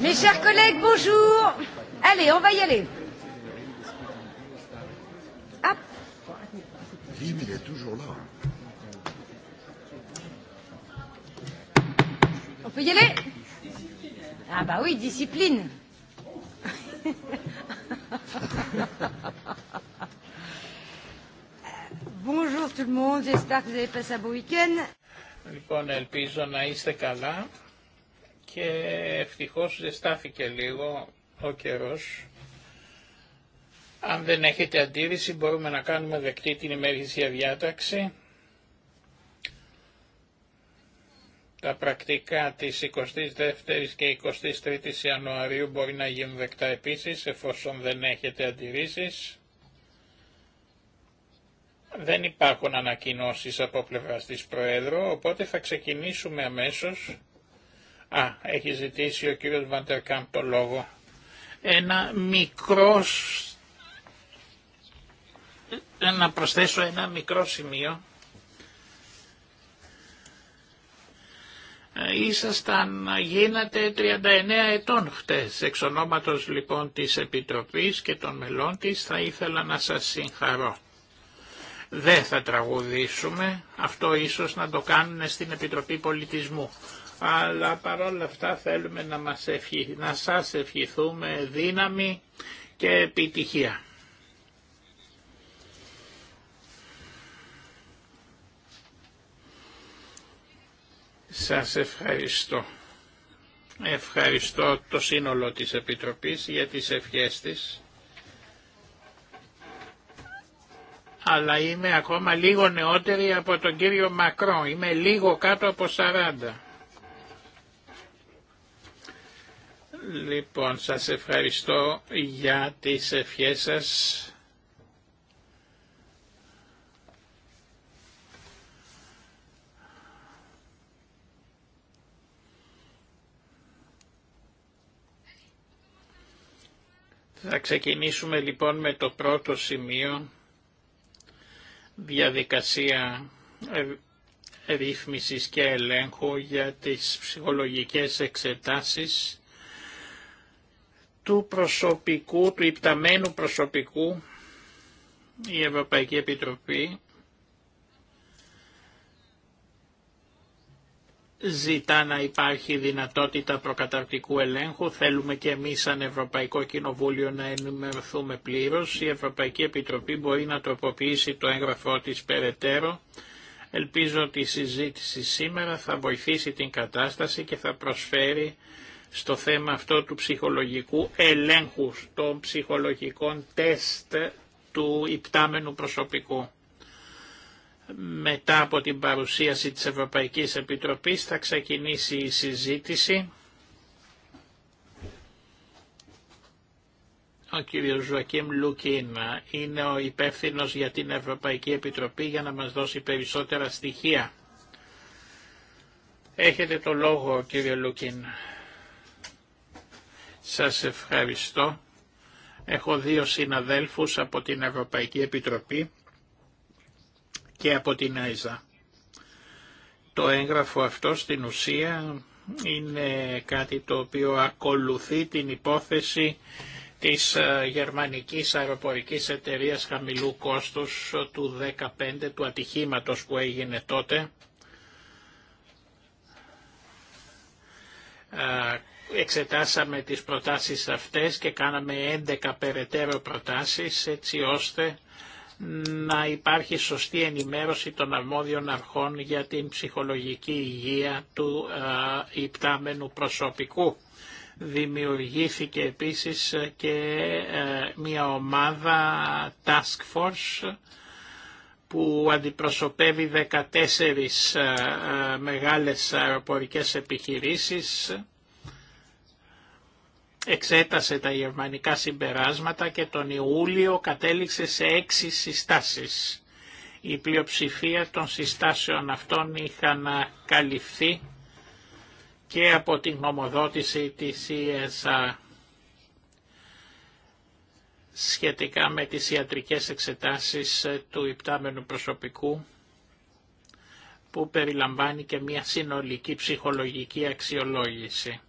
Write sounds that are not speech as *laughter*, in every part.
Mes chers collègues, bonjour. Allez, on va y aller. Hop. il est toujours là. On peut y aller Ah bah oui, discipline. Bonjour tout le monde, j'espère que vous avez passé un bon week-end. Λοιπόν, ελπίζω να είστε καλά και ευτυχώς ζεστάθηκε λίγο ο καιρός. Αν δεν έχετε αντίρρηση μπορούμε να κάνουμε δεκτή την ημερησία διάταξη. Τα πρακτικά της 22ης και 23ης Ιανουαρίου μπορεί να γίνουν δεκτά επίσης εφόσον δεν έχετε αντιρρήσεις. Δεν υπάρχουν ανακοινώσεις από πλευράς της Προέδρου, οπότε θα ξεκινήσουμε αμέσως Α, έχει ζητήσει ο κύριος Βαντερκάμπ το λόγο. Ένα μικρό... Να προσθέσω ένα μικρό σημείο. Ε, ήσασταν, γίνατε 39 ετών χτες. Εξ ονόματος λοιπόν της Επιτροπής και των μελών της θα ήθελα να σας συγχαρώ. Δεν θα τραγουδήσουμε, αυτό ίσως να το κάνουν στην Επιτροπή Πολιτισμού αλλά παρόλα αυτά θέλουμε να, μας ευχη... να σας ευχηθούμε δύναμη και επιτυχία. Σας ευχαριστώ. Ευχαριστώ το σύνολο της Επιτροπής για τις ευχές της. Αλλά είμαι ακόμα λίγο νεότερη από τον κύριο Μακρό. Είμαι λίγο κάτω από 40. Λοιπόν, σας ευχαριστώ για τις ευχές σας. Θα ξεκινήσουμε λοιπόν με το πρώτο σημείο, διαδικασία ε, ρύθμισης και ελέγχου για τις ψυχολογικές εξετάσεις του προσωπικού, του υπταμένου προσωπικού, η Ευρωπαϊκή Επιτροπή ζητά να υπάρχει δυνατότητα προκαταρκτικού ελέγχου. Θέλουμε και εμείς σαν Ευρωπαϊκό Κοινοβούλιο να ενημερωθούμε πλήρως. Η Ευρωπαϊκή Επιτροπή μπορεί να τροποποιήσει το έγγραφό της περαιτέρω. Ελπίζω ότι η συζήτηση σήμερα θα βοηθήσει την κατάσταση και θα προσφέρει στο θέμα αυτό του ψυχολογικού ελέγχου των ψυχολογικών τεστ του υπτάμενου προσωπικού. Μετά από την παρουσίαση της Ευρωπαϊκής Επιτροπής θα ξεκινήσει η συζήτηση. Ο κύριος Ζωακίμ Λουκίν είναι ο υπεύθυνος για την Ευρωπαϊκή Επιτροπή για να μας δώσει περισσότερα στοιχεία. Έχετε το λόγο κύριε Λουκίν. Σας ευχαριστώ. Έχω δύο συναδέλφους από την Ευρωπαϊκή Επιτροπή και από την ΑΙΖΑ. Το έγγραφο αυτό στην ουσία είναι κάτι το οποίο ακολουθεί την υπόθεση της ε, γερμανικής αεροπορικής εταιρείας χαμηλού κόστους ε, του 15 του ατυχήματος που έγινε τότε ε, εξετάσαμε τις προτάσεις αυτές και κάναμε 11 περαιτέρω προτάσεις έτσι ώστε να υπάρχει σωστή ενημέρωση των αρμόδιων αρχών για την ψυχολογική υγεία του υπτάμενου προσωπικού. Δημιουργήθηκε επίσης και ε, μια ομάδα task force που αντιπροσωπεύει 14 ε, ε, μεγάλες αεροπορικές επιχειρήσεις εξέτασε τα γερμανικά συμπεράσματα και τον Ιούλιο κατέληξε σε έξι συστάσεις. Η πλειοψηφία των συστάσεων αυτών είχαν καλυφθεί και από την γνωμοδότηση της ESA σχετικά με τις ιατρικές εξετάσεις του υπτάμενου προσωπικού που περιλαμβάνει και μια συνολική ψυχολογική αξιολόγηση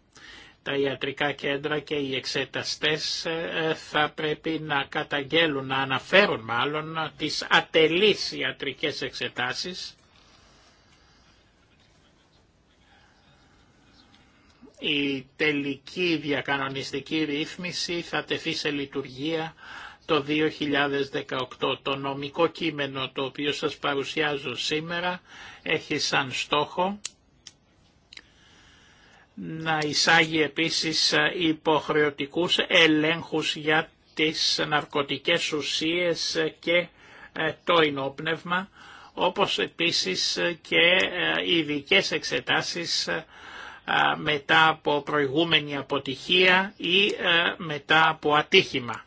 τα ιατρικά κέντρα και οι εξεταστές ε, ε, θα πρέπει να καταγγέλουν, να αναφέρουν μάλλον τις ατελείς ιατρικές εξετάσεις. Η τελική διακανονιστική ρύθμιση θα τεθεί σε λειτουργία το 2018. Το νομικό κείμενο το οποίο σας παρουσιάζω σήμερα έχει σαν στόχο να εισάγει επίσης ε, υποχρεωτικούς ελέγχους για τις ναρκωτικές ουσίες και ε, το ενόπνευμα, όπως επίσης και ε, ειδικέ εξετάσεις μετά από προηγούμενη αποτυχία ή μετά από ατύχημα.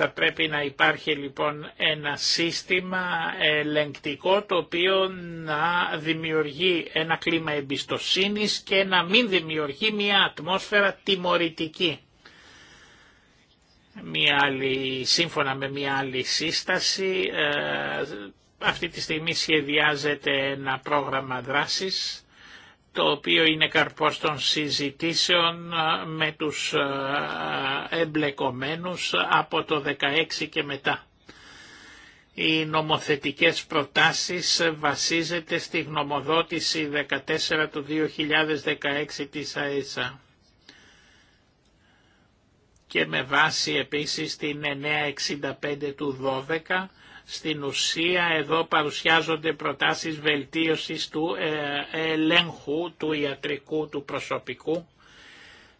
Θα πρέπει να υπάρχει λοιπόν ένα σύστημα ελεγκτικό το οποίο να δημιουργεί ένα κλίμα εμπιστοσύνης και να μην δημιουργεί μια ατμόσφαιρα τιμωρητική. Μια άλλη, σύμφωνα με μια άλλη σύσταση, ε, αυτή τη στιγμή σχεδιάζεται ένα πρόγραμμα δράσης το οποίο είναι καρπός των συζητήσεων με τους εμπλεκομένους από το 16 και μετά. Οι νομοθετικές προτάσεις βασίζεται στη γνωμοδότηση 14 του 2016 της ΑΕΣΑ και με βάση επίσης την 965 του 12 στην ουσία εδώ παρουσιάζονται προτάσεις βελτίωσης του ε, ελέγχου του ιατρικού του προσωπικού.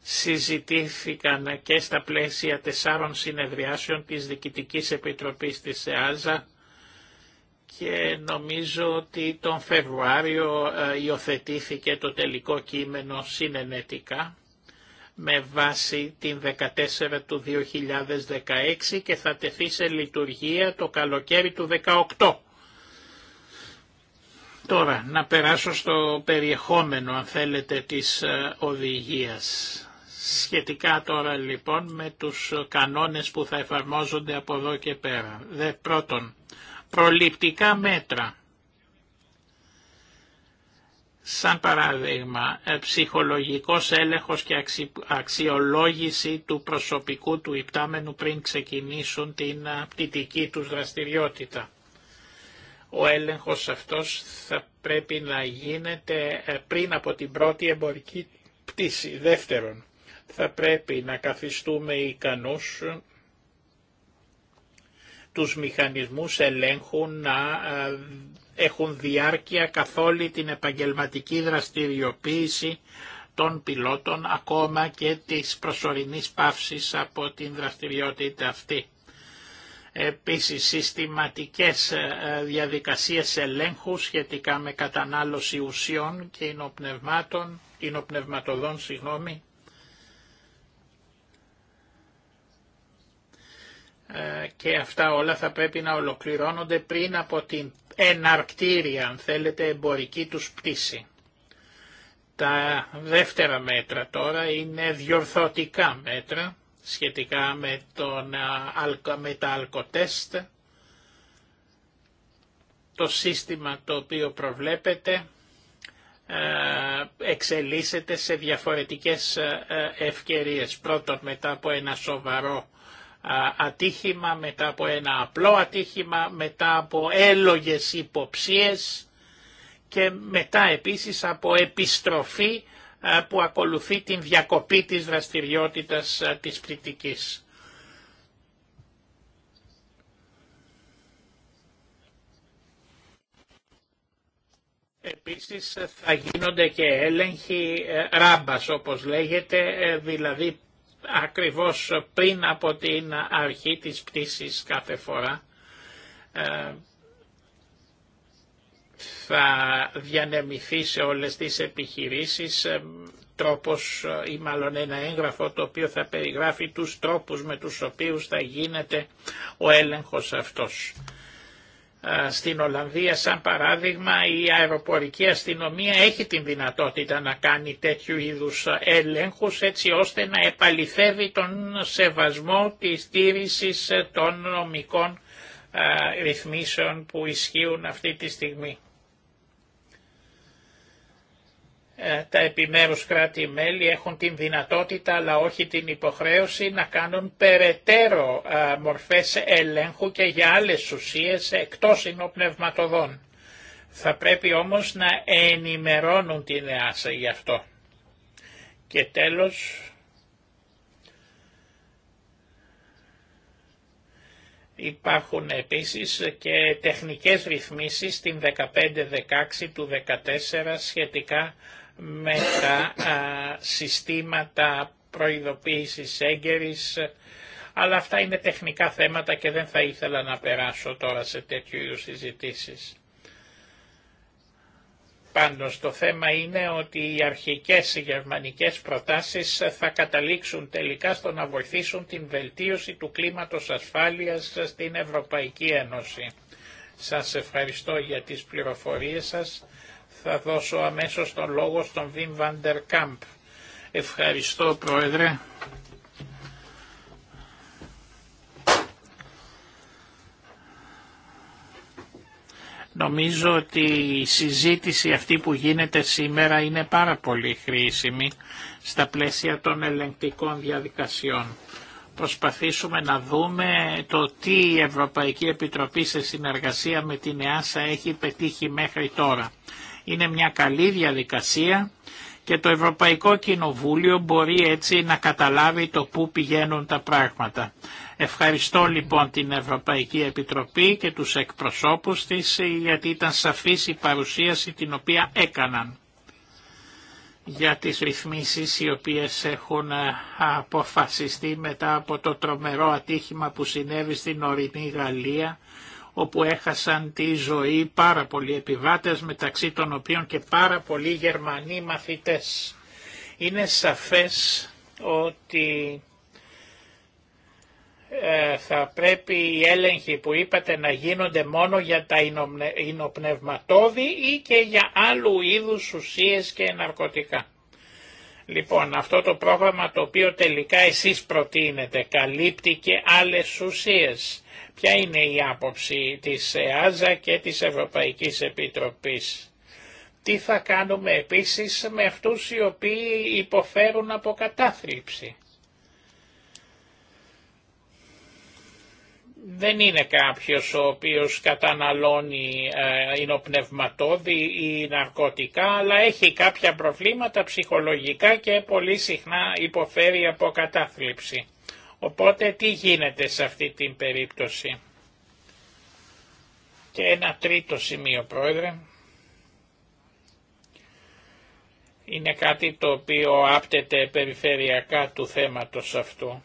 Συζητήθηκαν και στα πλαίσια τεσσάρων συνεδριάσεων της Διοικητικής Επιτροπής της ΕΑΖΑ και νομίζω ότι τον Φεβρουάριο ε, υιοθετήθηκε το τελικό κείμενο συνενετικά με βάση την 14 του 2016 και θα τεθεί σε λειτουργία το καλοκαίρι του 2018. Τώρα, να περάσω στο περιεχόμενο, αν θέλετε, της ε, οδηγίας. Σχετικά τώρα λοιπόν με τους κανόνες που θα εφαρμόζονται από εδώ και πέρα. Δε, πρώτον, προληπτικά μέτρα σαν παράδειγμα ε, ψυχολογικός έλεγχος και αξιολόγηση του προσωπικού του υπτάμενου πριν ξεκινήσουν την ε, πτυτική τους δραστηριότητα. Ο έλεγχος αυτός θα πρέπει να γίνεται ε, πριν από την πρώτη εμπορική πτήση. Δεύτερον, θα πρέπει να καθιστούμε ικανούς τους μηχανισμούς ελέγχου να έχουν διάρκεια καθ' όλη την επαγγελματική δραστηριοποίηση των πιλότων ακόμα και της προσωρινής παύσης από την δραστηριότητα αυτή. Επίσης, συστηματικές ε, διαδικασίες ελέγχου σχετικά με κατανάλωση ουσιών και εινοπνευμάτων, υνοπνευματοδών, συγγνώμη, ε, και αυτά όλα θα πρέπει να ολοκληρώνονται πριν από την εναρκτήρια, αν θέλετε, εμπορική τους πτήση. Τα δεύτερα μέτρα τώρα είναι διορθωτικά μέτρα σχετικά με, τον, τα αλκοτέστ, το σύστημα το οποίο προβλέπετε εξελίσσεται σε διαφορετικές ε, ε, ευκαιρίες. Πρώτον μετά από ένα σοβαρό ατύχημα, μετά από ένα απλό ατύχημα, μετά από έλογες υποψίες και μετά επίσης από επιστροφή που ακολουθεί την διακοπή της δραστηριότητας της πληκτικής. Επίσης θα γίνονται και έλεγχοι ε, ράμπας όπως λέγεται, ε, δηλαδή ακριβώς πριν από την αρχή της πτήσης κάθε φορά ε, θα διανεμηθεί σε όλες τις επιχειρήσεις ε, τρόπος ε, ή μάλλον ένα έγγραφο το οποίο θα περιγράφει τους τρόπους με τους οποίους θα γίνεται ο έλεγχος αυτός στην Ολλανδία σαν παράδειγμα η αεροπορική αστυνομία έχει την δυνατότητα να κάνει τέτοιου είδους έλεγχους έτσι ώστε να επαληθεύει τον σεβασμό της τήρησης των νομικών ρυθμίσεων που ισχύουν αυτή τη στιγμή. Ε, τα επιμέρους κράτη-μέλη έχουν την δυνατότητα αλλά όχι την υποχρέωση να κάνουν περαιτέρω ε, μορφές ελέγχου και για άλλες ουσίες εκτός συνοπνευματοδών. Θα πρέπει όμως να ενημερώνουν την ΕΑΣΑ γι' αυτό. Και τέλος, υπάρχουν επίσης και τεχνικές ρυθμίσεις στην 15-16 του 14 σχετικά με τα συστήματα προειδοποίησης έγκαιρης, αλλά αυτά είναι τεχνικά θέματα και δεν θα ήθελα να περάσω τώρα σε τέτοιου είδους συζητήσεις. Πάντως το θέμα είναι ότι οι αρχικές γερμανικές προτάσεις θα καταλήξουν τελικά στο να βοηθήσουν την βελτίωση του κλίματος ασφάλειας στην Ευρωπαϊκή Ένωση. Σας ευχαριστώ για τις πληροφορίες σας θα δώσω αμέσως τον λόγο στον Βιμ Βαντερ Κάμπ. Ευχαριστώ Πρόεδρε. Νομίζω ότι η συζήτηση αυτή που γίνεται σήμερα είναι πάρα πολύ χρήσιμη στα πλαίσια των ελεγκτικών διαδικασιών. Προσπαθήσουμε να δούμε το τι η Ευρωπαϊκή Επιτροπή σε συνεργασία με την ΕΑΣΑ έχει πετύχει μέχρι τώρα. Είναι μια καλή διαδικασία και το Ευρωπαϊκό Κοινοβούλιο μπορεί έτσι να καταλάβει το πού πηγαίνουν τα πράγματα. Ευχαριστώ λοιπόν την Ευρωπαϊκή Επιτροπή και τους εκπροσώπους της γιατί ήταν σαφής η παρουσίαση την οποία έκαναν για τις ρυθμίσεις οι οποίες έχουν ε, αποφασιστεί μετά από το τρομερό ατύχημα που συνέβη στην ορεινή Γαλλία όπου έχασαν τη ζωή πάρα πολλοί επιβάτες μεταξύ των οποίων και πάρα πολλοί Γερμανοί μαθητές. Είναι σαφές ότι ε, θα πρέπει οι έλεγχοι που είπατε να γίνονται μόνο για τα ινοπνευματόδη ή και για άλλου είδους ουσίες και ναρκωτικά. Λοιπόν, αυτό το πρόγραμμα το οποίο τελικά εσείς προτείνετε καλύπτει και άλλες ουσίες. Ποια είναι η άποψη της ΕΑΖΑ και της Ευρωπαϊκής Επιτροπής. Τι θα κάνουμε επίσης με αυτούς οι οποίοι υποφέρουν από κατάθλιψη. δεν είναι κάποιος ο οποίος καταναλώνει υνοπνευματόδη ε, ή ναρκωτικά, αλλά έχει κάποια προβλήματα ψυχολογικά και πολύ συχνά υποφέρει από κατάθλιψη. Οπότε τι γίνεται σε αυτή την περίπτωση. Και ένα τρίτο σημείο πρόεδρε. Είναι κάτι το οποίο άπτεται περιφερειακά του θέματος αυτού.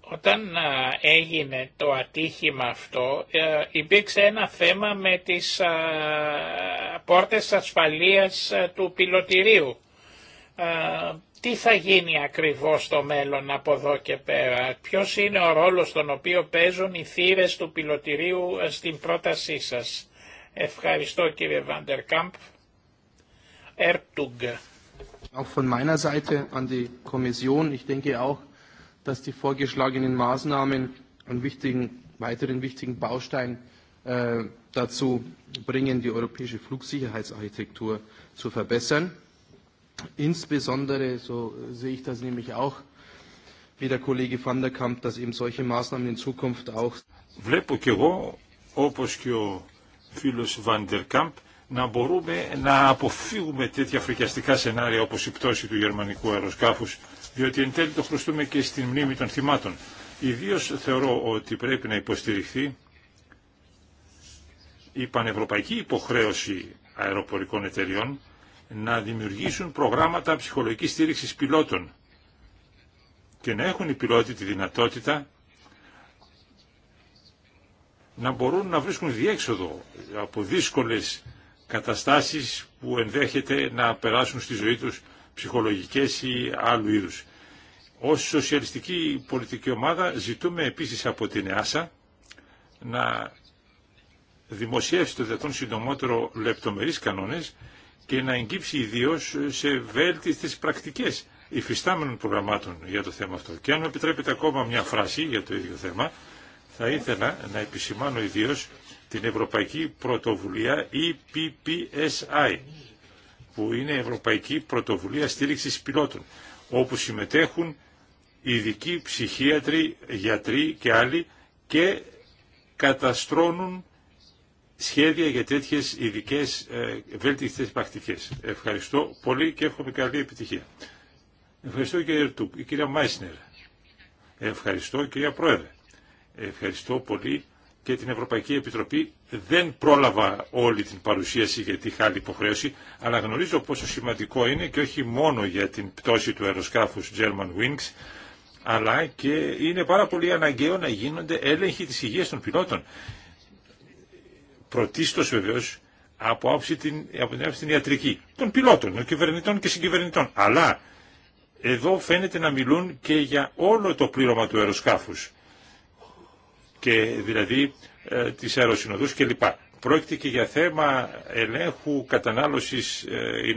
Όταν έγινε το ατύχημα αυτό ε, υπήρξε ένα θέμα με τις πόρτες ασφαλείας του πιλωτηρίου τι θα γίνει ακριβώς στο μέλλον από εδώ και πέρα, ποιος είναι ο ρόλος τον οποίο παίζουν οι θύρες του πιλωτηρίου στην πρότασή σας. Ευχαριστώ κύριε Βαντερκάμπ. Ertug. Auch von meiner Seite an die Kommission. Ich denke auch, dass die vorgeschlagenen Maßnahmen einen wichtigen, weiteren wichtigen Baustein dazu bringen, die europäische Flugsicherheitsarchitektur zu verbessern. Insbesondere, Βλέπω και εγώ, όπως και ο φίλος Van να μπορούμε να αποφύγουμε τέτοια φρικιαστικά σενάρια όπως η πτώση του γερμανικού αεροσκάφους, διότι εν τέλει το χρωστούμε και στην μνήμη των θυμάτων. Ιδίως θεωρώ ότι πρέπει να υποστηριχθεί η πανευρωπαϊκή υποχρέωση αεροπορικών εταιριών να δημιουργήσουν προγράμματα ψυχολογικής στήριξης πιλότων και να έχουν οι πιλότοι τη δυνατότητα να μπορούν να βρίσκουν διέξοδο από δύσκολες καταστάσεις που ενδέχεται να περάσουν στη ζωή τους ψυχολογικές ή άλλου είδους. Ως σοσιαλιστική πολιτική ομάδα ζητούμε επίσης από την ΕΑΣΑ να δημοσιεύσει το δυνατόν συντομότερο λεπτομερείς κανόνες και να εγκύψει ιδίω σε βέλτιστες πρακτικές υφιστάμενων προγραμμάτων για το θέμα αυτό. Και αν με επιτρέπετε ακόμα μια φράση για το ίδιο θέμα, θα ήθελα να επισημάνω ιδίω την Ευρωπαϊκή Πρωτοβουλία EPPSI, που είναι Ευρωπαϊκή Πρωτοβουλία Στήριξης Πιλότων, όπου συμμετέχουν ειδικοί ψυχίατροι, γιατροί και άλλοι και καταστρώνουν σχέδια για τέτοιε ειδικέ ε, βέλτιστες πρακτικέ. Ευχαριστώ πολύ και εύχομαι καλή επιτυχία. Ευχαριστώ κύριε ΕΡΤΟΥΠ, η κυρία Μάισνερ. Ευχαριστώ κυρία Πρόεδρε. Ευχαριστώ πολύ και την Ευρωπαϊκή Επιτροπή. Δεν πρόλαβα όλη την παρουσίαση γιατί είχα άλλη υποχρέωση, αλλά γνωρίζω πόσο σημαντικό είναι και όχι μόνο για την πτώση του αεροσκάφου German Wings, αλλά και είναι πάρα πολύ αναγκαίο να γίνονται έλεγχοι της υγείας των πιλότων πρωτίστω βεβαίω από, άψη την, από την την ιατρική, των πιλότων, των κυβερνητών και συγκυβερνητών. Αλλά εδώ φαίνεται να μιλούν και για όλο το πλήρωμα του αεροσκάφους και δηλαδή ε, της αεροσυνοδούς κλπ. Πρόκειται και για θέμα ελέγχου κατανάλωσης ε, ή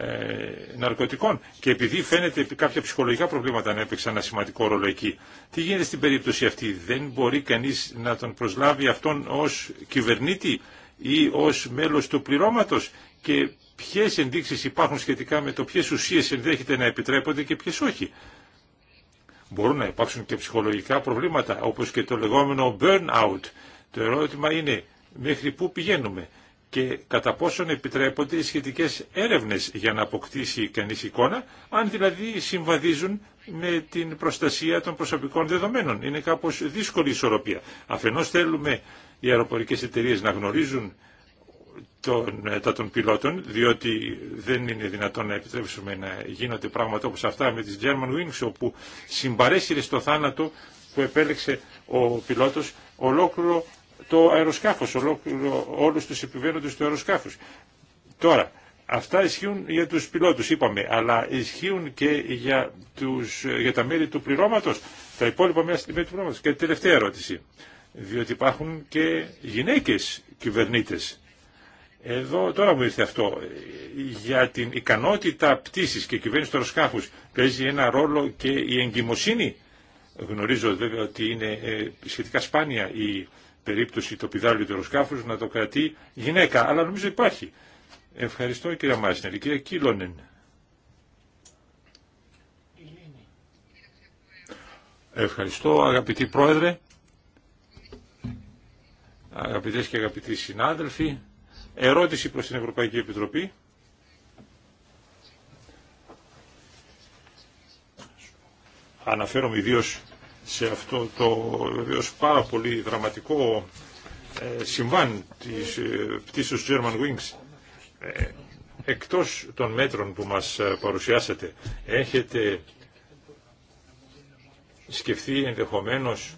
ε, ναρκωτικών και επειδή φαίνεται κάποια ψυχολογικά προβλήματα να έπαιξαν ένα σημαντικό ρόλο εκεί. Τι γίνεται στην περίπτωση αυτή, δεν μπορεί κανείς να τον προσλάβει αυτόν ως κυβερνήτη ή ως μέλος του πληρώματο και ποιες ενδείξει υπάρχουν σχετικά με το ποιε ουσίες ενδέχεται να επιτρέπονται και ποιε όχι. Μπορούν να υπάρξουν και ψυχολογικά προβλήματα όπως και το λεγόμενο burnout. Το ερώτημα είναι μέχρι πού πηγαίνουμε και κατά πόσον επιτρέπονται οι σχετικές έρευνες για να αποκτήσει κανείς εικόνα, αν δηλαδή συμβαδίζουν με την προστασία των προσωπικών δεδομένων. Είναι κάπως δύσκολη η ισορροπία. Αφενός θέλουμε οι αεροπορικές εταιρείες να γνωρίζουν τα των πιλότων, διότι δεν είναι δυνατόν να επιτρέψουμε να γίνονται πράγματα όπως αυτά με τις German Wings, όπου συμπαρέσυρε στο θάνατο που επέλεξε ο πιλότος ολόκληρο το αεροσκάφος, όλου όλους τους επιβαίνοντες του αεροσκάφους. Τώρα, αυτά ισχύουν για τους πιλότους, είπαμε, αλλά ισχύουν και για, τους, για τα μέλη του πληρώματος, τα υπόλοιπα μέσα στη μέλη του πληρώματος. Και τελευταία ερώτηση, διότι υπάρχουν και γυναίκες κυβερνήτες. Εδώ τώρα μου ήρθε αυτό. Για την ικανότητα πτήσης και κυβέρνηση του αεροσκάφους παίζει ένα ρόλο και η εγκυμοσύνη. Γνωρίζω βέβαια ότι είναι ε, σχετικά σπάνια η περίπτωση το πιδάλιο του αεροσκάφους να το κρατεί γυναίκα, αλλά νομίζω υπάρχει. Ευχαριστώ κύριε Μάσνερ. Η κυρία Κίλονεν. Ευχαριστώ αγαπητή πρόεδρε, αγαπητές και αγαπητοί συνάδελφοι. Ερώτηση προς την Ευρωπαϊκή Επιτροπή. Αναφέρομαι ιδίως σε αυτό το βεβαίω πάρα πολύ δραματικό ε, συμβάν της ε, πτήσεως German Wings. Ε, εκτός των μέτρων που μας παρουσιάσατε, έχετε σκεφτεί ενδεχομένως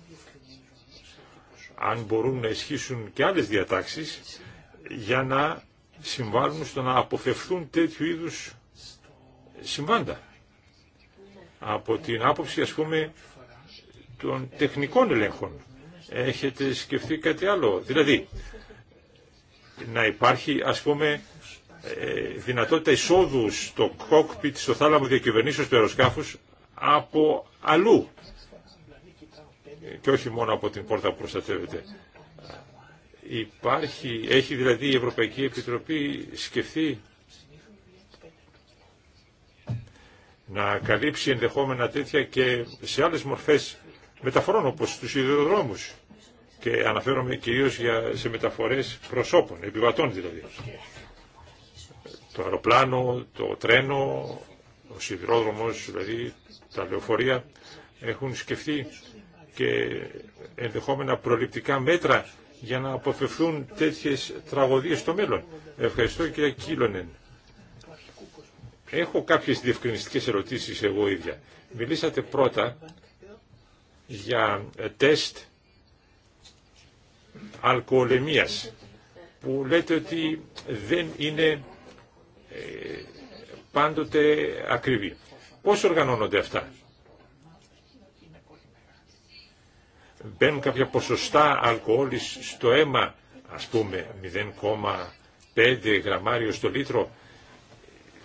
αν μπορούν να ισχύσουν και άλλες διατάξεις για να συμβάλλουν στο να αποφευθούν τέτοιου είδους συμβάντα. Από την άποψη ας πούμε των τεχνικών ελέγχων. Έχετε σκεφτεί κάτι άλλο. Δηλαδή, να υπάρχει ας πούμε ε, δυνατότητα εισόδου στο κόκπιτ, στο θάλαμο διακυβερνήσεως του αεροσκάφους από αλλού και όχι μόνο από την πόρτα που προστατεύεται. Υπάρχει, έχει δηλαδή η Ευρωπαϊκή Επιτροπή σκεφτεί να καλύψει ενδεχόμενα τέτοια και σε άλλες μορφές μεταφορών όπως τους ιδεοδρόμου. και αναφέρομαι κυρίως για, σε μεταφορές προσώπων, επιβατών δηλαδή. Το αεροπλάνο, το τρένο, ο σιδηρόδρομος, δηλαδή τα λεωφορεία έχουν σκεφτεί και ενδεχόμενα προληπτικά μέτρα για να αποφευθούν τέτοιες τραγωδίες στο μέλλον. Ευχαριστώ και Κίλονεν. Έχω κάποιες διευκρινιστικές ερωτήσεις εγώ ίδια. Μιλήσατε πρώτα για ε, τεστ αλκοολεμίας που λέτε ότι δεν είναι ε, πάντοτε ακριβή. Πώς οργανώνονται αυτά. Μπαίνουν κάποια ποσοστά αλκοόλης στο αίμα, ας πούμε 0,5 γραμμάριο στο λίτρο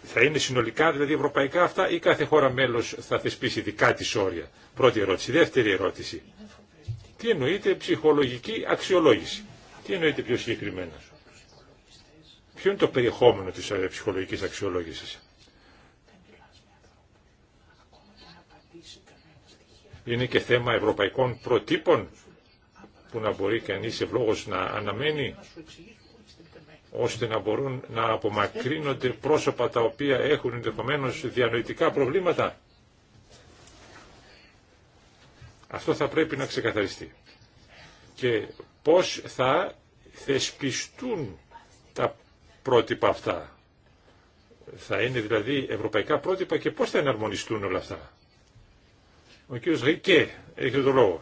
θα είναι συνολικά δηλαδή ευρωπαϊκά αυτά ή κάθε χώρα μέλος θα θεσπίσει δικά της όρια. Πρώτη ερώτηση. Δεύτερη ερώτηση. Τι εννοείται ψυχολογική αξιολόγηση. Τι εννοείται πιο συγκεκριμένα. Ποιο είναι το περιεχόμενο της ε, ψυχολογικής αξιολόγησης. Είναι και θέμα ευρωπαϊκών προτύπων που να μπορεί κανείς ευλόγως να αναμένει ώστε να μπορούν να απομακρύνονται πρόσωπα τα οποία έχουν ενδεχομένω διανοητικά προβλήματα. Αυτό θα πρέπει να ξεκαθαριστεί. Και πώς θα θεσπιστούν τα πρότυπα αυτά. Θα είναι δηλαδή ευρωπαϊκά πρότυπα και πώς θα εναρμονιστούν όλα αυτά. Ο κύριος Ρικέ έχει το λόγο.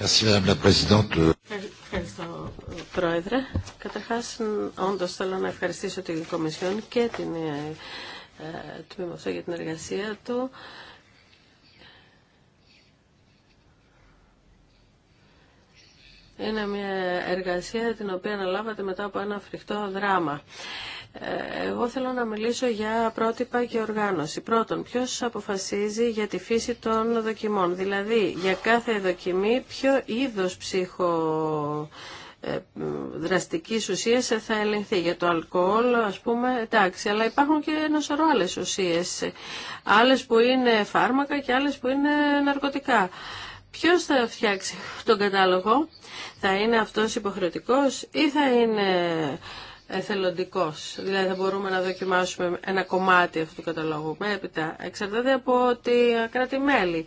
Ευχαριστώ, Πρόεδρε. Καταρχά όντω θέλω να ευχαριστήσω την Κομισιόν και την ε, Τμήμα αυτό για την εργασία του. Είναι μια εργασία την οποία αναλάβατε μετά από ένα φρικτό δράμα. Ε, εγώ θέλω να μιλήσω για πρότυπα και οργάνωση. Πρώτον, ποιο αποφασίζει για τη φύση των δοκιμών. Δηλαδή, για κάθε δοκιμή, ποιο είδο ψυχο ε, δραστικής ουσίας θα ελεγχθεί για το αλκοόλ ας πούμε εντάξει αλλά υπάρχουν και ένα σωρό άλλες ουσίες άλλες που είναι φάρμακα και άλλες που είναι ναρκωτικά Ποιος θα φτιάξει τον κατάλογο θα είναι αυτός υποχρεωτικός ή θα είναι εθελοντικό. Δηλαδή θα μπορούμε να δοκιμάσουμε ένα κομμάτι αυτού του καταλόγου. Έπειτα εξαρτάται από τη κράτη-μέλη.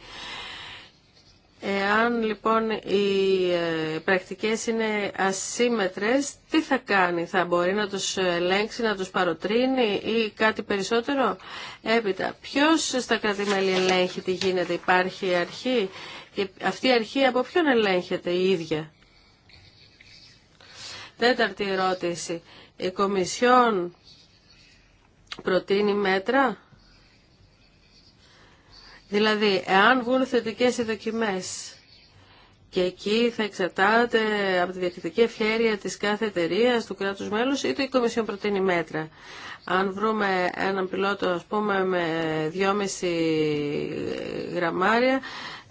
Εάν λοιπόν οι ε, πρακτικές είναι ασύμετρες, τι θα κάνει, θα μπορεί να τους ελέγξει, να τους παροτρύνει ή κάτι περισσότερο. Έπειτα, ποιος στα κρατημέλη ελέγχει τι γίνεται, υπάρχει αρχή και αυτή η αρχή από ποιον ελέγχεται η ίδια. Τέταρτη ερώτηση. Η Κομισιόν προτείνει μέτρα. Δηλαδή, εάν βγουν θετικές οι δοκιμές και εκεί θα εξαρτάται από τη διακριτική ευχέρεια της κάθε εταιρεία του κράτους μέλους, είτε η Κομισιόν προτείνει μέτρα. Αν βρούμε έναν πιλότο, ας πούμε, με 2,5 γραμμάρια,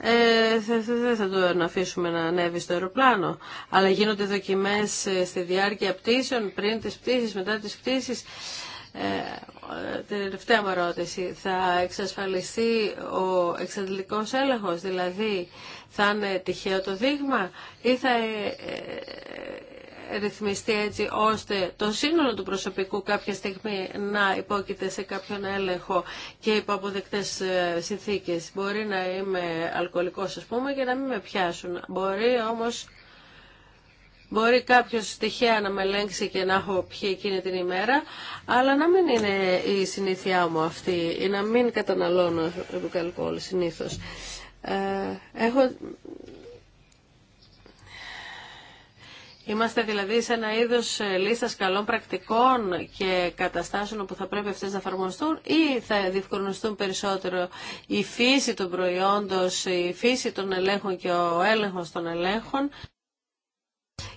ε, δεν θα το αφήσουμε να ανέβει στο αεροπλάνο. Αλλά γίνονται δοκιμές ε, στη διάρκεια πτήσεων, πριν τι πτήσει, μετά τι πτήσει, Ε, τελευταία μου ερώτηση. Θα εξασφαλιστεί ο εξαντλητικός έλεγχος, δηλαδή θα είναι τυχαίο το δείγμα ή θα ε, ρυθμιστεί έτσι ώστε το σύνολο του προσωπικού κάποια στιγμή να υπόκειται σε κάποιον έλεγχο και υπό αποδεκτές συνθήκες. Μπορεί να είμαι αλκοολικός ας πούμε και να μην με πιάσουν. Μπορεί όμως Μπορεί κάποιο τυχαία να με ελέγξει και να έχω πιει εκείνη την ημέρα, αλλά να μην είναι η συνήθειά μου αυτή ή να μην καταναλώνω αλκοόλ συνήθω. έχω Είμαστε δηλαδή σε ένα είδο ε, λίστας καλών πρακτικών και καταστάσεων όπου θα πρέπει αυτές να εφαρμοστούν ή θα διευκρινιστούν περισσότερο η φύση του προϊόντος, η φυση των προιοντων η φυση των ελέγχων και ο έλεγχος των ελέγχων.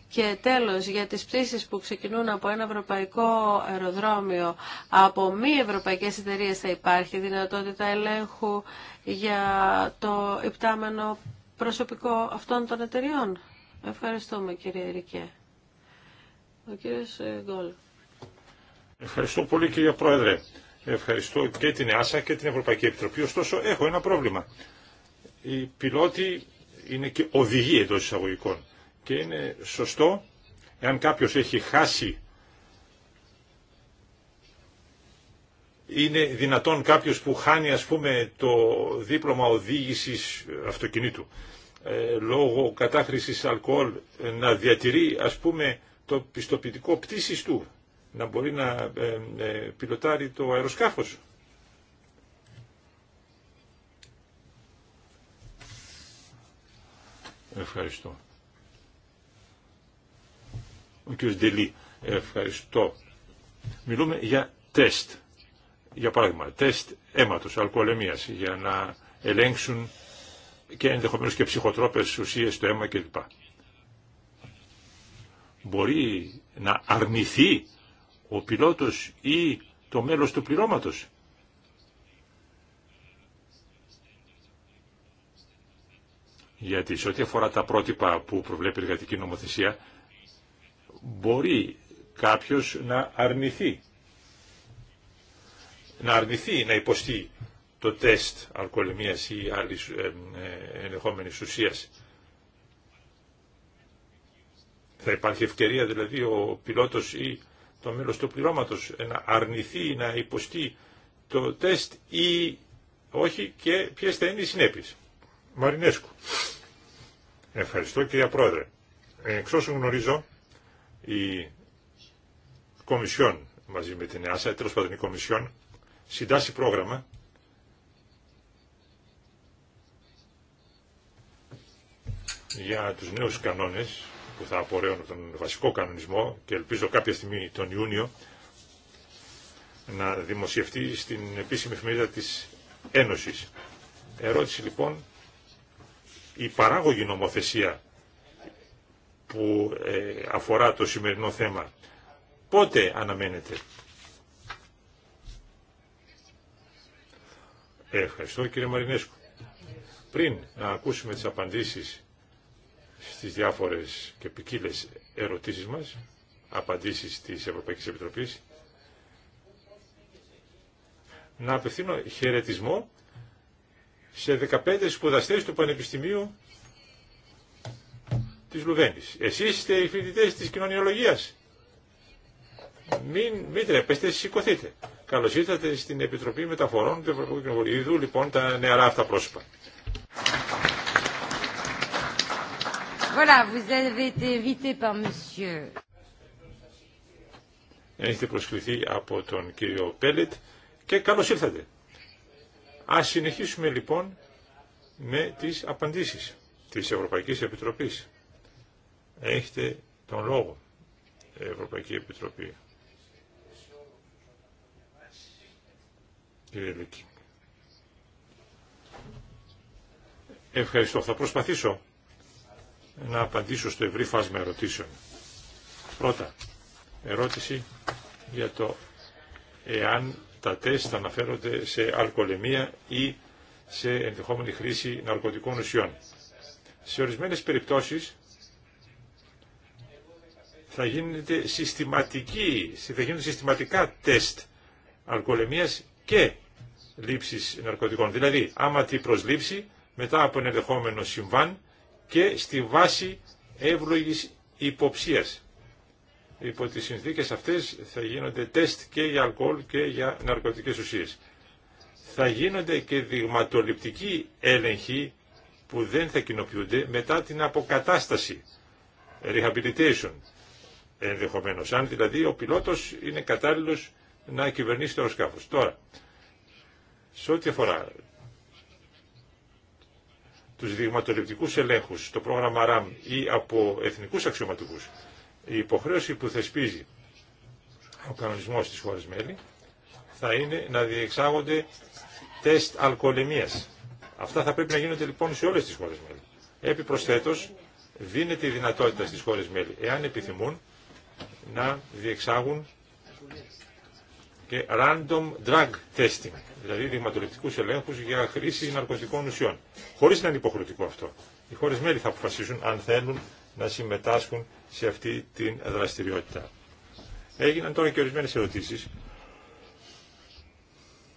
Και τέλος, για τις πτήσεις που ξεκινούν από ένα ευρωπαϊκό αεροδρόμιο, από μη ευρωπαϊκές εταιρείες θα υπάρχει δυνατότητα ελέγχου για το υπτάμενο προσωπικό αυτών των εταιριών. Ευχαριστούμε κύριε Ερικέ. Ο κύριος ε, Γκόλ. Ευχαριστώ πολύ κύριε Πρόεδρε. Ευχαριστώ και την ΕΑΣΑ και την Ευρωπαϊκή Επιτροπή. Ωστόσο έχω ένα πρόβλημα. Οι πιλότοι είναι και οδηγοί εντό εισαγωγικών. Και είναι σωστό, εάν κάποιος έχει χάσει, είναι δυνατόν κάποιος που χάνει ας πούμε το δίπλωμα οδήγησης αυτοκινήτου. Ε, λόγω κατάχρησης αλκοόλ ε, να διατηρεί ας πούμε το πιστοποιητικό πτήσης του, να μπορεί να ε, πιλωτάρει το αεροσκάφος. Ευχαριστώ. Ο κ. Ντελή, ευχαριστώ. Μιλούμε για τεστ. Για παράδειγμα, τεστ αίματος, αλκοολεμίας, για να ελέγξουν και ενδεχομένω και ψυχοτρόπες ουσίες στο αίμα κλπ. Μπορεί να αρνηθεί ο πιλότος ή το μέλος του πληρώματος. Γιατί σε ό,τι αφορά τα πρότυπα που προβλέπει η εργατική νομοθεσία, μπορεί κάποιος να αρνηθεί. Να αρνηθεί να υποστεί το τεστ αλκοολεμίας ή άλλης ε, ε, ενεχόμενης ουσίας. Θα υπάρχει ευκαιρία δηλαδή ο πιλότος ή το μέλος του πληρώματος να αρνηθεί να υποστεί το τεστ ή όχι και ποιες θα είναι οι συνέπειες. Μαρινέσκου. Ευχαριστώ κυρία Πρόεδρε. Εξ όσων γνωρίζω η Κομισιόν μαζί με την ΕΑΣΑ, τέλος πάντων η Κομισιόν, συντάσσει πρόγραμμα για τους νέους κανόνες που θα απορρέουν τον βασικό κανονισμό και ελπίζω κάποια στιγμή τον Ιούνιο να δημοσιευτεί στην επίσημη εφημερίδα της Ένωσης. Ερώτηση λοιπόν, η παράγωγη νομοθεσία που ε, αφορά το σημερινό θέμα, πότε αναμένεται. Ευχαριστώ κύριε Μαρινέσκου. Πριν να ακούσουμε τις απαντήσεις στις διάφορες και ποικίλε ερωτήσεις μας, απαντήσεις της Ευρωπαϊκής Επιτροπής. Να απευθύνω χαιρετισμό σε 15 σπουδαστές του Πανεπιστημίου της Λουβένης. Εσείς είστε οι φοιτητές της κοινωνιολογίας. Μην, μην τρέπεστε, σηκωθείτε. Καλώς ήρθατε στην Επιτροπή Μεταφορών του Ευρωπαϊκού Κοινοβουλίου. λοιπόν τα νεαρά αυτά πρόσωπα. Voilà, vous avez été invité par monsieur. Έχετε προσκληθεί από τον κύριο Πέλετ και καλώς ήρθατε. Ας συνεχίσουμε λοιπόν με τις απαντήσεις της Ευρωπαϊκής Επιτροπής. Έχετε τον λόγο, Ευρωπαϊκή Επιτροπή. Κύριε Ευχαριστώ. Θα προσπαθήσω να απαντήσω στο ευρύ φάσμα ερωτήσεων. Πρώτα, ερώτηση για το εάν τα τεστ αναφέρονται σε αλκοολεμία ή σε ενδεχόμενη χρήση ναρκωτικών ουσιών. Σε ορισμένες περιπτώσεις θα, γίνεται συστηματική, θα γίνονται συστηματικά τεστ αλκοολεμίας και λήψης ναρκωτικών. Δηλαδή, άμα την προσλήψει, μετά από ενδεχόμενο συμβάν, και στη βάση εύλογης υποψίας. Υπό τις συνθήκες αυτές θα γίνονται τεστ και για αλκοόλ και για ναρκωτικές ουσίες. Θα γίνονται και δειγματοληπτικοί έλεγχοι που δεν θα κοινοποιούνται μετά την αποκατάσταση, rehabilitation ενδεχομένως, αν δηλαδή ο πιλότος είναι κατάλληλος να κυβερνήσει το αεροσκάφος. Τώρα, σε ό,τι αφορά τους δειγματοληπτικούς ελέγχους, το πρόγραμμα RAM ή από εθνικούς αξιωματικούς, η υποχρέωση που θεσπίζει ο κανονισμός της χώρας μέλη θα είναι να διεξάγονται τεστ αλκοολεμίας. Αυτά θα πρέπει να γίνονται λοιπόν σε όλες τις χώρες μέλη. Επιπροσθέτως, δίνεται η δυνατότητα στις χώρες μέλη, εάν επιθυμούν, να διεξάγουν και random drug testing, δηλαδή δειγματοληπτικού ελέγχου για χρήση ναρκωτικών ουσιών. Χωρί να είναι υποχρεωτικό αυτό. Οι χώρε μέλη θα αποφασίσουν αν θέλουν να συμμετάσχουν σε αυτή την δραστηριότητα. Έγιναν τώρα και ορισμένε ερωτήσει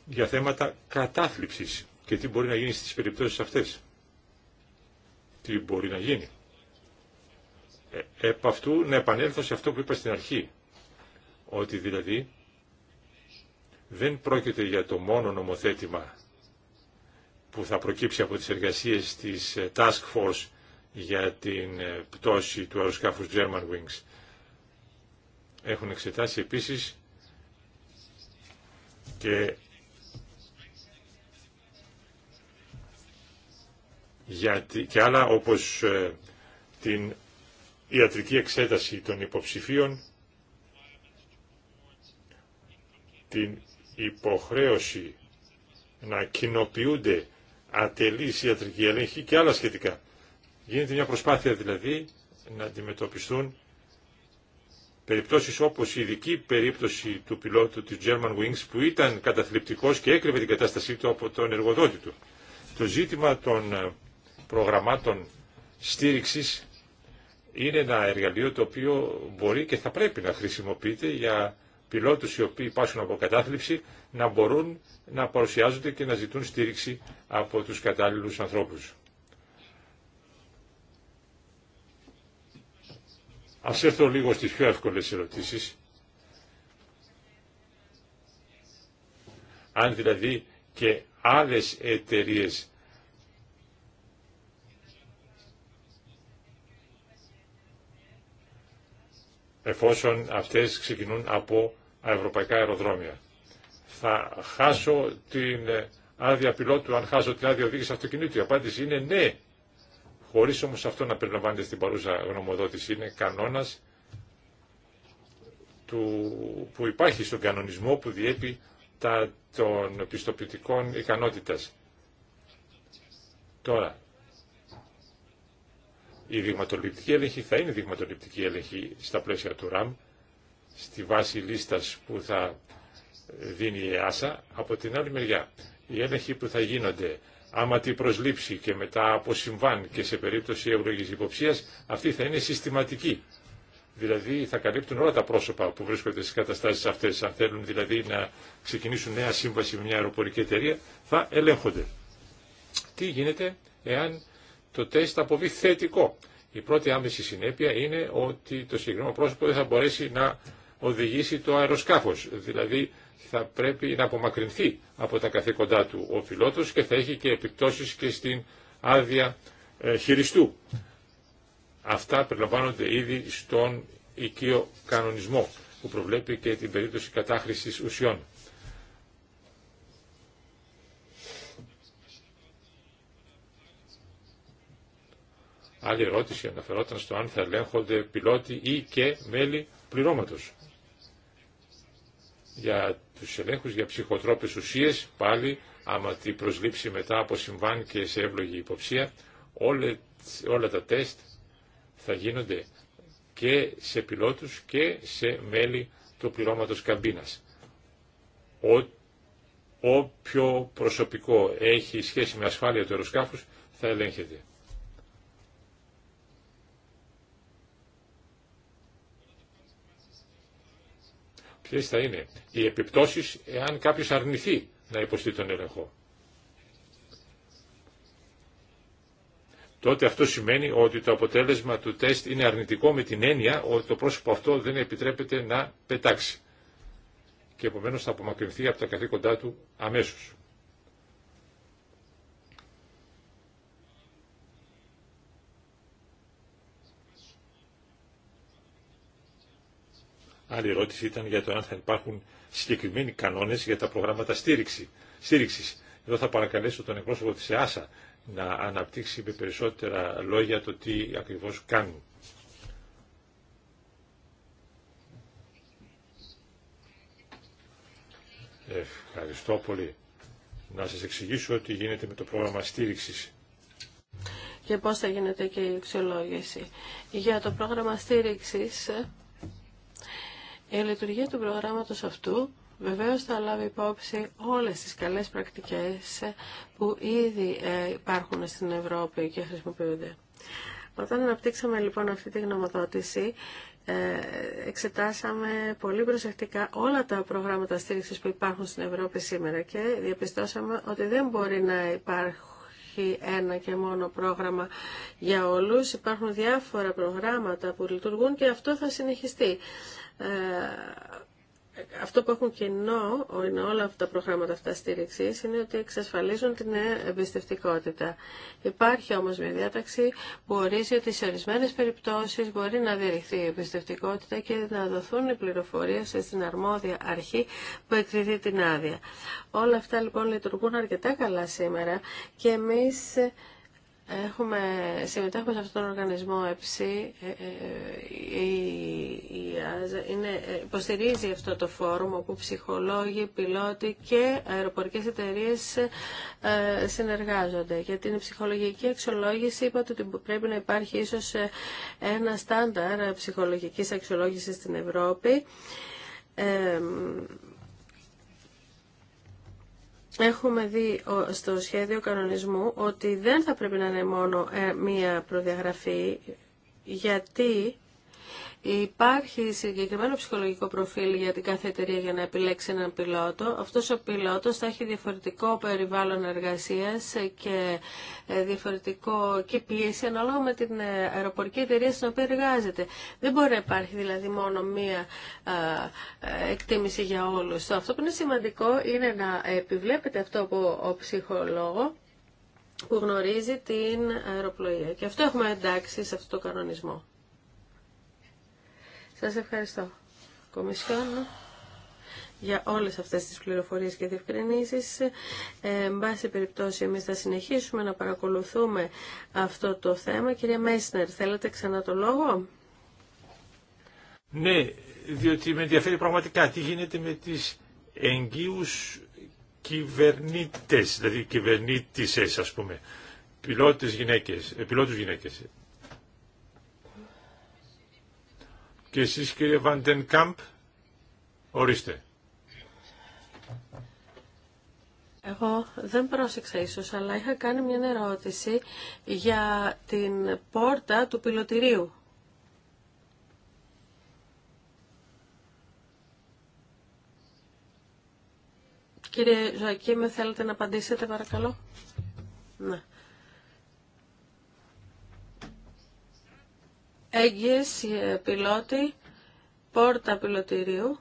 για θέματα κατάθλιψης και τι μπορεί να γίνει στις περιπτώσεις αυτές. Τι μπορεί να γίνει. Ε, επ' αυτού να επανέλθω σε αυτό που είπα στην αρχή, ότι δηλαδή δεν πρόκειται για το μόνο νομοθέτημα που θα προκύψει από τις εργασίες της ε, Task Force για την ε, πτώση του αεροσκάφους German Wings. Έχουν εξετάσει επίσης και για, και άλλα όπως ε, την ιατρική εξέταση των υποψηφίων, την υποχρέωση να κοινοποιούνται ατελείς ιατρικοί έλεγχοι και άλλα σχετικά. Γίνεται μια προσπάθεια δηλαδή να αντιμετωπιστούν περιπτώσεις όπως η ειδική περίπτωση του πιλότου του German Wings που ήταν καταθλιπτικός και έκρυβε την κατάστασή του από τον εργοδότη του. Το ζήτημα των ε, προγραμμάτων στήριξης είναι ένα εργαλείο το οποίο μπορεί και θα πρέπει να χρησιμοποιείται για πιλότους οι οποίοι πάσχουν από κατάθλιψη να μπορούν να παρουσιάζονται και να ζητούν στήριξη από τους κατάλληλους ανθρώπους. Ας έρθω λίγο στις πιο εύκολες ερωτήσεις. Αν δηλαδή και άλλες εταιρείες εφόσον αυτές ξεκινούν από ευρωπαϊκά αεροδρόμια. Θα χάσω την ε, άδεια πιλότου αν χάσω την άδεια οδήγηση αυτοκινήτου. Η απάντηση είναι ναι. Χωρί όμω αυτό να περιλαμβάνεται στην παρούσα γνωμοδότηση. Είναι κανόνα που υπάρχει στον κανονισμό που διέπει τα των πιστοποιητικών ικανότητας. Τώρα, η δειγματοληπτική έλεγχη θα είναι δειγματοληπτική έλεγχη στα πλαίσια του ΡΑΜ στη βάση λίστας που θα δίνει η ΕΑΣΑ. Από την άλλη μεριά, οι έλεγχοι που θα γίνονται άμα την προσλήψει και μετά από συμβάν και σε περίπτωση ευλογής υποψίας, αυτή θα είναι συστηματική. Δηλαδή θα καλύπτουν όλα τα πρόσωπα που βρίσκονται στις καταστάσεις αυτές. Αν θέλουν δηλαδή να ξεκινήσουν νέα σύμβαση με μια αεροπορική εταιρεία, θα ελέγχονται. Τι γίνεται εάν το τεστ αποβεί θετικό. Η πρώτη άμεση συνέπεια είναι ότι το συγκεκριμένο πρόσωπο δεν θα μπορέσει να οδηγήσει το αεροσκάφος. Δηλαδή θα πρέπει να απομακρυνθεί από τα καθήκοντά του ο πιλότος και θα έχει και επιπτώσεις και στην άδεια ε, χειριστού. Αυτά περιλαμβάνονται ήδη στον οικείο κανονισμό που προβλέπει και την περίπτωση κατάχρησης ουσιών. Άλλη ερώτηση αναφερόταν στο αν θα ελέγχονται πιλότοι ή και μέλη πληρώματος για τους ελέγχους για ψυχοτρόπες ουσίες, πάλι άμα τη προσλήψει μετά από συμβάν και σε εύλογη υποψία, όλα, όλα τα τεστ θα γίνονται και σε πιλότους και σε μέλη του πληρώματος καμπίνας. Ο, όποιο προσωπικό έχει σχέση με ασφάλεια του αεροσκάφους θα ελέγχεται. Ποιε θα είναι οι επιπτώσει εάν κάποιο αρνηθεί να υποστεί τον έλεγχο. τότε αυτό σημαίνει ότι το αποτέλεσμα του τεστ είναι αρνητικό με την έννοια ότι το πρόσωπο αυτό δεν επιτρέπεται να πετάξει. Και επομένως θα απομακρυνθεί από τα καθήκοντά του αμέσως. Άλλη ερώτηση ήταν για το αν θα υπάρχουν συγκεκριμένοι κανόνες για τα προγράμματα στήριξη, Εδώ θα παρακαλέσω τον εκπρόσωπο της ΕΑΣΑ να αναπτύξει με περισσότερα λόγια το τι ακριβώς κάνουν. Ευχαριστώ πολύ. Να σας εξηγήσω τι γίνεται με το πρόγραμμα στήριξης και πώς θα γίνεται και η αξιολόγηση. Για το πρόγραμμα στήριξης η λειτουργία του προγράμματος αυτού Βεβαίως θα λάβει υπόψη όλες τις καλές πρακτικές που ήδη ε, υπάρχουν στην Ευρώπη και χρησιμοποιούνται. Όταν αναπτύξαμε λοιπόν αυτή τη γνωμοδότηση, ε, εξετάσαμε πολύ προσεκτικά όλα τα προγράμματα στήριξης που υπάρχουν στην Ευρώπη σήμερα και διαπιστώσαμε ότι δεν μπορεί να υπάρχει ένα και μόνο πρόγραμμα για όλους. Υπάρχουν διάφορα προγράμματα που λειτουργούν και αυτό θα συνεχιστεί. Ε, αυτό που έχουν κοινό είναι όλα αυτά τα προγράμματα αυτά στήριξη είναι ότι εξασφαλίζουν την εμπιστευτικότητα. Υπάρχει όμως μια διάταξη που ορίζει ότι σε ορισμένες περιπτώσεις μπορεί να διερριχθεί η εμπιστευτικότητα και να δοθούν οι πληροφορίες στην αρμόδια αρχή που εκδίδει την άδεια. Όλα αυτά λοιπόν λειτουργούν αρκετά καλά σήμερα και εμείς Έχουμε, συμμετέχουμε σε αυτόν τον οργανισμό ΕΨΗ, ε, η, είναι, ε, υποστηρίζει αυτό το φόρουμ όπου ψυχολόγοι, πιλότοι και αεροπορικές εταιρείες ε, συνεργάζονται. Για την ψυχολογική αξιολόγηση είπατε ότι πρέπει να υπάρχει ίσως ένα στάνταρ ψυχολογικής αξιολόγησης στην Ευρώπη. Έχουμε δει στο σχέδιο κανονισμού ότι δεν θα πρέπει να είναι μόνο ε, μία προδιαγραφή, γιατί Υπάρχει συγκεκριμένο ψυχολογικό προφίλ για την κάθε εταιρεία για να επιλέξει έναν πιλότο. αυτό ο πιλότο θα έχει διαφορετικό περιβάλλον εργασία και ε, διαφορετικό και πίεση ανάλογα με την ε, αεροπορική εταιρεία στην οποία εργάζεται. Δεν μπορεί να υπάρχει δηλαδή μόνο μία ε, εκτίμηση για όλου Αυτό που είναι σημαντικό είναι να επιβλέπετε αυτό από ο ψυχολόγο που γνωρίζει την αεροπλοεία. Και αυτό έχουμε εντάξει σε αυτό το κανονισμό. Σας ευχαριστώ. Κομισιόν για όλες αυτές τις πληροφορίες και διευκρινήσεις. Ε, εν πάση περιπτώσει, εμείς θα συνεχίσουμε να παρακολουθούμε αυτό το θέμα. Κυρία Μέσνερ, θέλετε ξανά το λόγο? Ναι, διότι με ενδιαφέρει πραγματικά τι γίνεται με τις εγγύους κυβερνήτες, δηλαδή κυβερνήτησες ας πούμε, πιλότες γυναίκες, ε, πιλότους γυναίκες. Και εσείς κύριε Βαντεν Κάμπ, ορίστε. Εγώ δεν πρόσεξα ίσως, αλλά είχα κάνει μια ερώτηση για την πόρτα του πιλοτηρίου. Κύριε Ζωακή, με θέλετε να απαντήσετε παρακαλώ. Ναι. έγκυες πιλότη, πόρτα πιλωτηρίου.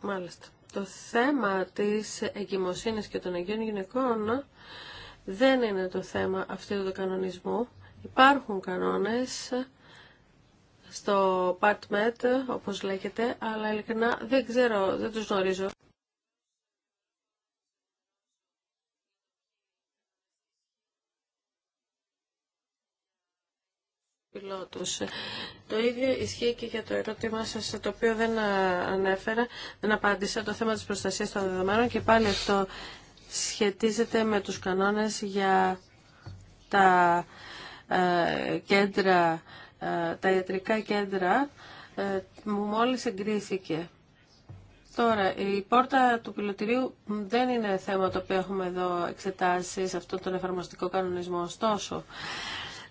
Μάλιστα. Το θέμα της εγκυμοσύνης και των αγίων γυναικών δεν είναι το θέμα αυτού του κανονισμού. Υπάρχουν κανόνες στο PartMed, όπως λέγεται, αλλά ειλικρινά δεν ξέρω, δεν τους γνωρίζω. Το ίδιο ισχύει και για το ερώτημά σας, το οποίο δεν ανέφερα, δεν απάντησα, το θέμα της προστασίας των δεδομένων και πάλι αυτό σχετίζεται με τους κανόνες για τα ε, κέντρα, ε, τα ιατρικά κέντρα μου ε, μόλις εγκρίθηκε. Τώρα, η πόρτα του πιλωτηρίου δεν είναι θέμα το οποίο έχουμε εδώ εξετάσει σε αυτόν τον εφαρμοστικό κανονισμό. Ωστόσο,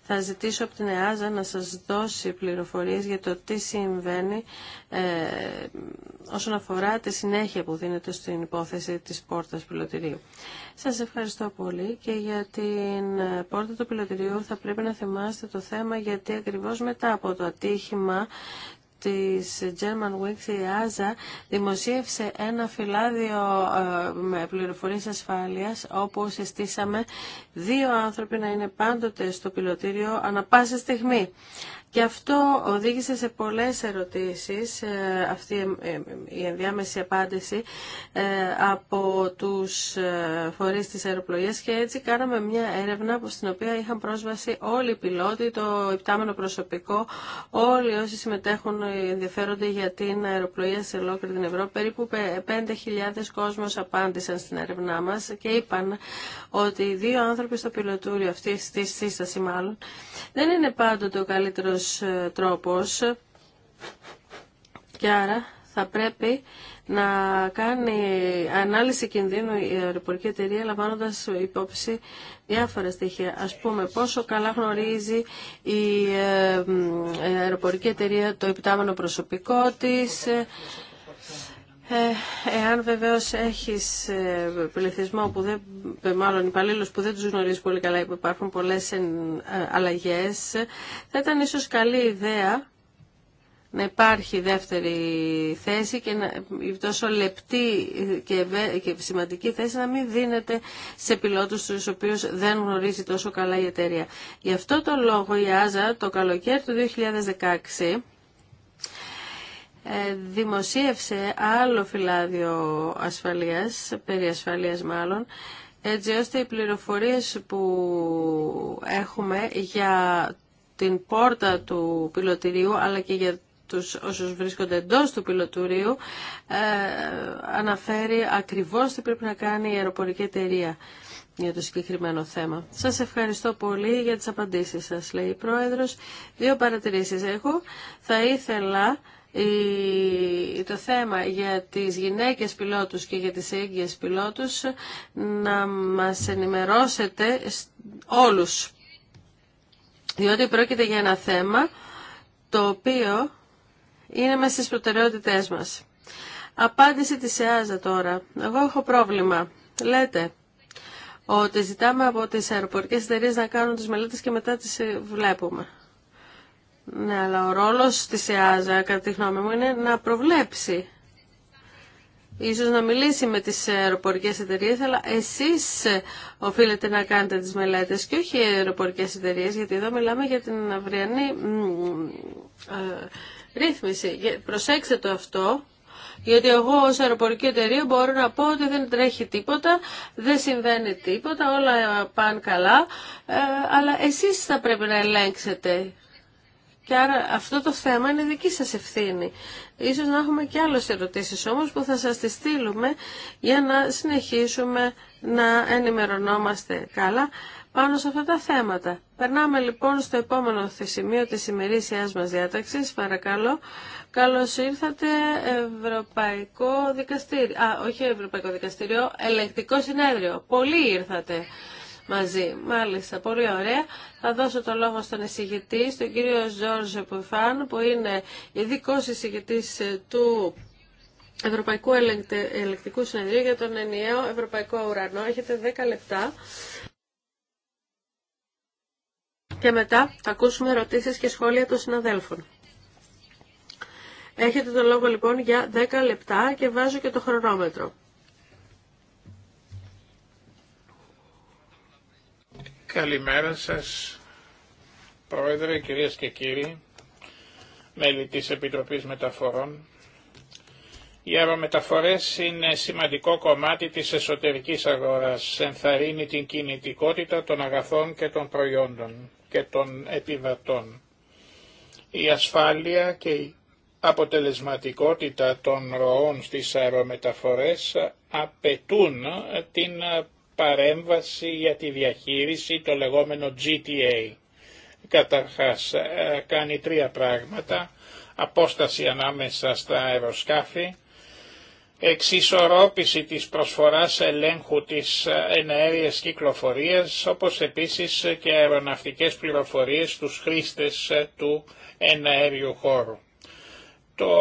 θα ζητήσω από την ΕΑΖΑ να σας δώσει πληροφορίες για το τι συμβαίνει ε, όσον αφορά τη συνέχεια που δίνεται στην υπόθεση της πόρτας πιλωτηρίου. Σας ευχαριστώ πολύ και για την ε, πόρτα του πιλωτηρίου θα πρέπει να θυμάστε το θέμα γιατί ακριβώς μετά από το ατύχημα της German Wings η Άζα δημοσίευσε ένα φυλάδιο ε, με πληροφορίες ασφάλειας όπου συστήσαμε δύο άνθρωποι να είναι πάντοτε στο πιλωτήριο ανα πάσα στιγμή. Και αυτό οδήγησε σε πολλές ερωτήσεις, αυτή η ενδιάμεση απάντηση από τους φορείς της αεροπλογίας και έτσι κάναμε μια έρευνα στην οποία είχαν πρόσβαση όλοι οι πιλότοι, το υπτάμενο προσωπικό, όλοι όσοι συμμετέχουν ενδιαφέρονται για την αεροπλογία σε ολόκληρη την Ευρώπη. Περίπου 5.000 κόσμος απάντησαν στην έρευνά μας και είπαν ότι οι δύο άνθρωποι στο πιλοτούριο αυτή τη σύσταση μάλλον δεν είναι πάντοτε ο καλύτερος Τρόπο, ε, τρόπος και άρα θα πρέπει να κάνει ανάλυση κινδύνου η αεροπορική εταιρεία λαμβάνοντας υπόψη διάφορα στοιχεία. Ας πούμε πόσο καλά γνωρίζει η ε, αεροπορική εταιρεία το επιτάμενο προσωπικό της, ε, ε, εάν βεβαίω έχει ε, πληθυσμό που δεν, ε, μάλλον υπαλλήλου που δεν του γνωρίζει πολύ καλά, υπάρχουν πολλέ αλλαγέ, θα ήταν ίσω καλή ιδέα να υπάρχει δεύτερη θέση και να, τόσο λεπτή και, και σημαντική θέση να μην δίνεται σε πιλότους τους οποίους δεν γνωρίζει τόσο καλά η εταιρεία. Γι' αυτό το λόγο η ΆΖΑ το καλοκαίρι του 2016 ε, δημοσίευσε άλλο φυλάδιο ασφαλείας, περί ασφαλείας μάλλον, έτσι ώστε οι πληροφορίες που έχουμε για την πόρτα του πιλωτηρίου αλλά και για τους όσους βρίσκονται εντό του πιλωτουρίου ε, αναφέρει ακριβώς τι πρέπει να κάνει η αεροπορική εταιρεία για το συγκεκριμένο θέμα. Σας ευχαριστώ πολύ για τις απαντήσεις σας, λέει η Πρόεδρος. Δύο παρατηρήσεις έχω. Θα ήθελα το θέμα για τις γυναίκες πιλότους και για τις έγκυες πιλότους να μας ενημερώσετε όλους. Διότι πρόκειται για ένα θέμα το οποίο είναι μέσα στις προτεραιότητές μας. Απάντηση της ΕΑΖΑ τώρα. Εγώ έχω πρόβλημα. Λέτε ότι ζητάμε από τις αεροπορικές εταιρείε να κάνουν τις μελέτες και μετά τις ε, βλέπουμε. Ναι, αλλά ο ρόλος της ΕΑΖΑ, κατά τη γνώμη μου, είναι να προβλέψει. Ίσως να μιλήσει με τις αεροπορικές εταιρείες, αλλά εσείς οφείλετε να κάνετε τις μελέτες και όχι οι αεροπορικές εταιρείες, γιατί εδώ μιλάμε για την αυριανή ε, ρύθμιση. Προσέξτε το αυτό. Γιατί εγώ ως αεροπορική εταιρεία μπορώ να πω ότι δεν τρέχει τίποτα, δεν συμβαίνει τίποτα, όλα πάνε καλά, ε, αλλά εσείς θα πρέπει να ελέγξετε και άρα αυτό το θέμα είναι δική σας ευθύνη. Ίσως να έχουμε και άλλες ερωτήσεις όμως που θα σας τις στείλουμε για να συνεχίσουμε να ενημερωνόμαστε καλά πάνω σε αυτά τα θέματα. Περνάμε λοιπόν στο επόμενο σημείο της ημερήσιάς μας διάταξης. Παρακαλώ, καλώς ήρθατε Ευρωπαϊκό Δικαστήριο. Α, όχι Ευρωπαϊκό Δικαστήριο, Ελεκτικό Συνέδριο. Πολλοί ήρθατε μαζί. Μάλιστα, πολύ ωραία. Θα δώσω το λόγο στον εισηγητή, στον κύριο Ζόρζε Πουφάν, που είναι ειδικό εισηγητή ε, του Ευρωπαϊκού Ελεκτικού Συνεδρίου για τον ενιαίο Ευρωπαϊκό Ουρανό. Έχετε 10 λεπτά. Και μετά θα ακούσουμε ερωτήσεις και σχόλια των συναδέλφων. Έχετε το λόγο λοιπόν για 10 λεπτά και βάζω και το χρονόμετρο. Καλημέρα σας, Πρόεδρε, κυρίες και κύριοι, μέλη της Επιτροπής Μεταφορών. Οι αερομεταφορές είναι σημαντικό κομμάτι της εσωτερικής αγοράς. Ενθαρρύνει την κινητικότητα των αγαθών και των προϊόντων και των επιβατών. Η ασφάλεια και η αποτελεσματικότητα των ροών στις αερομεταφορές απαιτούν την παρέμβαση για τη διαχείριση, το λεγόμενο GTA. Καταρχάς ε, κάνει τρία πράγματα, απόσταση ανάμεσα στα αεροσκάφη, εξισορρόπηση της προσφοράς ελέγχου της ε, εναέριας κυκλοφορίας, όπως επίσης και αεροναυτικές πληροφορίες στους χρήστες ε, του εναέριου χώρου. Το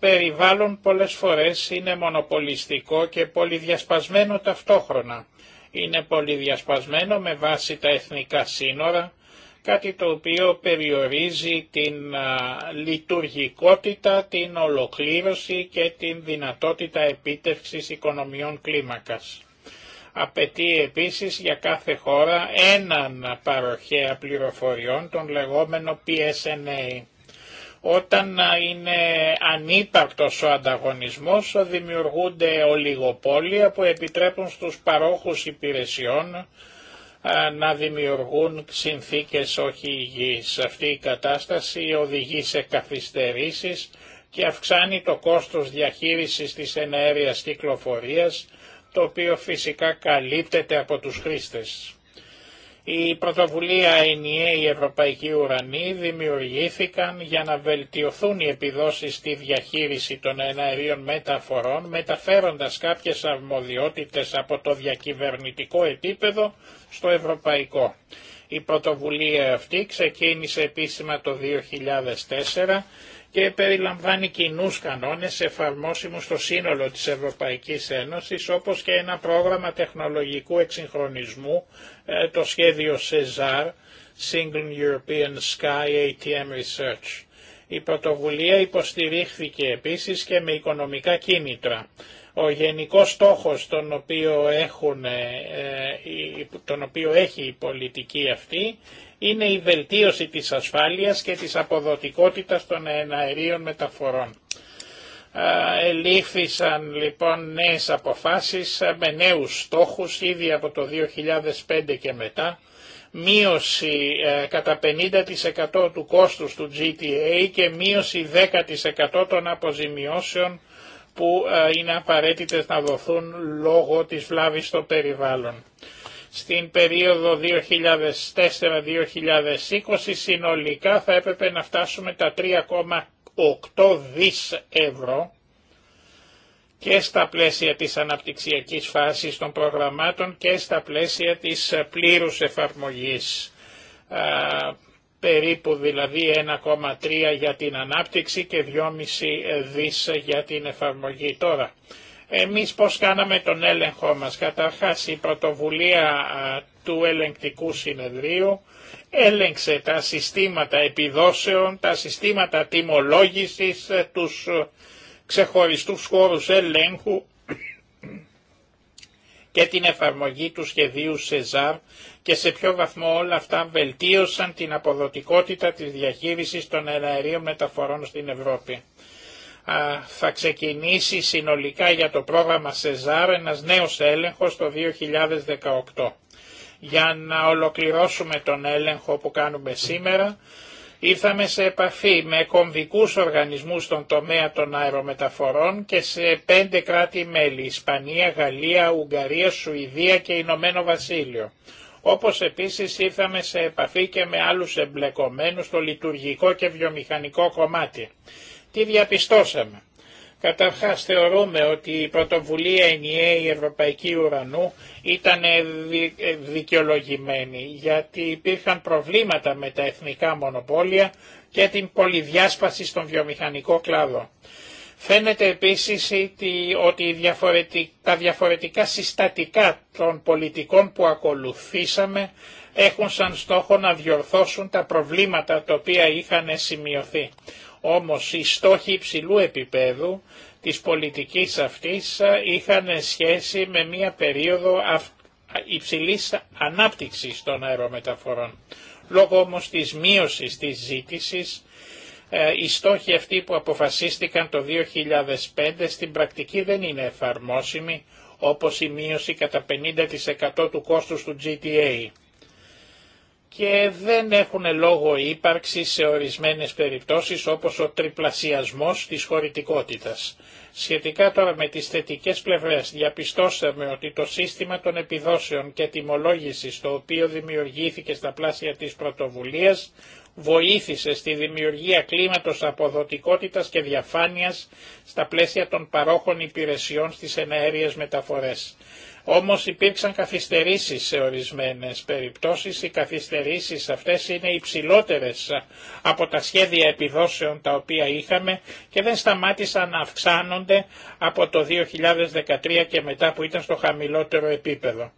περιβάλλον πολλές φορές είναι μονοπολιστικό και πολυδιασπασμένο ταυτόχρονα είναι διασπασμένο με βάση τα εθνικά σύνορα, κάτι το οποίο περιορίζει την λειτουργικότητα, την ολοκλήρωση και την δυνατότητα επίτευξης οικονομιών κλίμακας. Απαιτεί επίσης για κάθε χώρα έναν παροχέα πληροφοριών, τον λεγόμενο PSNA. Όταν είναι ανύπαρκτος ο ανταγωνισμός δημιουργούνται ολιγοπόλια που επιτρέπουν στους παρόχους υπηρεσιών να δημιουργούν συνθήκες όχι υγιείς. Αυτή η κατάσταση οδηγεί σε καθυστερήσεις και αυξάνει το κόστος διαχείρισης της εναέριας κυκλοφορίας, το οποίο φυσικά καλύπτεται από τους χρήστες. Η πρωτοβουλία η ευρωπαϊκή Ουρανοί δημιουργήθηκαν για να βελτιωθούν οι επιδόσεις στη διαχείριση των εναερίων μεταφορών, μεταφέροντας κάποιες αρμοδιότητες από το διακυβερνητικό επίπεδο στο ευρωπαϊκό. Η πρωτοβουλία αυτή ξεκίνησε επίσημα το 2004 και περιλαμβάνει κοινού κανόνε εφαρμόσιμού στο σύνολο της Ευρωπαϊκή Ένωση, όπω και ένα πρόγραμμα τεχνολογικού εξυγχρονισμού, ε, το σχέδιο CESAR, Single European Sky ATM Research. Η πρωτοβουλία υποστηρίχθηκε επίσης και με οικονομικά κίνητρα. Ο γενικός στόχος τον οποίο, ε, ε, τον οποίο έχει η πολιτική αυτή είναι η βελτίωση της ασφάλειας και της αποδοτικότητας των εναερίων μεταφορών. Ελήφθησαν λοιπόν νέες αποφάσεις με νέους στόχους ήδη από το 2005 και μετά, μείωση ε, κατά 50% του κόστους του GTA και μείωση 10% των αποζημιώσεων που ε, είναι απαραίτητες να δοθούν λόγω της βλάβης στο περιβάλλον στην περίοδο 2004-2020 συνολικά θα έπρεπε να φτάσουμε τα 3,8 δις ευρώ και στα πλαίσια της αναπτυξιακής φάσης των προγραμμάτων και στα πλαίσια της πλήρους εφαρμογής. περίπου δηλαδή 1,3 για την ανάπτυξη και 2,5 δις για την εφαρμογή τώρα. Εμείς πώς κάναμε τον έλεγχό μας. Καταρχάς η πρωτοβουλία του ελεγκτικού συνεδρίου έλεγξε τα συστήματα επιδόσεων, τα συστήματα τιμολόγησης, ε, τους ε, ξεχωριστούς χώρους ελέγχου και την εφαρμογή του σχεδίου ΣΕΖΑΡ και σε ποιο βαθμό όλα αυτά βελτίωσαν την αποδοτικότητα της διαχείρισης των αεραϊών μεταφορών στην Ευρώπη θα ξεκινήσει συνολικά για το πρόγραμμα ΣΕΖΑΡ ένας νέος έλεγχος το 2018. Για να ολοκληρώσουμε τον έλεγχο που κάνουμε σήμερα, ήρθαμε σε επαφή με κομβικούς οργανισμούς στον τομέα των αερομεταφορών και σε πέντε κράτη-μέλη, Ισπανία, Γαλλία, Ουγγαρία, Σουηδία και Ηνωμένο Βασίλειο. Όπως επίσης ήρθαμε σε επαφή και με άλλους εμπλεκομένους στο λειτουργικό και βιομηχανικό κομμάτι. Τι διαπιστώσαμε. Καταρχά θεωρούμε ότι η πρωτοβουλία ενιαία Ευρωπαϊκή Ουρανού ήταν δικαιολογημένη γιατί υπήρχαν προβλήματα με τα εθνικά μονοπόλια και την πολυδιάσπαση στον βιομηχανικό κλάδο. Φαίνεται επίσης ότι τα διαφορετικά συστατικά των πολιτικών που ακολουθήσαμε έχουν σαν στόχο να διορθώσουν τα προβλήματα τα οποία είχαν σημειωθεί. Όμως οι στόχοι υψηλού επίπεδου της πολιτικής αυτής είχαν σχέση με μια περίοδο υψηλής ανάπτυξης των αερομεταφορών. Λόγω όμως της μείωσης της ζήτησης, ε, οι στόχοι αυτοί που αποφασίστηκαν το 2005 στην πρακτική δεν είναι εφαρμόσιμοι, όπως η μείωση κατά 50% του κόστους του GTA και δεν έχουν λόγο ύπαρξη σε ορισμένες περιπτώσεις όπως ο τριπλασιασμός της χωρητικότητας. Σχετικά τώρα με τις θετικές πλευρές, διαπιστώσαμε ότι το σύστημα των επιδόσεων και τιμολόγησης το οποίο δημιουργήθηκε στα πλάσια της πρωτοβουλίας βοήθησε στη δημιουργία κλίματος αποδοτικότητας και διαφάνειας στα πλαίσια των παρόχων υπηρεσιών στις εναέριες μεταφορές. Όμως υπήρξαν καθυστερήσεις σε ορισμένες περιπτώσεις. Οι καθυστερήσεις αυτές είναι υψηλότερες από τα σχέδια επιδόσεων τα οποία είχαμε και δεν σταμάτησαν να αυξάνονται από το 2013 και μετά που ήταν στο χαμηλότερο επίπεδο.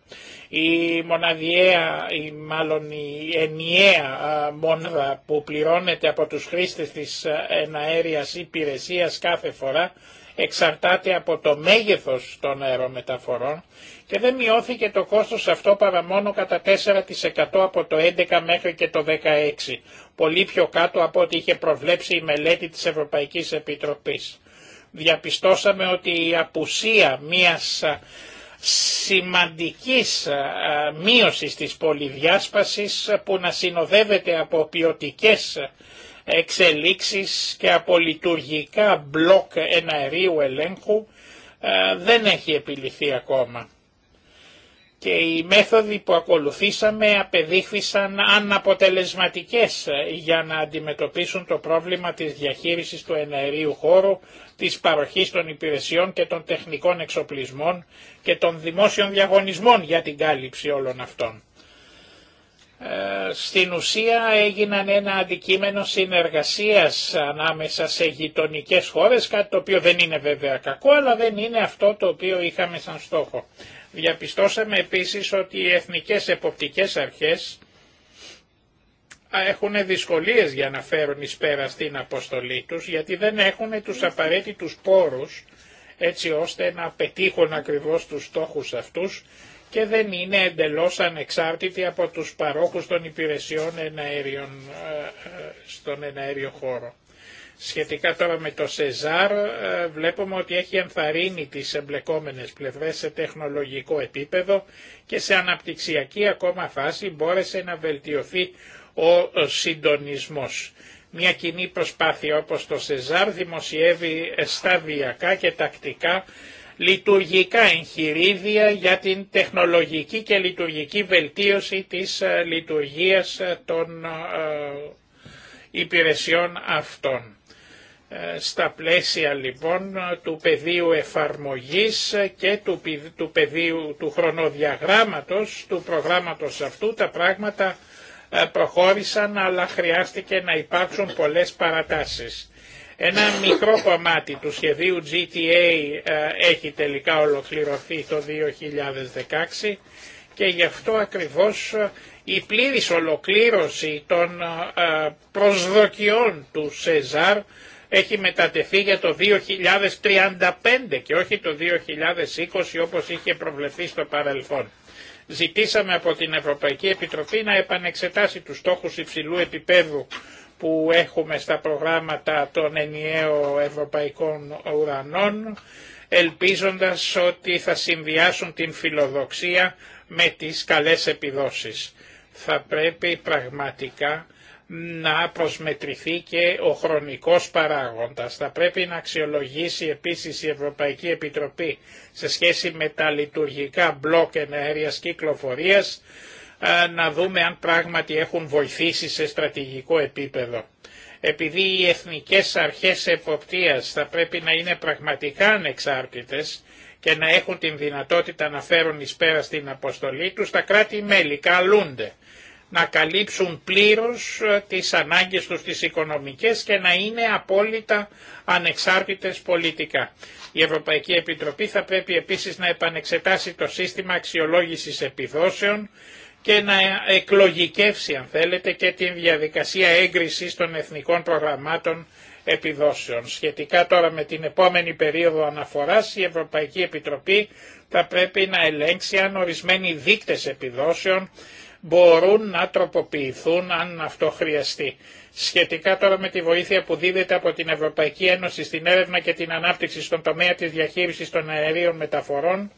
Η μοναδιαία ή μάλλον η ενιαία μόνδα που πληρώνεται από τους χρήστες της εναέριας υπηρεσίας κάθε φορά εξαρτάται από το μέγεθος των αερομεταφορών και δεν μειώθηκε το κόστος αυτό παρά μόνο κατά 4% από το 11 μέχρι και το 16, πολύ πιο κάτω από ό,τι είχε προβλέψει η μελέτη της Ευρωπαϊκής Επιτροπής. Διαπιστώσαμε ότι η απουσία μιας σημαντικής μείωσης της πολυδιάσπασης που να συνοδεύεται από ποιοτικέ εξελίξεις και από λειτουργικά μπλοκ εναερίου ελέγχου δεν έχει επιληθεί ακόμα και οι μέθοδοι που ακολουθήσαμε απεδείχθησαν αναποτελεσματικές ε, για να αντιμετωπίσουν το πρόβλημα της διαχείρισης του εναερίου χώρου, της παροχής των υπηρεσιών και των τεχνικών εξοπλισμών και των δημόσιων διαγωνισμών για την κάλυψη όλων αυτών. Ε, στην ουσία έγιναν ένα αντικείμενο συνεργασίας ανάμεσα σε γειτονικέ χώρες, κάτι το οποίο δεν είναι βέβαια κακό, αλλά δεν είναι αυτό το οποίο είχαμε σαν στόχο. Διαπιστώσαμε επίσης ότι οι εθνικές εποπτικές αρχές έχουν δυσκολίες για να φέρουν εις πέρα στην αποστολή τους γιατί δεν έχουν τους απαραίτητους πόρους έτσι ώστε να πετύχουν ακριβώς τους στόχους αυτούς και δεν είναι εντελώς ανεξάρτητοι από τους παρόχους των υπηρεσιών ε, ε, στον εναέριο χώρο. Σχετικά τώρα με το ΣΕΖΑΡ ε, βλέπουμε ότι έχει ενθαρρύνει τις εμπλεκόμενες πλευρές σε τεχνολογικό επίπεδο και σε αναπτυξιακή ακόμα φάση μπόρεσε να βελτιωθεί ο συντονισμός. Μια κοινή προσπάθεια όπως το ΣΕΖΑΡ δημοσιεύει σταδιακά και τακτικά λειτουργικά εγχειρίδια για την τεχνολογική και λειτουργική βελτίωση της ε, λειτουργίας ε, των υπηρεσιών αυτών. Ε, στα πλαίσια λοιπόν του πεδίου εφαρμογής και του, του πεδίου του χρονοδιαγράμματος του προγράμματος αυτού τα πράγματα ε, προχώρησαν αλλά χρειάστηκε να υπάρξουν πολλές παρατάσεις. Ένα μικρό κομμάτι του σχεδίου GTA ε, έχει τελικά ολοκληρωθεί το 2016 και γι' αυτό ακριβώς η πλήρης ολοκλήρωση των προσδοκιών του ΣΕΖΑΡ έχει μετατεθεί για το 2035 και όχι το 2020 όπως είχε προβλεφθεί στο παρελθόν. Ζητήσαμε από την Ευρωπαϊκή Επιτροπή να επανεξετάσει τους στόχους υψηλού επίπεδου που έχουμε στα προγράμματα των ενιαίων ευρωπαϊκών ουρανών, ελπίζοντας ότι θα συνδυάσουν την φιλοδοξία με τις καλές επιδόσεις. Θα πρέπει πραγματικά να προσμετρηθεί και ο χρονικός παράγοντας. Θα πρέπει να αξιολογήσει επίσης η Ευρωπαϊκή Επιτροπή σε σχέση με τα λειτουργικά μπλοκ εναέριας κυκλοφορίας να δούμε αν πράγματι έχουν βοηθήσει σε στρατηγικό επίπεδο. Επειδή οι εθνικές αρχές εποπτείας θα πρέπει να είναι πραγματικά ανεξάρτητες και να έχουν την δυνατότητα να φέρουν εις πέρα στην αποστολή τους, τα κράτη-μέλη καλούνται να καλύψουν πλήρως ε, τις ανάγκες τους τις οικονομικές και να είναι απόλυτα ανεξάρτητες πολιτικά. Η Ευρωπαϊκή Επιτροπή θα πρέπει επίσης να επανεξετάσει το σύστημα αξιολόγησης επιδόσεων και να εκλογικεύσει αν θέλετε και την διαδικασία έγκρισης των εθνικών προγραμμάτων επιδόσεων. Σχετικά τώρα με την επόμενη περίοδο αναφοράς η Ευρωπαϊκή Επιτροπή θα πρέπει να ελέγξει αν ορισμένοι δείκτες επιδόσεων μπορούν να τροποποιηθούν αν αυτό χρειαστεί. Σχετικά τώρα με τη βοήθεια που δίδεται από την Ευρωπαϊκή Ένωση στην έρευνα και την ανάπτυξη στον τομέα της διαχείρισης των αερίων μεταφορών,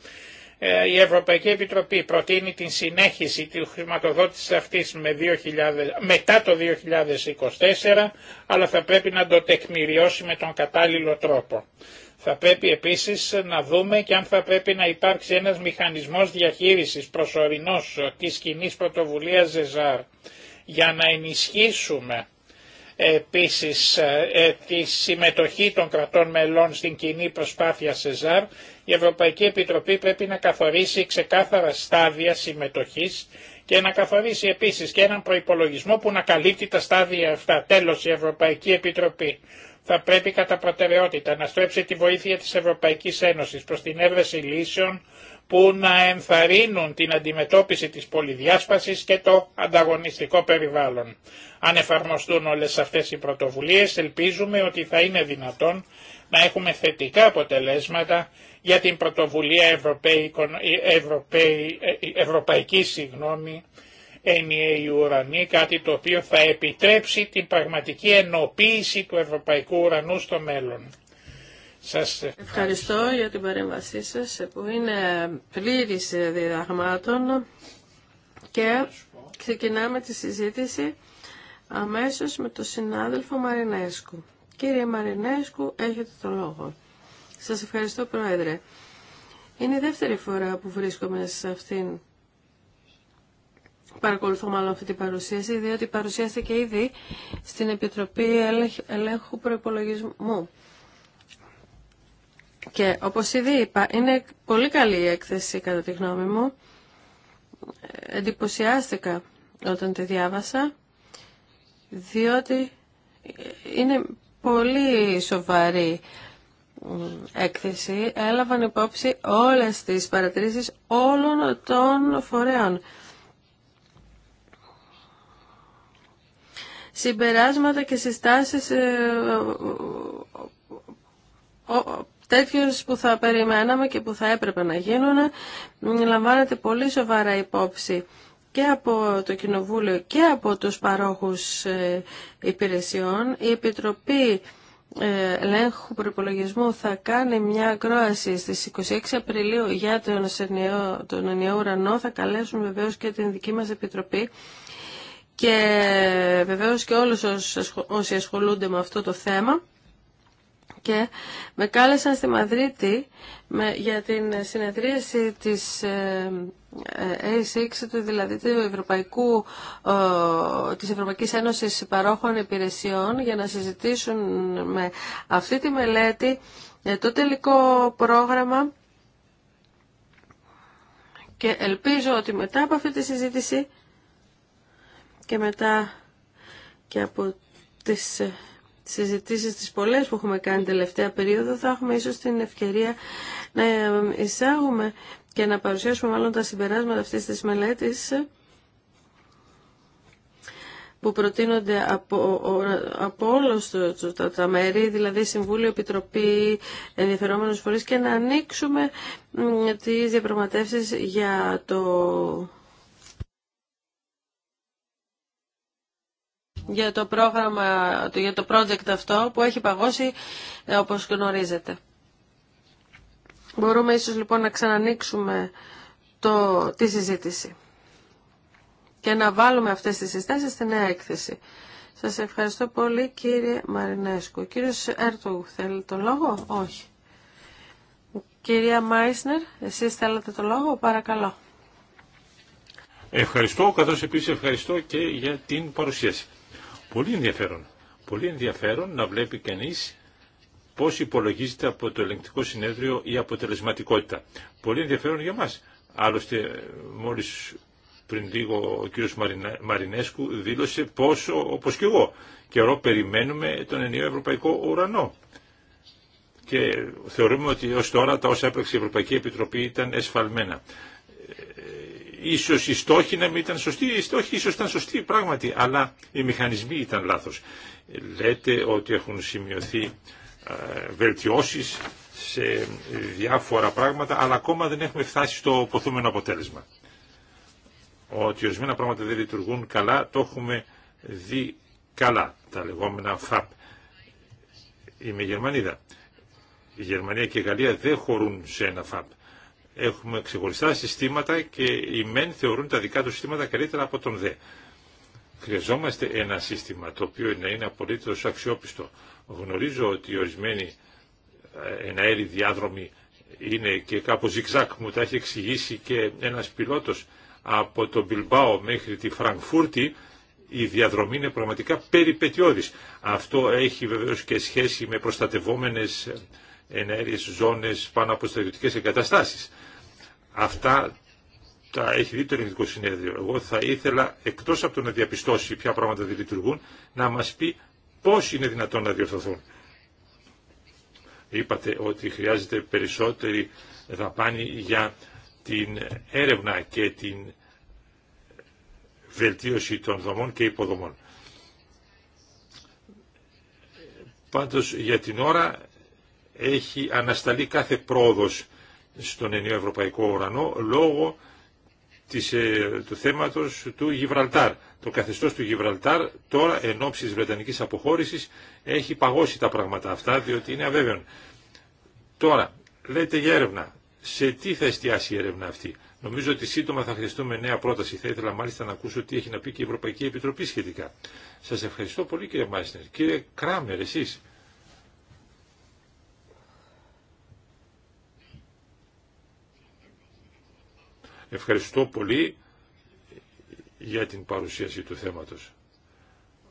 ε, η Ευρωπαϊκή Επιτροπή προτείνει την συνέχιση του χρηματοδότησης αυτής με 2000, μετά το 2024, αλλά θα πρέπει να το τεκμηριώσει με τον κατάλληλο τρόπο. Θα πρέπει επίσης να δούμε και αν θα πρέπει να υπάρξει ένας μηχανισμός διαχείρισης προσωρινός της κοινή πρωτοβουλία ΖΕΖΑΡ για να ενισχύσουμε ε, επίσης ε, ε, τη συμμετοχή των κρατών μελών στην κοινή προσπάθεια ΣΕΖΑΡ, η Ευρωπαϊκή Επιτροπή πρέπει να καθορίσει ξεκάθαρα στάδια συμμετοχής και να καθορίσει επίσης και έναν προϋπολογισμό που να καλύπτει τα στάδια αυτά. Τέλος η Ευρωπαϊκή Επιτροπή θα πρέπει κατά προτεραιότητα να στρέψει τη βοήθεια της Ευρωπαϊκής Ένωσης προς την έβρεση λύσεων που να ενθαρρύνουν την αντιμετώπιση της πολυδιάσπασης και το ανταγωνιστικό περιβάλλον. Αν εφαρμοστούν όλες αυτές οι πρωτοβουλίες, ελπίζουμε ότι θα είναι δυνατόν να έχουμε θετικά αποτελέσματα για την πρωτοβουλία ε, ε, Ευρωπαϊκή συγγνώμη, ενιαίοι ουρανοί, κάτι το οποίο θα επιτρέψει την πραγματική ενοποίηση του ευρωπαϊκού ουρανού στο μέλλον. Σας ευχαριστώ. ευχαριστώ για την παρέμβασή σας που είναι πλήρης διδαγμάτων και ξεκινάμε τη συζήτηση αμέσως με τον συνάδελφο Μαρινέσκου. Κύριε Μαρινέσκου, έχετε το λόγο. Σας ευχαριστώ Πρόεδρε. Είναι η δεύτερη φορά που βρίσκομαι σε αυτήν παρακολουθώ μάλλον αυτή την παρουσίαση, διότι παρουσιάστηκε ήδη στην Επιτροπή Ελέγχου Προπολογισμού. Και όπως ήδη είπα, είναι πολύ καλή η έκθεση κατά τη γνώμη μου. Εντυπωσιάστηκα όταν τη διάβασα, διότι είναι πολύ σοβαρή έκθεση. Έλαβαν υπόψη όλες τις παρατηρήσεις όλων των φορέων. συμπεράσματα και συστάσεις ε, τέτοιους που θα περιμέναμε και που θα έπρεπε να γίνουν λαμβάνεται πολύ σοβαρά υπόψη και από το Κοινοβούλιο και από τους παρόχους ε, υπηρεσιών. Η Επιτροπή ε, Ελέγχου Προπολογισμού θα κάνει μια ακρόαση στις 26 Απριλίου για τον ενιαίο ουρανό. Θα καλέσουν βεβαίως και την δική μας Επιτροπή και βεβαίως και όλους όσοι ασχολούνται με αυτό το θέμα και με κάλεσαν στη Μαδρίτη για την συνεδρίαση της ε, ε, A6, δηλαδή του Ευρωπαϊκού, ε, της Ευρωπαϊκής Ένωσης Παρόχων Υπηρεσιών, για να συζητήσουν με αυτή τη μελέτη το τελικό πρόγραμμα και ελπίζω ότι μετά από αυτή τη συζήτηση και μετά και από τις ε, συζητήσεις τις πολλές που έχουμε κάνει τελευταία περίοδο θα έχουμε ίσως την ευκαιρία να ε, εισάγουμε και να παρουσιάσουμε μάλλον τα συμπεράσματα αυτής της μελέτης ε, που προτείνονται από, από τα, μέρη, δηλαδή Συμβούλιο, Επιτροπή, ενδιαφερόμενους φορείς και να ανοίξουμε τις διαπραγματεύσεις για το για το πρόγραμμα, για το project αυτό που έχει παγώσει ε, όπως γνωρίζετε. Μπορούμε ίσως λοιπόν να ξανανοίξουμε το, τη συζήτηση και να βάλουμε αυτές τις συστάσεις στη νέα έκθεση. Σας ευχαριστώ πολύ κύριε Μαρινέσκου. Ο κύριος Έρτου θέλει το λόγο, όχι. Κυρία Μάισνερ, εσείς θέλετε το λόγο, παρακαλώ. Ευχαριστώ, καθώς επίσης ευχαριστώ και για την παρουσίαση. Πολύ ενδιαφέρον. Πολύ ενδιαφέρον να βλέπει κανείς πώς υπολογίζεται από το ελεγκτικό συνέδριο η αποτελεσματικότητα. Πολύ ενδιαφέρον για μας. Άλλωστε, μόλις πριν λίγο ο κύριος Μαρινέσκου δήλωσε πόσο, όπως και εγώ, καιρό περιμένουμε τον ενιαίο ευρωπαϊκό ουρανό. Και θεωρούμε ότι ως τώρα τα όσα έπρεξε η Ευρωπαϊκή Επιτροπή ήταν εσφαλμένα ίσως οι στόχοι να μην ήταν σωστοί, οι στόχοι ίσως ήταν σωστοί πράγματι, αλλά οι μηχανισμοί ήταν λάθος. Λέτε ότι έχουν σημειωθεί ε, βελτιώσεις σε διάφορα πράγματα, αλλά ακόμα δεν έχουμε φτάσει στο ποθούμενο αποτέλεσμα. Ότι ορισμένα πράγματα δεν λειτουργούν καλά, το έχουμε δει καλά, τα λεγόμενα ΦΑΠ. Είμαι Γερμανίδα. Η Γερμανία και η Γαλλία δεν χωρούν σε ένα ΦΑΠ έχουμε ξεχωριστά συστήματα και οι μεν θεωρούν τα δικά του συστήματα καλύτερα από τον δε. Χρειαζόμαστε ένα σύστημα το οποίο να είναι απολύτω αξιόπιστο. Γνωρίζω ότι ορισμένοι εναέροι διάδρομοι είναι και κάπως ζιγζάκ μου τα έχει εξηγήσει και ένας πιλότος από τον Μπιλμπάο μέχρι τη Φραγκφούρτη η διαδρομή είναι πραγματικά περιπετειώδης. Αυτό έχει βεβαίως και σχέση με προστατευόμενες ε, εναέριες ζώνες πάνω από στρατιωτικές εγκαταστάσεις. Αυτά τα έχει δει το ελληνικό συνέδριο. Εγώ θα ήθελα, εκτός από το να διαπιστώσει ποια πράγματα δεν λειτουργούν, να μας πει πώς είναι δυνατόν να διορθωθούν. Είπατε ότι χρειάζεται περισσότερη δαπάνη για την έρευνα και την βελτίωση των δομών και υποδομών. Πάντως για την ώρα έχει ανασταλεί κάθε πρόοδος στον ενίο ευρωπαϊκό ουρανό λόγω της, ε, του θέματος του Γιβραλτάρ. Το καθεστώς του Γιβραλτάρ τώρα εν ώψη της Βρετανικής αποχώρησης έχει παγώσει τα πράγματα αυτά διότι είναι αβέβαιον. Τώρα, λέτε για έρευνα. Σε τι θα εστιάσει η έρευνα αυτή. Νομίζω ότι σύντομα θα χρειαστούμε νέα πρόταση. Θα ήθελα μάλιστα να ακούσω τι έχει να πει και η Ευρωπαϊκή Επιτροπή σχετικά. Σας ευχαριστώ πολύ κύριε Μάισνερ. Κύριε Κράμερ, εσείς. Ευχαριστώ πολύ για την παρουσίαση του θέματος.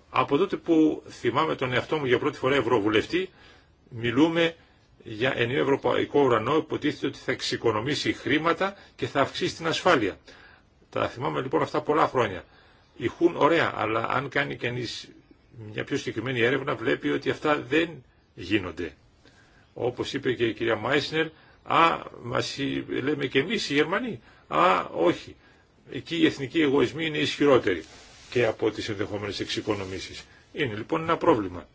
Από τότε που θυμάμαι τον εαυτό μου για πρώτη φορά ευρωβουλευτή, μιλούμε για ενίο ευρωπαϊκό ουρανό, υποτίθεται ότι θα εξοικονομήσει χρήματα και θα αυξήσει την ασφάλεια. Τα θυμάμαι λοιπόν αυτά πολλά χρόνια. Ηχούν ωραία, αλλά αν κάνει κανεί μια πιο συγκεκριμένη έρευνα βλέπει ότι αυτά δεν γίνονται. Όπως είπε και η κυρία Μάισνερ, α, μας λέμε και εμείς οι Γερμανοί, Α, όχι. Εκεί οι εθνικοί εγωισμοί είναι ισχυρότεροι και από τις ενδεχόμενες εξοικονομήσεις. Είναι λοιπόν ένα πρόβλημα.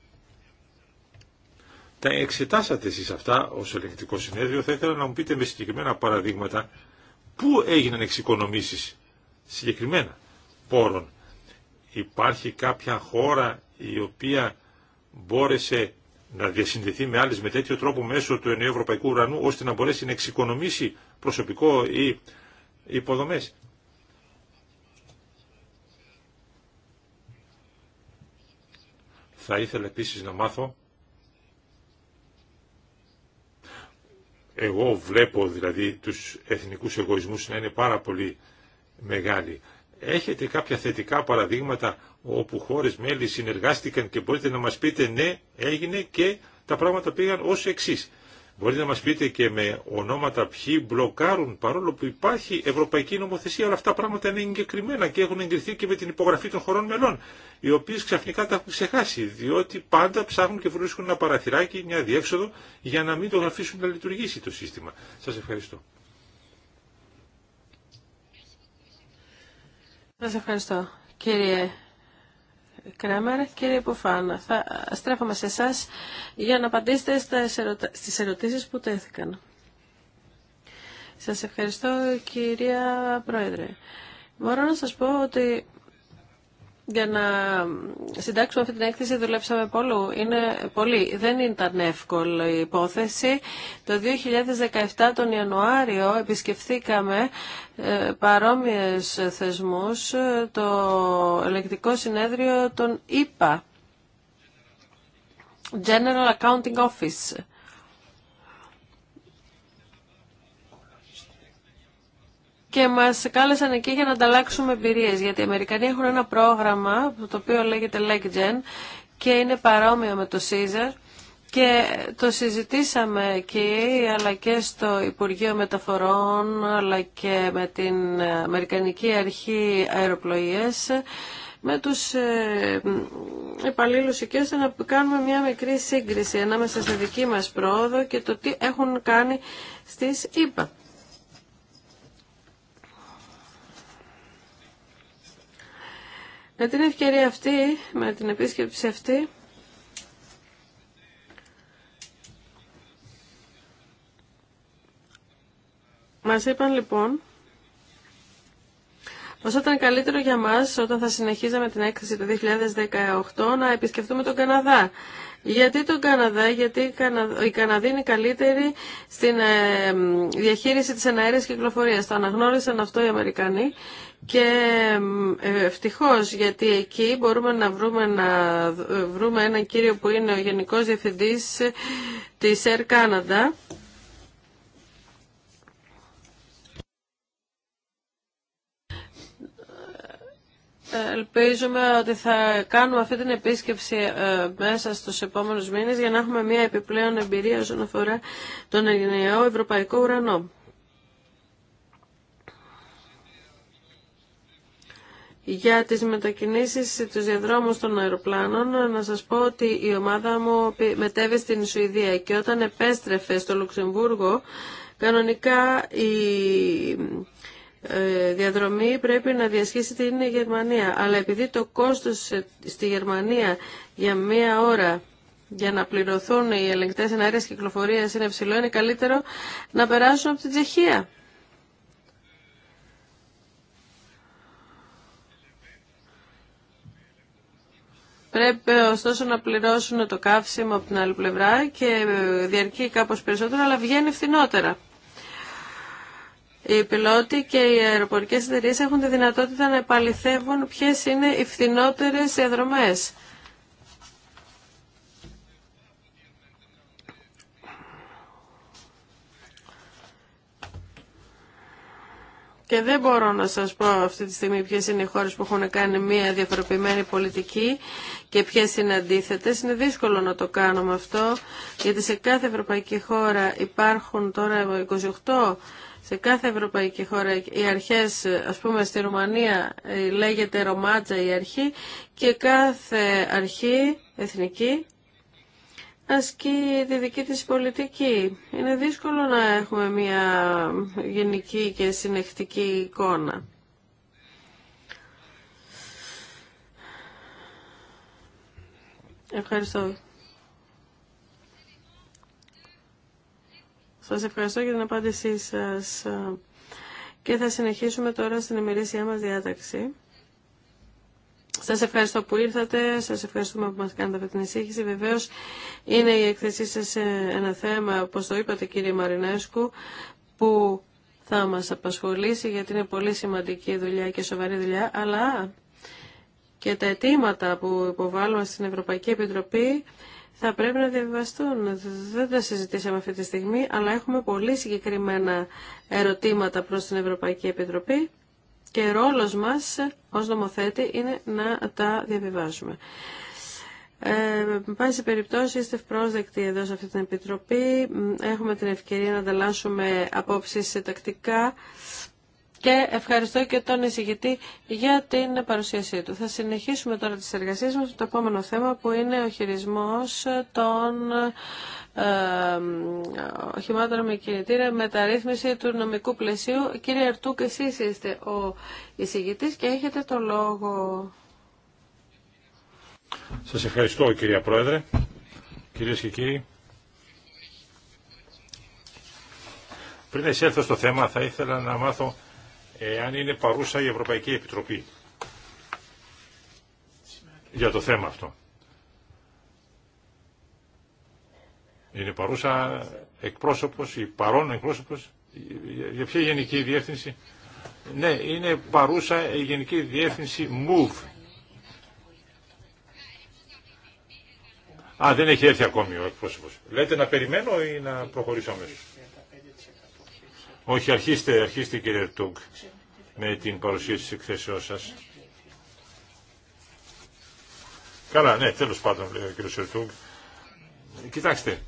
Τα εξετάσατε εσείς αυτά ως ελεγκτικό συνέδριο. Θα ήθελα να μου πείτε με συγκεκριμένα παραδείγματα πού έγιναν εξοικονομήσεις συγκεκριμένα πόρων. Υπάρχει κάποια χώρα η οποία μπόρεσε να διασυνδεθεί με άλλες με τέτοιο τρόπο μέσω του ευρωπαϊκού ουρανού ώστε να μπορέσει να εξοικονομήσει προσωπικό ή υποδομές. Θα ήθελα επίσης να μάθω εγώ βλέπω δηλαδή τους εθνικούς εγωισμούς να είναι πάρα πολύ μεγάλοι. Έχετε κάποια θετικά παραδείγματα όπου χώρες μέλη συνεργάστηκαν και μπορείτε να μας πείτε ναι έγινε και τα πράγματα πήγαν ως εξής. Μπορείτε να μας πείτε και με ονόματα ποιοι μπλοκάρουν παρόλο που υπάρχει ευρωπαϊκή νομοθεσία, αλλά αυτά τα πράγματα είναι εγκεκριμένα και έχουν εγκριθεί και με την υπογραφή των χωρών μελών, οι οποίε ξαφνικά τα έχουν ξεχάσει, διότι πάντα ψάχνουν και βρίσκουν ένα παραθυράκι, μια διέξοδο, για να μην το αφήσουν να λειτουργήσει το σύστημα. Σα ευχαριστώ. Σας ευχαριστώ κύριε Κράμερ. Κύριε Ποφάνα, θα στρέφομαι σε εσά για να απαντήσετε στις ερωτήσεις που τέθηκαν. Σας ευχαριστώ κυρία Πρόεδρε. Μπορώ να σας πω ότι για να συντάξουμε αυτή την έκθεση δουλέψαμε πολλού. Είναι πολύ. Δεν ήταν εύκολη η υπόθεση. Το 2017 τον Ιανουάριο επισκεφθήκαμε ε, παρόμοιες θεσμούς ε, το ελεκτικό συνέδριο των ΙΠΑ. General Accounting Office και μα κάλεσαν εκεί για να ανταλλάξουμε εμπειρίε, γιατί οι Αμερικανοί έχουν ένα πρόγραμμα το οποίο λέγεται LegGen και είναι παρόμοιο με το Caesar και το συζητήσαμε εκεί, αλλά και στο Υπουργείο Μεταφορών, αλλά και με την Αμερικανική Αρχή Αεροπλοίες, με τους ε, υπαλλήλους εκεί, ώστε να κάνουμε μια μικρή σύγκριση ανάμεσα στη δική μας πρόοδο και το τι έχουν κάνει στις ΗΠΑ. Με την ευκαιρία αυτή, με την επίσκεψη αυτή, Μας είπαν λοιπόν πως ήταν καλύτερο για μας όταν θα συνεχίζαμε την έκθεση το 2018 να επισκεφτούμε τον Καναδά. Γιατί τον Καναδά, γιατί η Καναδοί είναι καλύτερη στην ε, διαχείριση της εναέρειας κυκλοφορίας. Το αναγνώρισαν αυτό οι Αμερικανοί και ε, ευτυχώς γιατί εκεί μπορούμε να βρούμε, να ε, βρούμε έναν κύριο που είναι ο Γενικός Διευθυντής της Air Canada. Ελπίζουμε ότι θα κάνουμε αυτή την επίσκεψη ε, μέσα στους επόμενους μήνες για να έχουμε μια επιπλέον εμπειρία όσον αφορά τον ελληνικό ευρωπαϊκό ουρανό. Για τις μετακινήσεις, στους διαδρόμους των αεροπλάνων, να σας πω ότι η ομάδα μου μετέβη στην Σουηδία και όταν επέστρεφε στο Λουξεμβούργο, κανονικά η ε, διαδρομή πρέπει να διασχίσει την Γερμανία. Αλλά επειδή το κόστος στη Γερμανία για μία ώρα για να πληρωθούν οι ελεγκτές εναέρειας κυκλοφορίας είναι ψηλό, είναι καλύτερο να περάσουν από την Τσεχία. Πρέπει ωστόσο να πληρώσουν το καύσιμο από την άλλη πλευρά και διαρκεί κάπως περισσότερο, αλλά βγαίνει φθηνότερα. Οι πιλότοι και οι αεροπορικές εταιρείες έχουν τη δυνατότητα να επαληθεύουν ποιες είναι οι φθηνότερες διαδρομές. και δεν μπορώ να σας πω αυτή τη στιγμή ποιες είναι οι χώρες που έχουν κάνει μια διαφοροποιημένη πολιτική και ποιες είναι αντίθετες. Είναι δύσκολο να το κάνουμε αυτό, γιατί σε κάθε ευρωπαϊκή χώρα υπάρχουν τώρα 28 σε κάθε ευρωπαϊκή χώρα οι αρχές, ας πούμε στη Ρουμανία ε, λέγεται Ρωμάτζα η αρχή και κάθε αρχή εθνική ασκεί τη δική της πολιτική. Είναι δύσκολο να έχουμε μια γενική και συνεχτική εικόνα. Ευχαριστώ. Σας ευχαριστώ για την απάντησή σας. Και θα συνεχίσουμε τώρα στην ημερήσια μας διάταξη. Σας ευχαριστώ που ήρθατε, σας ευχαριστούμε που μας κάνετε αυτή την εισήγηση. Βεβαίως είναι η εκθεσή σας ένα θέμα, όπως το είπατε κύριε Μαρινέσκου, που θα μας απασχολήσει γιατί είναι πολύ σημαντική δουλειά και σοβαρή δουλειά, αλλά και τα αιτήματα που υποβάλλουμε στην Ευρωπαϊκή Επιτροπή θα πρέπει να διαβιβαστούν. Δεν τα συζητήσαμε αυτή τη στιγμή, αλλά έχουμε πολύ συγκεκριμένα ερωτήματα προς την Ευρωπαϊκή Επιτροπή και ρόλος μας ως νομοθέτη είναι να τα διαβιβάζουμε. Ε, πάση σε περιπτώσει είστε ευπρόσδεκτοι εδώ σε αυτή την Επιτροπή. Έχουμε την ευκαιρία να ανταλλάσσουμε απόψεις τακτικά και ευχαριστώ και τον εισηγητή για την παρουσίασή του. Θα συνεχίσουμε τώρα τις εργασίες μας με το επόμενο θέμα που είναι ο χειρισμός των ε, οχημάτων με κινητήρα μεταρρύθμιση του νομικού πλαισίου. Κύριε Αρτούκ, εσείς είστε ο εισηγητής και έχετε το λόγο. Σας ευχαριστώ κυρία Πρόεδρε, κυρίες και κύριοι. Πριν εισέλθω στο θέμα θα ήθελα να μάθω εάν είναι παρούσα η Ευρωπαϊκή Επιτροπή για το θέμα αυτό. Είναι παρούσα εκπρόσωπος ή παρόν εκπρόσωπος για ποια γενική διεύθυνση. Ναι, είναι παρούσα η γενική διεύθυνση MOVE. Α, δεν έχει έρθει ακόμη ο εκπρόσωπος. Λέτε να περιμένω ή να προχωρήσω αμέσως. Όχι, αρχίστε, αρχίστε κύριε Τούγκ με την παρουσίαση της εκθέσεώς σας. Καλά, ναι, τέλος πάντων, λέει ο κ. Σερτούγκ. Κοιτάξτε,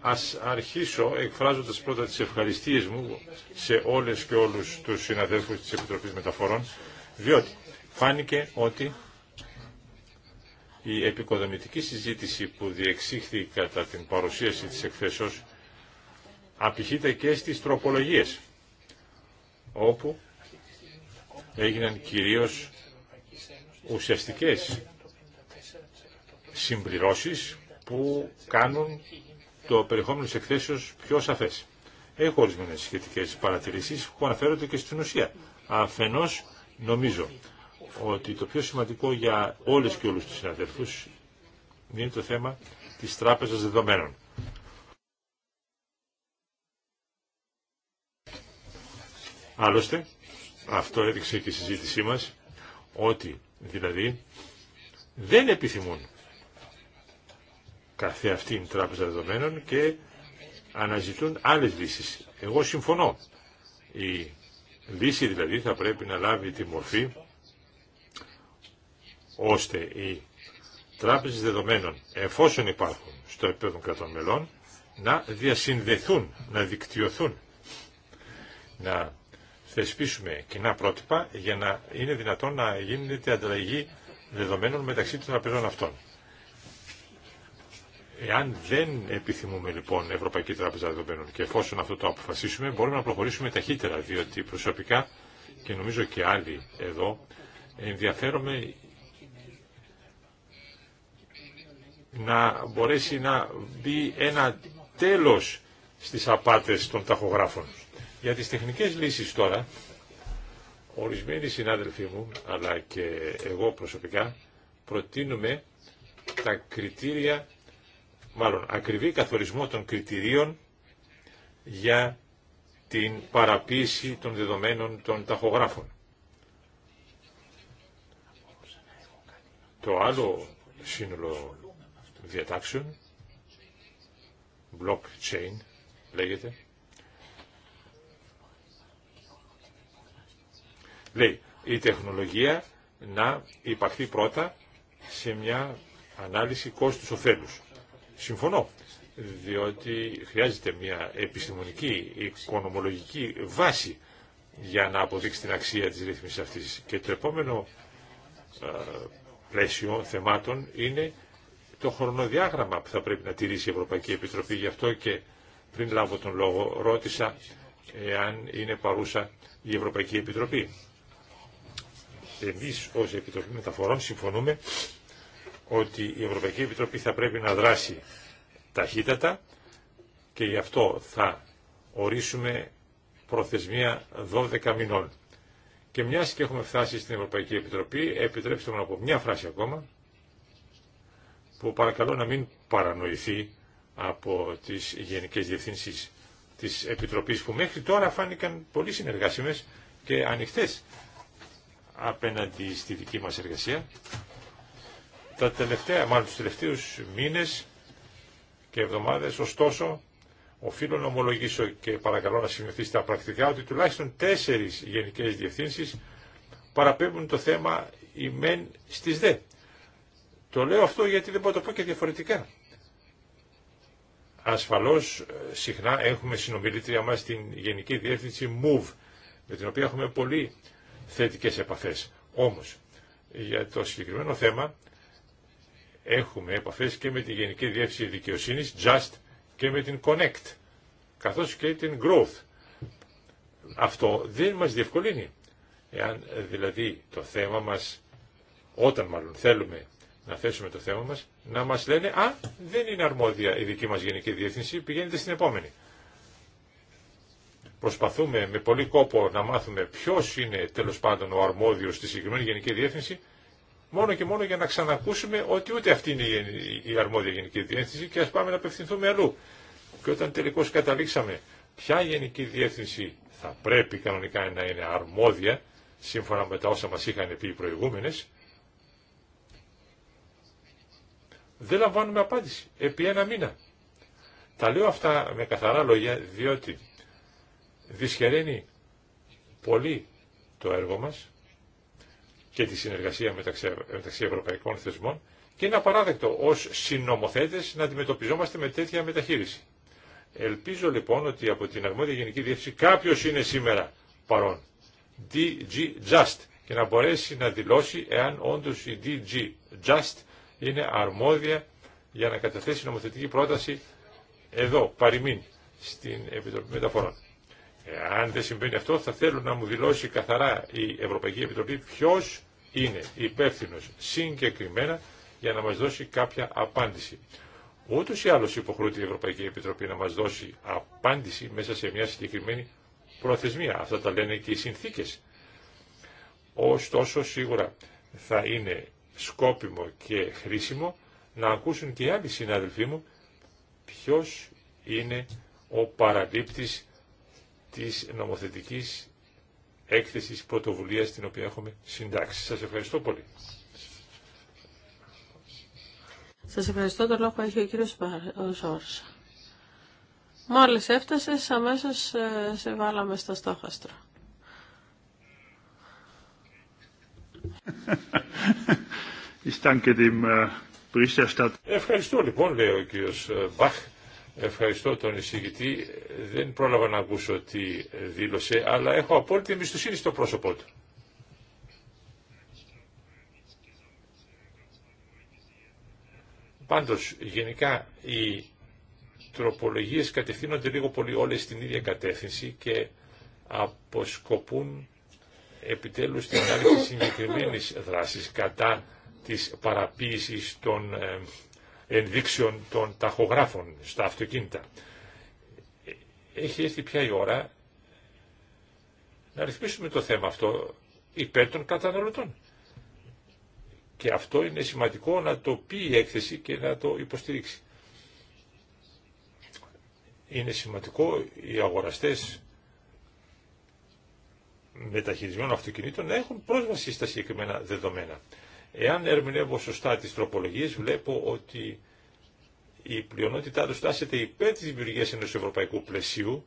ας αρχίσω εκφράζοντας πρώτα τις ευχαριστίες μου σε όλες και όλους τους συναδέλφους της Επιτροπής Μεταφορών, διότι φάνηκε ότι η επικοδομητική συζήτηση που διεξήχθη κατά την παρουσίαση της εκθέσεως απηχείται και στις τροπολογίες όπου έγιναν κυρίως ουσιαστικές συμπληρώσεις που κάνουν το περιεχόμενο της εκθέσεως πιο σαφές. Έχω ορισμένες σχετικές παρατηρήσεις που αναφέρονται και στην ουσία. Αφενός νομίζω ότι το πιο σημαντικό για όλες και όλους τους συναδέλφους είναι το θέμα της τράπεζας δεδομένων. Άλλωστε, αυτό έδειξε και η συζήτησή μας, ότι δηλαδή δεν επιθυμούν καθε αυτήν τράπεζα δεδομένων και αναζητούν άλλες λύσεις. Εγώ συμφωνώ. Η λύση δηλαδή θα πρέπει να λάβει τη μορφή ώστε οι τράπεζες δεδομένων εφόσον υπάρχουν στο επίπεδο κρατών μελών να διασυνδεθούν, να δικτυωθούν, να θεσπίσουμε κοινά πρότυπα για να είναι δυνατόν να γίνεται ανταλλαγή δεδομένων μεταξύ των τραπεζών αυτών. Εάν δεν επιθυμούμε λοιπόν Ευρωπαϊκή Τράπεζα Δεδομένων και εφόσον αυτό το αποφασίσουμε μπορούμε να προχωρήσουμε ταχύτερα διότι προσωπικά και νομίζω και άλλοι εδώ ενδιαφέρομαι να μπορέσει να μπει ένα τέλος στις απάτες των ταχογράφων. Για τις τεχνικές λύσεις τώρα, ορισμένοι συνάδελφοί μου, αλλά και εγώ προσωπικά, προτείνουμε τα κριτήρια, μάλλον ακριβή καθορισμό των κριτηρίων για την παραποίηση των δεδομένων των ταχογράφων. Το άλλο σύνολο διατάξεων, blockchain λέγεται, Λέει, η τεχνολογία να υπαχθεί πρώτα σε μια ανάλυση κόστους ωφέλους. Συμφωνώ, διότι χρειάζεται μια επιστημονική, οικονομολογική βάση για να αποδείξει την αξία της ρύθμισης αυτής. Και το επόμενο ε, πλαίσιο θεμάτων είναι το χρονοδιάγραμμα που θα πρέπει να τηρήσει η Ευρωπαϊκή Επιτροπή. Γι' αυτό και πριν λάβω τον λόγο ρώτησα εάν είναι παρούσα η Ευρωπαϊκή Επιτροπή εμείς ως Επιτροπή Μεταφορών συμφωνούμε ότι η Ευρωπαϊκή Επιτροπή θα πρέπει να δράσει ταχύτατα και γι' αυτό θα ορίσουμε προθεσμία 12 μηνών. Και μιας και έχουμε φτάσει στην Ευρωπαϊκή Επιτροπή, επιτρέψτε μου να πω μια φράση ακόμα, που παρακαλώ να μην παρανοηθεί από τις Γενικές Διευθύνσεις της Επιτροπής, που μέχρι τώρα φάνηκαν πολύ συνεργάσιμες και ανοιχτές απέναντι στη δική μας εργασία. Τα τελευταία, μάλλον τους τελευταίους μήνες και εβδομάδες, ωστόσο, οφείλω να ομολογήσω και παρακαλώ να σημειωθεί στα πρακτικά ότι τουλάχιστον τέσσερις γενικές διευθύνσεις παραπέμπουν το θέμα ημέν στις δε. Το λέω αυτό γιατί δεν μπορώ να το πω και διαφορετικά. Ασφαλώς συχνά έχουμε συνομιλήτρια μας στην Γενική Διεύθυνση MOVE, με την οποία έχουμε πολύ θετικές επαφές. Όμως, για το συγκεκριμένο θέμα έχουμε επαφές και με τη Γενική Διεύθυνση Δικαιοσύνης, Just, και με την Connect, καθώς και την Growth. Αυτό δεν μας διευκολύνει. Εάν δηλαδή το θέμα μας, όταν μάλλον θέλουμε να θέσουμε το θέμα μας, να μας λένε «Α, δεν είναι αρμόδια η δική μας Γενική Διεύθυνση, πηγαίνετε στην επόμενη» προσπαθούμε με πολύ κόπο να μάθουμε ποιο είναι τέλο πάντων ο αρμόδιο στη συγκεκριμένη Γενική Διεύθυνση, μόνο και μόνο για να ξανακούσουμε ότι ούτε αυτή είναι η αρμόδια Γενική Διεύθυνση και α πάμε να απευθυνθούμε αλλού. Και όταν τελικώ καταλήξαμε ποια Γενική Διεύθυνση θα πρέπει κανονικά να είναι αρμόδια, σύμφωνα με τα όσα μα είχαν πει οι προηγούμενε. δεν λαμβάνουμε απάντηση επί ένα μήνα. Τα λέω αυτά με καθαρά λόγια, διότι δυσχεραίνει πολύ το έργο μας και τη συνεργασία μεταξύ, ευρωπαϊκών θεσμών και είναι απαράδεκτο ως συνομοθέτες να αντιμετωπιζόμαστε με τέτοια μεταχείριση. Ελπίζω λοιπόν ότι από την αρμόδια Γενική Διεύθυνση κάποιος είναι σήμερα παρόν. DG Just και να μπορέσει να δηλώσει εάν όντως η DG Just είναι αρμόδια για να καταθέσει νομοθετική πρόταση εδώ, παροιμήν, στην Επιτροπή Μεταφορών. Αν δεν συμβαίνει αυτό θα θέλω να μου δηλώσει καθαρά η Ευρωπαϊκή Επιτροπή ποιο είναι υπεύθυνο συγκεκριμένα για να μα δώσει κάποια απάντηση. Ούτως ή άλλω υποχρεούται η αλλω υποχρεουται η Επιτροπή να μα δώσει απάντηση μέσα σε μια συγκεκριμένη προθεσμία. Αυτά τα λένε και οι συνθήκε. Ωστόσο σίγουρα θα είναι σκόπιμο και χρήσιμο να ακούσουν και οι άλλοι συνάδελφοί μου ποιος είναι ο παραλήπτης της νομοθετικής έκθεσης πρωτοβουλίας την οποία έχουμε συντάξει. Σας ευχαριστώ πολύ. Σας ευχαριστώ. Το λόγο έχει ο κύριος Ζόρς. Μόλις έφτασες, αμέσως ε, σε βάλαμε στο στόχαστρο. *laughs* Ε, ευχαριστώ λοιπόν, λέει ο κύριος Μπαχ, ε, Ευχαριστώ τον εισηγητή. Δεν πρόλαβα να ακούσω τι δήλωσε, αλλά έχω απόλυτη εμπιστοσύνη στο πρόσωπό του. Πάντως, γενικά, οι τροπολογίες κατευθύνονται λίγο πολύ όλες στην ίδια κατεύθυνση και αποσκοπούν επιτέλους την ανάλυση συγκεκριμένη δράση κατά της παραποίησης των ε, ενδείξεων των ταχογράφων στα αυτοκίνητα. Έχει έρθει πια η ώρα να ρυθμίσουμε το θέμα αυτό υπέρ των καταναλωτών. Και αυτό είναι σημαντικό να το πει η έκθεση και να το υποστηρίξει. Είναι σημαντικό οι αγοραστές μεταχειρισμένων αυτοκινήτων να έχουν πρόσβαση στα συγκεκριμένα δεδομένα. Εάν ερμηνεύω σωστά τις τροπολογίες, βλέπω ότι η πλειονότητά του στάσεται υπέρ της δημιουργίας ενός ευρωπαϊκού πλαισίου,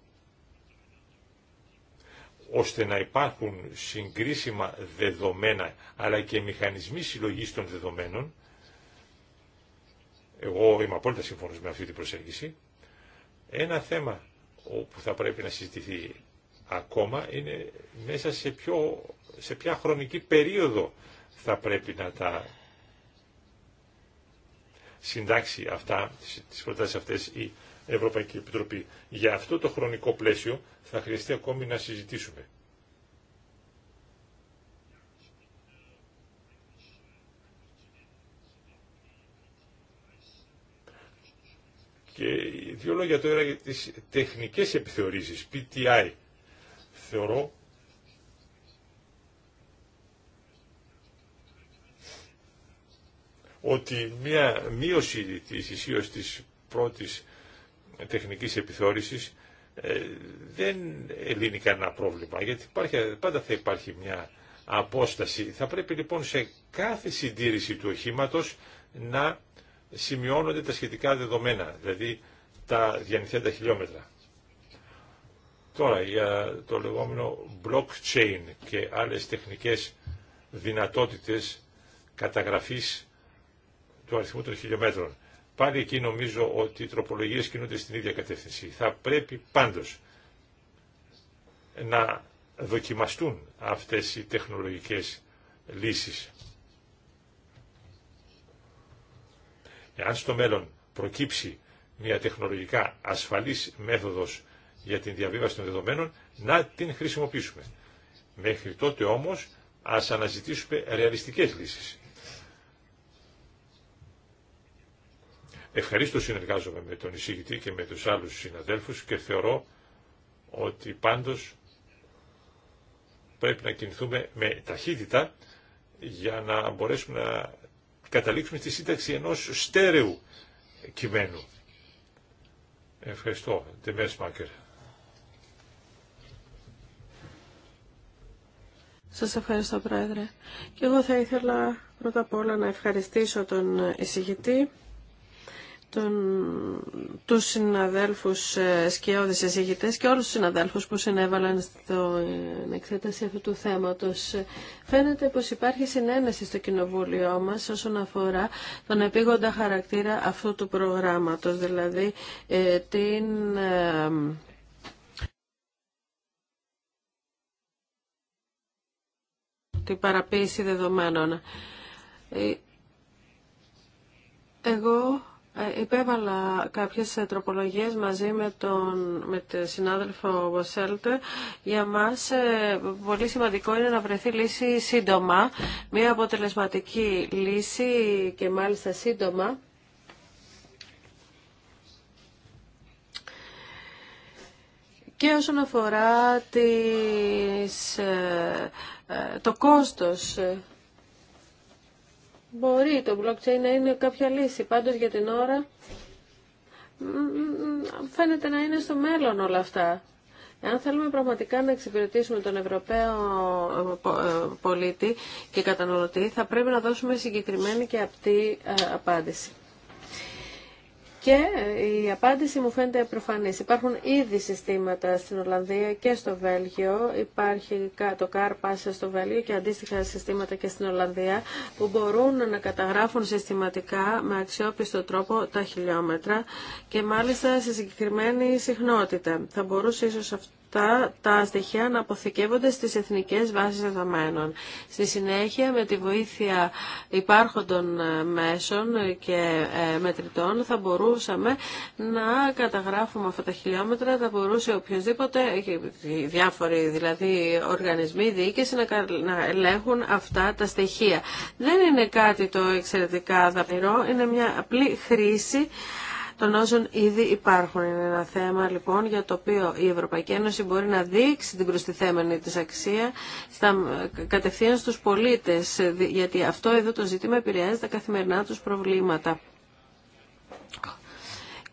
ώστε να υπάρχουν συγκρίσιμα δεδομένα, αλλά και μηχανισμοί συλλογής των δεδομένων. Εγώ είμαι απόλυτα σύμφωνος με αυτή την προσέγγιση. Ένα θέμα που θα πρέπει να συζητηθεί ακόμα είναι μέσα σε, ποιο, σε ποια χρονική περίοδο θα πρέπει να τα συντάξει αυτά, τις προτάσεις αυτές η Ευρωπαϊκή Επιτροπή. Για αυτό το χρονικό πλαίσιο θα χρειαστεί ακόμη να συζητήσουμε. Και δύο λόγια τώρα για τις τεχνικές επιθεωρήσεις, PTI. Θεωρώ ότι μια μείωση της ισχύω της πρώτης τεχνικής επιθεώρησης ε, δεν λύνει κανένα πρόβλημα, γιατί υπάρχει, πάντα θα υπάρχει μια απόσταση. Θα πρέπει λοιπόν σε κάθε συντήρηση του οχήματος να σημειώνονται τα σχετικά δεδομένα, δηλαδή τα διανυθέντα χιλιόμετρα. Τώρα για το λεγόμενο blockchain και άλλες τεχνικές δυνατότητες καταγραφής του αριθμού των χιλιόμετρων. Πάλι εκεί νομίζω ότι οι τροπολογίες κινούνται στην ίδια κατεύθυνση. Θα πρέπει πάντω να δοκιμαστούν αυτές οι τεχνολογικές λύσεις. Εάν στο μέλλον προκύψει μια τεχνολογικά ασφαλής μέθοδος για την διαβίβαση των δεδομένων, να την χρησιμοποιήσουμε. Μέχρι τότε όμως ας αναζητήσουμε ρεαλιστικές λύσεις. Ευχαριστώ, συνεργάζομαι με τον εισηγητή και με τους άλλους συναδέλφους και θεωρώ ότι πάντως πρέπει να κινηθούμε με ταχύτητα για να μπορέσουμε να καταλήξουμε στη σύνταξη ενός στέρεου κειμένου. Ευχαριστώ. Μάκερ. Σας ευχαριστώ Πρόεδρε. Και εγώ θα ήθελα πρώτα απ' όλα να ευχαριστήσω τον εισηγητή τον, τους συναδέλφους ε, σκιώδης εισηγητές και όλους τους συναδέλφους που συνέβαλαν στην εξέταση αυτού του θέματος. Φαίνεται πως υπάρχει συνένεση στο κοινοβούλιο μας όσον αφορά τον επίγοντα χαρακτήρα αυτού του προγράμματος, δηλαδή ε, την... Ε, την παραποίηση δεδομένων. Εγώ ε, υπέβαλα κάποιες ε, τροπολογίες μαζί με τον με τον συνάδελφο Βοσέλτε. Για μας ε, πολύ σημαντικό είναι να βρεθεί λύση σύντομα, μια αποτελεσματική λύση και μάλιστα σύντομα. Και όσον αφορά τις, το κόστος Μπορεί το blockchain να είναι κάποια λύση. Πάντως για την ώρα φαίνεται να είναι στο μέλλον όλα αυτά. Αν θέλουμε πραγματικά να εξυπηρετήσουμε τον Ευρωπαίο ε, ε, πολίτη και καταναλωτή, θα πρέπει να δώσουμε συγκεκριμένη και απτή ε, απάντηση. Και η απάντηση μου φαίνεται προφανής. Υπάρχουν ήδη συστήματα στην Ολλανδία και στο Βέλγιο. Υπάρχει το CarPass στο Βέλγιο και αντίστοιχα συστήματα και στην Ολλανδία που μπορούν να καταγράφουν συστηματικά με αξιόπιστο τρόπο τα χιλιόμετρα και μάλιστα σε συγκεκριμένη συχνότητα. Θα μπορούσε ίσως αυτό τα τα στοιχεία να αποθηκεύονται στις εθνικές βάσεις δεδομένων. Στη συνέχεια, με τη βοήθεια υπάρχοντων ε, μέσων και ε, μετρητών, θα μπορούσαμε να καταγράφουμε αυτά τα χιλιόμετρα, θα μπορούσε οποιοδήποτε, ε, διάφοροι δηλαδή οργανισμοί, διοίκηση, να ελέγχουν αυτά τα στοιχεία. Δεν είναι κάτι το εξαιρετικά δαπηρό, είναι μια απλή χρήση των όσων ήδη υπάρχουν. Είναι ένα θέμα λοιπόν για το οποίο η Ευρωπαϊκή Ένωση μπορεί να δείξει την προστιθέμενη της αξία στα, κατευθείαν στους πολίτες, γιατί αυτό εδώ το ζήτημα επηρεάζει τα καθημερινά τους προβλήματα.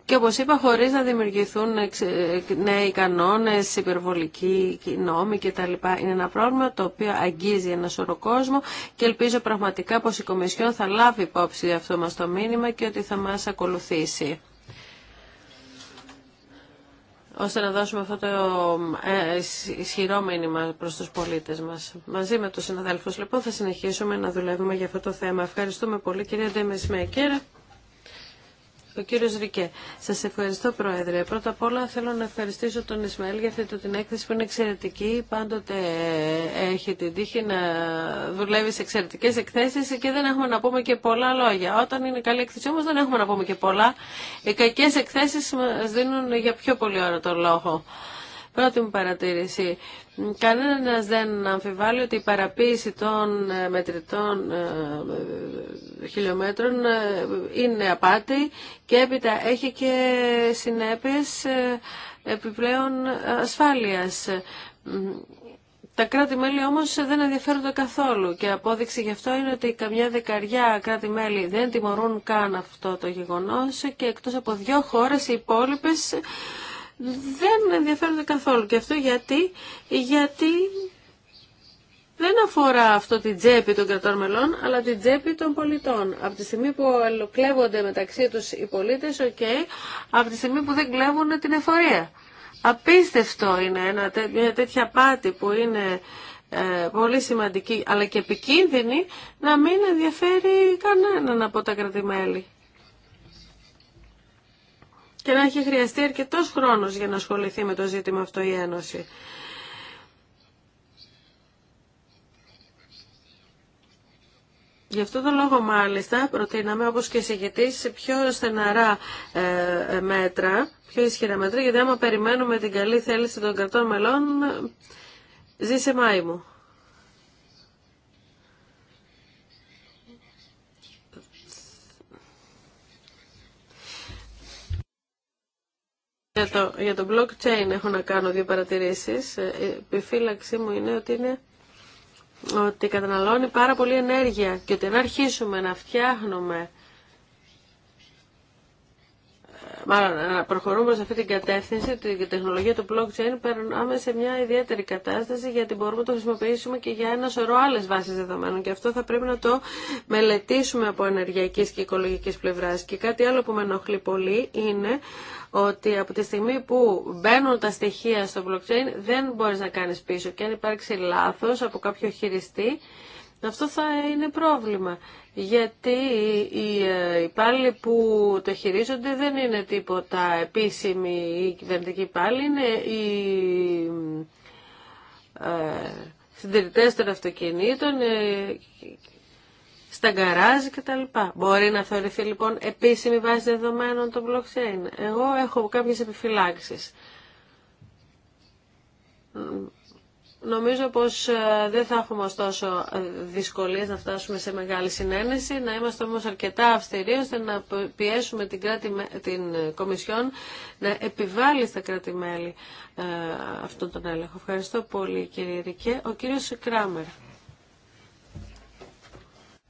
Και όπως είπα, χωρίς να δημιουργηθούν ε, ε, νέοι κανόνες, υπερβολικοί νόμοι κτλ. Είναι ένα πρόβλημα το οποίο αγγίζει ένα σωρό κόσμο και ελπίζω πραγματικά πως η Κομισιόν θα λάβει υπόψη αυτό μας το μήνυμα και ότι θα μας ακολουθήσει ώστε να δώσουμε αυτό το ε, ισχυρό μήνυμα προς τους πολίτες μας. Μαζί με τους συναδέλφους λοιπόν θα συνεχίσουμε να δουλεύουμε για αυτό το θέμα. Ευχαριστούμε πολύ κυρία Ντέμις Μέκερα. Ο κύριο Ρικέ, σας ευχαριστώ Πρόεδρε. Πρώτα απ' όλα θέλω να ευχαριστήσω τον Ισμαήλ για αυτή την έκθεση που είναι εξαιρετική. Πάντοτε έχει την τύχη να δουλεύει σε εξαιρετικές εκθέσεις και δεν έχουμε να πούμε και πολλά λόγια. Όταν είναι καλή εκθέση όμω δεν έχουμε να πούμε και πολλά. Οι κακέ εκθέσεις μα δίνουν για πιο πολύ ώρα τον λόγο. Πρώτη μου παρατήρηση. Κανένα δεν αμφιβάλλει ότι η παραποίηση των ε, μετρητών ε, ε, χιλιόμετρων είναι απάτη και έπειτα έχει και συνέπειες επιπλέον ασφάλειας. Τα κράτη-μέλη όμως δεν ενδιαφέρονται καθόλου και απόδειξη γι' αυτό είναι ότι καμιά δεκαριά κράτη-μέλη δεν τιμωρούν καν αυτό το γεγονός και εκτός από δύο χώρες οι υπόλοιπες δεν ενδιαφέρονται καθόλου. Και αυτό γιατί, γιατί δεν αφορά αυτό την τσέπη των κρατών μελών, αλλά την τσέπη των πολιτών. Από τη στιγμή που κλέβονται μεταξύ τους οι πολίτες, οκ, από τη στιγμή που δεν κλέβουν την εφορία. Απίστευτο είναι ένα, μια τέτοια πάτη που είναι ε, πολύ σημαντική, αλλά και επικίνδυνη, να μην ενδιαφέρει κανέναν από τα κρατημέλη και να έχει χρειαστεί αρκετό χρόνος για να ασχοληθεί με το ζήτημα αυτό η Ένωση. Γι' αυτό τον λόγο μάλιστα προτείναμε όπως και σε πιο στεναρά ε, ε, μέτρα, πιο ισχυρά μέτρα, γιατί άμα περιμένουμε την καλή θέληση των κρατών μελών, ε, ζήσε μάη μου. Για το, για το blockchain έχω να κάνω δύο παρατηρήσεις. Ε, η επιφύλαξή μου είναι ότι είναι ότι καταναλώνει πάρα πολύ ενέργεια και ότι αν αρχίσουμε να φτιάχνουμε μάλλον να ε, προχωρούμε σε αυτή την κατεύθυνση, τη τεχνολογία του blockchain, περνάμε σε μια ιδιαίτερη κατάσταση γιατί μπορούμε να το χρησιμοποιήσουμε και για ένα σωρό άλλε βάσει δεδομένων. Και αυτό θα πρέπει να το μελετήσουμε από ενεργειακή και οικολογική πλευρά. Και κάτι άλλο που με ενοχλεί πολύ είναι ότι από τη στιγμή που μπαίνουν τα στοιχεία στο blockchain δεν μπορεί να κάνεις πίσω και αν υπάρξει λάθος από κάποιο χειριστή αυτό θα είναι πρόβλημα, γιατί οι ε, υπάλληλοι που το χειρίζονται δεν είναι τίποτα επίσημοι ή κυβερνητικοί υπάλληλοι, είναι οι ε, συντηρητές των αυτοκινήτων, ε, στα γκαράζ κτλ. Μπορεί να θεωρηθεί λοιπόν επίσημη βάση δεδομένων το blockchain. Εγώ έχω κάποιες επιφυλάξεις. Νομίζω πως ε, δεν θα έχουμε ωστόσο ε, δυσκολίες να φτάσουμε σε μεγάλη συνένεση, να είμαστε όμως αρκετά αυστηροί ώστε να πιέσουμε την, κράτη, την Κομισιόν να επιβάλλει στα κράτη-μέλη ε, αυτόν τον έλεγχο. Ευχαριστώ πολύ κύριε Ρικέ. Ο κύριος Κράμερ.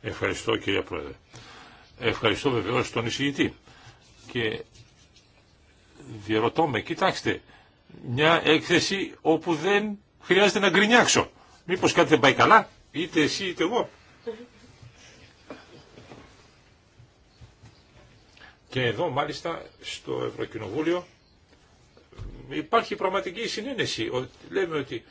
Ευχαριστώ κύριε Πρόεδρε. Ευχαριστώ βεβαίως τον εισηγητή. Και διαρωτώ κοιτάξτε, μια έκθεση όπου δεν χρειάζεται να γκρινιάξω. Μήπως κάτι δεν πάει καλά, είτε εσύ είτε εγώ. Και εδώ μάλιστα στο Ευρωκοινοβούλιο υπάρχει πραγματική συνένεση. Λέμε ότι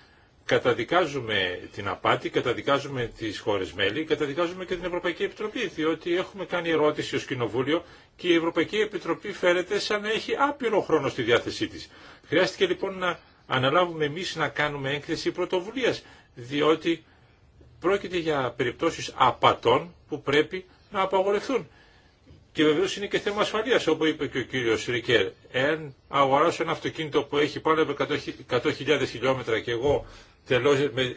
καταδικάζουμε την απάτη, καταδικάζουμε τις χώρες μέλη, καταδικάζουμε και την Ευρωπαϊκή Επιτροπή, διότι έχουμε κάνει ερώτηση ως Κοινοβούλιο και η Ευρωπαϊκή Επιτροπή φέρεται σαν να έχει άπειρο χρόνο στη διάθεσή της. Χρειάστηκε λοιπόν να αναλάβουμε εμείς να κάνουμε έκθεση πρωτοβουλίας, διότι πρόκειται για περιπτώσεις απατών που πρέπει να απαγορευτούν. Και βεβαίω είναι και θέμα ασφαλεία, όπω είπε και ο κύριο Ρικέρ. Εάν αγοράσω ένα αυτοκίνητο που έχει πάνω από 100.000 χιλιόμετρα και εγώ τελώ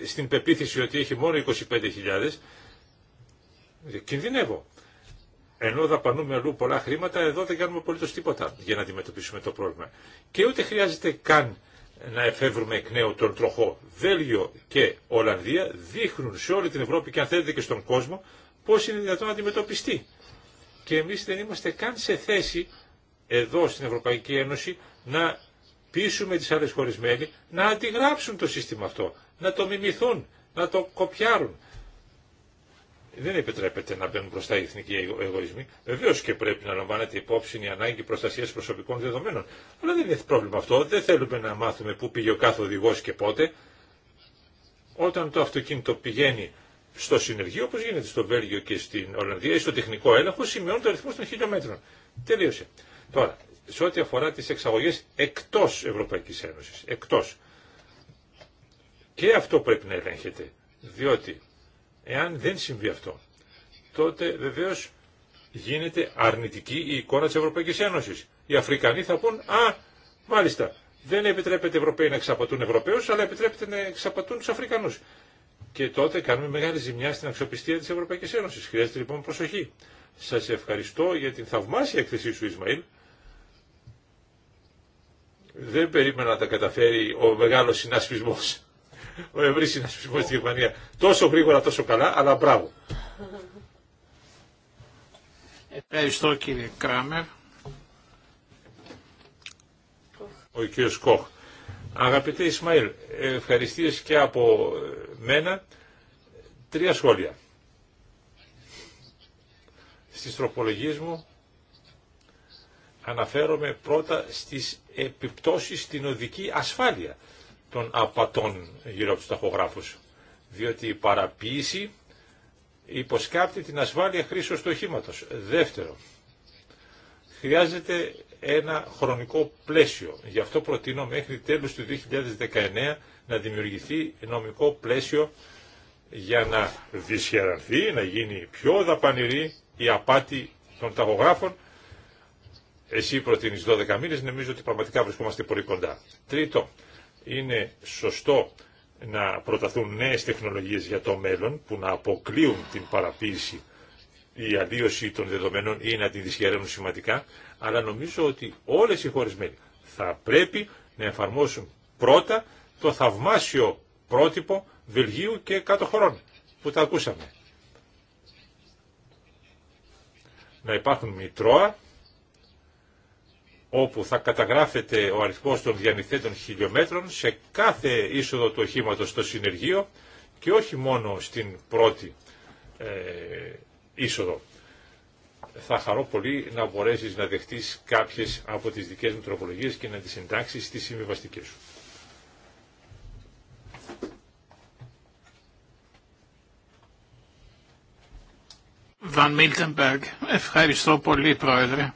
στην πεποίθηση ότι έχει μόνο 25.000, κινδυνεύω. Ενώ δαπανούμε αλλού πολλά χρήματα, εδώ δεν κάνουμε απολύτω τίποτα για να αντιμετωπίσουμε το πρόβλημα. Και ούτε χρειάζεται καν να εφεύρουμε εκ νέου τον τροχό. Βέλγιο και Ολλανδία δείχνουν σε όλη την Ευρώπη και αν θέλετε και στον κόσμο πώς είναι δυνατόν να αντιμετωπιστεί. Και εμείς δεν είμαστε καν σε θέση εδώ στην Ευρωπαϊκή Ένωση να πείσουμε τις άλλες χωρισμένοι να αντιγράψουν το σύστημα αυτό, να το μιμηθούν, να το κοπιάρουν, δεν επιτρέπεται να μπαίνουν μπροστά οι εθνικοί εγωισμοί. Βεβαίω και πρέπει να λαμβάνεται υπόψη η ανάγκη προστασία προσωπικών δεδομένων. Αλλά δεν είναι πρόβλημα αυτό. Δεν θέλουμε να μάθουμε πού πήγε ο κάθε οδηγό και πότε. Όταν το αυτοκίνητο πηγαίνει στο συνεργείο, όπω γίνεται στο Βέλγιο και στην Ολλανδία, ή στο τεχνικό έλεγχο, σημειώνει το αριθμό των χιλιόμετρων. Τελείωσε. Τώρα, σε ό,τι αφορά τι εξαγωγέ εκτό Ευρωπαϊκή Ένωση. Εκτό. Και αυτό πρέπει να ελέγχεται. Διότι Εάν δεν συμβεί αυτό, τότε βεβαίως γίνεται αρνητική η εικόνα τη Ευρωπαϊκής Ένωση. Οι Αφρικανοί θα πούν, α, μάλιστα, δεν επιτρέπεται Ευρωπαίοι να εξαπατούν Ευρωπαίου, αλλά επιτρέπεται να εξαπατούν του Αφρικανούς. Και τότε κάνουμε μεγάλη ζημιά στην αξιοπιστία της Ευρωπαϊκής Ένωση. Χρειάζεται λοιπόν προσοχή. Σα ευχαριστώ για την θαυμάσια εκθεσή σου Ισμαήλ. Δεν περίμενα να τα καταφέρει ο μεγάλος συνασπισμός ο ευρύ συνασπισμό στη Γερμανία. Τόσο γρήγορα, τόσο καλά, αλλά μπράβο. Ευχαριστώ κύριε Κράμερ. Ο κύριο Κόχ. Αγαπητέ Ισμαήλ, ευχαριστήσεις και από μένα. Τρία σχόλια. Στις τροπολογίες μου αναφέρομαι πρώτα στις επιπτώσεις στην οδική ασφάλεια των απατών γύρω από τους ταχογράφους. Διότι η παραποίηση υποσκάπτει την ασφάλεια χρήση του οχήματο. Δεύτερο, χρειάζεται ένα χρονικό πλαίσιο. Γι' αυτό προτείνω μέχρι τέλους του 2019 να δημιουργηθεί νομικό πλαίσιο για να δυσχεραθεί, να γίνει πιο δαπανηρή η απάτη των ταχογράφων. Εσύ προτείνεις 12 μήνες, νομίζω ότι πραγματικά βρισκόμαστε πολύ κοντά. Τρίτο, είναι σωστό να προταθούν νέες τεχνολογίες για το μέλλον που να αποκλείουν την παραποίηση η αλλίωση των δεδομένων ή να την δυσχεραίνουν σημαντικά, αλλά νομίζω ότι όλες οι χώρες μέλη θα πρέπει να εφαρμόσουν πρώτα το θαυμάσιο πρότυπο Βελγίου και κάτω χωρών που τα ακούσαμε. Να υπάρχουν μητρώα όπου θα καταγράφεται ο αριθμός των διανυθέτων χιλιόμετρων σε κάθε είσοδο του οχήματο στο συνεργείο και όχι μόνο στην πρώτη ε, είσοδο. Θα χαρώ πολύ να μπορέσεις να δεχτείς κάποιες από τις δικές μου τροπολογίες και να τις συντάξεις στις συμβιβαστικέ σου. Van Miltenberg. Ευχαριστώ πολύ, Πρόεδρε.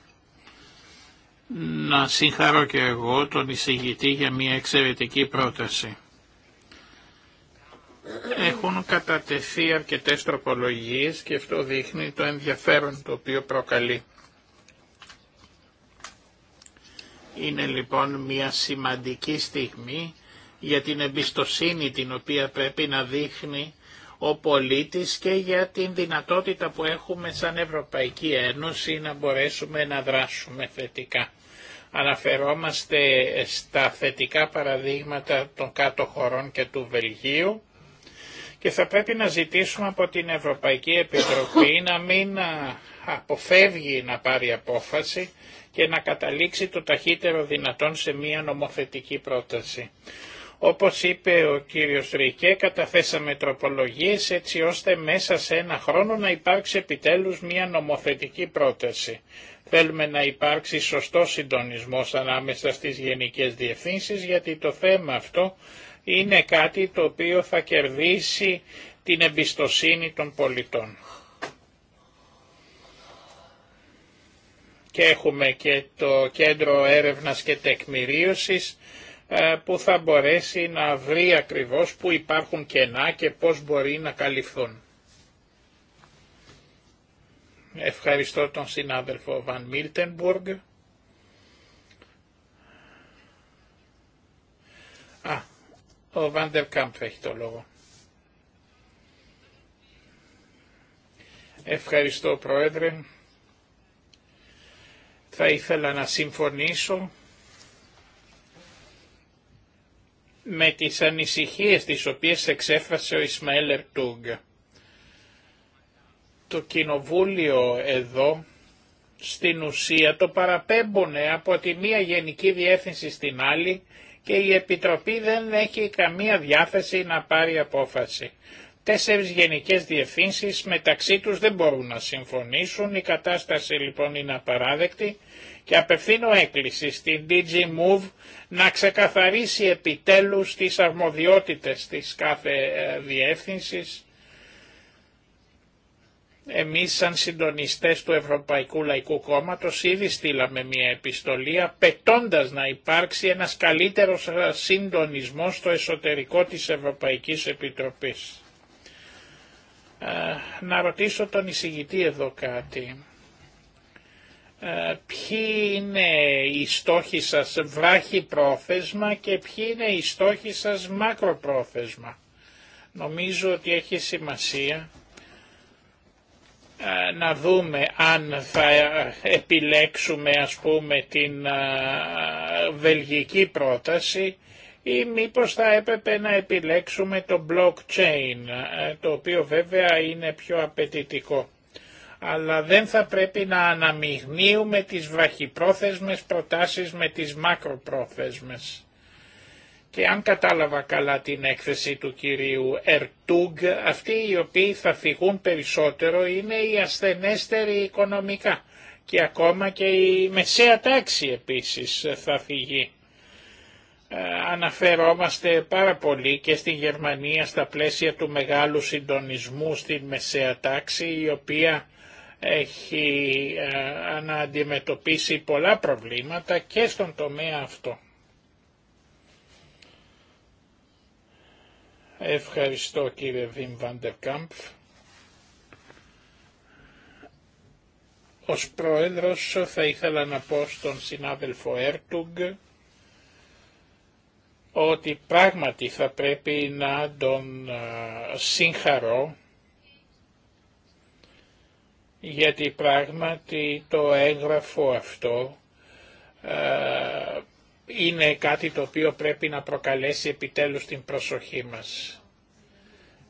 Να συγχαρώ και εγώ τον εισηγητή για μια εξαιρετική πρόταση. Έχουν κατατεθεί αρκετές τροπολογίες και αυτό δείχνει το ενδιαφέρον το οποίο προκαλεί. Είναι λοιπόν μια σημαντική στιγμή για την εμπιστοσύνη την οποία πρέπει να δείχνει ο πολίτης και για την δυνατότητα που έχουμε σαν Ευρωπαϊκή Ένωση να μπορέσουμε να δράσουμε θετικά αναφερόμαστε στα θετικά παραδείγματα των κάτω χωρών και του Βελγίου και θα πρέπει να ζητήσουμε από την Ευρωπαϊκή Επιτροπή να μην αποφεύγει να πάρει απόφαση και να καταλήξει το ταχύτερο δυνατόν σε μία νομοθετική πρόταση. Όπως είπε ο κύριος Ρικέ, καταθέσαμε τροπολογίες έτσι ώστε μέσα σε ένα χρόνο να υπάρξει επιτέλους μία νομοθετική πρόταση. Θέλουμε να υπάρξει σωστό συντονισμός ανάμεσα στις γενικές διευθύνσεις γιατί το θέμα αυτό είναι κάτι το οποίο θα κερδίσει την εμπιστοσύνη των πολιτών. Και έχουμε και το κέντρο έρευνας και τεκμηρίωσης ε, που θα μπορέσει να βρει ακριβώς που υπάρχουν κενά και πώς μπορεί να καλυφθούν. Ευχαριστώ τον συνάδελφο Βαν Μίλτενμπουργκ. Α, ο Βάντερ Κάμπφ έχει το λόγο. Ευχαριστώ Πρόεδρε. Θα ήθελα να συμφωνήσω με τις ανησυχίες τις οποίες εξέφρασε ο Ισμαήλ Ερτούγκ το κοινοβούλιο εδώ στην ουσία το παραπέμπωνε από τη μία γενική διεύθυνση στην άλλη και η Επιτροπή δεν έχει καμία διάθεση να πάρει απόφαση. Τέσσερις γενικές διευθύνσεις μεταξύ τους δεν μπορούν να συμφωνήσουν, η κατάσταση λοιπόν είναι απαράδεκτη και απευθύνω έκκληση στην DG Move να ξεκαθαρίσει επιτέλους τις αρμοδιότητες της κάθε ε, διεύθυνσης εμείς σαν συντονιστές του Ευρωπαϊκού Λαϊκού Κόμματος ήδη στείλαμε μια επιστολή απαιτώντας να υπάρξει ένας καλύτερος συντονισμός στο εσωτερικό της Ευρωπαϊκής Επιτροπής. Ε, να ρωτήσω τον εισηγητή εδώ κάτι. Ε, ποιοι είναι οι στόχοι σας βράχη πρόθεσμα και ποιοι είναι οι στόχοι σας μακροπρόθεσμα. Νομίζω ότι έχει σημασία ε, να δούμε αν θα ε, επιλέξουμε ας πούμε την ε, βελγική πρόταση ή μήπως θα έπρεπε να επιλέξουμε το blockchain, το οποίο βέβαια είναι πιο απαιτητικό. Αλλά δεν θα πρέπει να αναμειγνύουμε τις βαχυπρόθεσμες προτάσεις με τις μακροπρόθεσμες και αν κατάλαβα καλά την έκθεση του κυρίου Ερτούγ, αυτοί οι οποίοι θα φυγούν περισσότερο είναι οι ασθενέστεροι οικονομικά και ακόμα και η μεσαία τάξη επίσης θα φυγεί. Ε, αναφερόμαστε πάρα πολύ και στη Γερμανία στα πλαίσια του μεγάλου συντονισμού στην μεσαία τάξη η οποία έχει ε, να πολλά προβλήματα και στον τομέα αυτό. Ευχαριστώ κύριε Βιμ Βαντερκάμπ. Ως πρόεδρος θα ήθελα να πω στον συνάδελφο Έρτουγκ ότι πράγματι θα πρέπει να τον συγχαρώ γιατί πράγματι το έγγραφο αυτό είναι κάτι το οποίο πρέπει να προκαλέσει επιτέλους την προσοχή μας.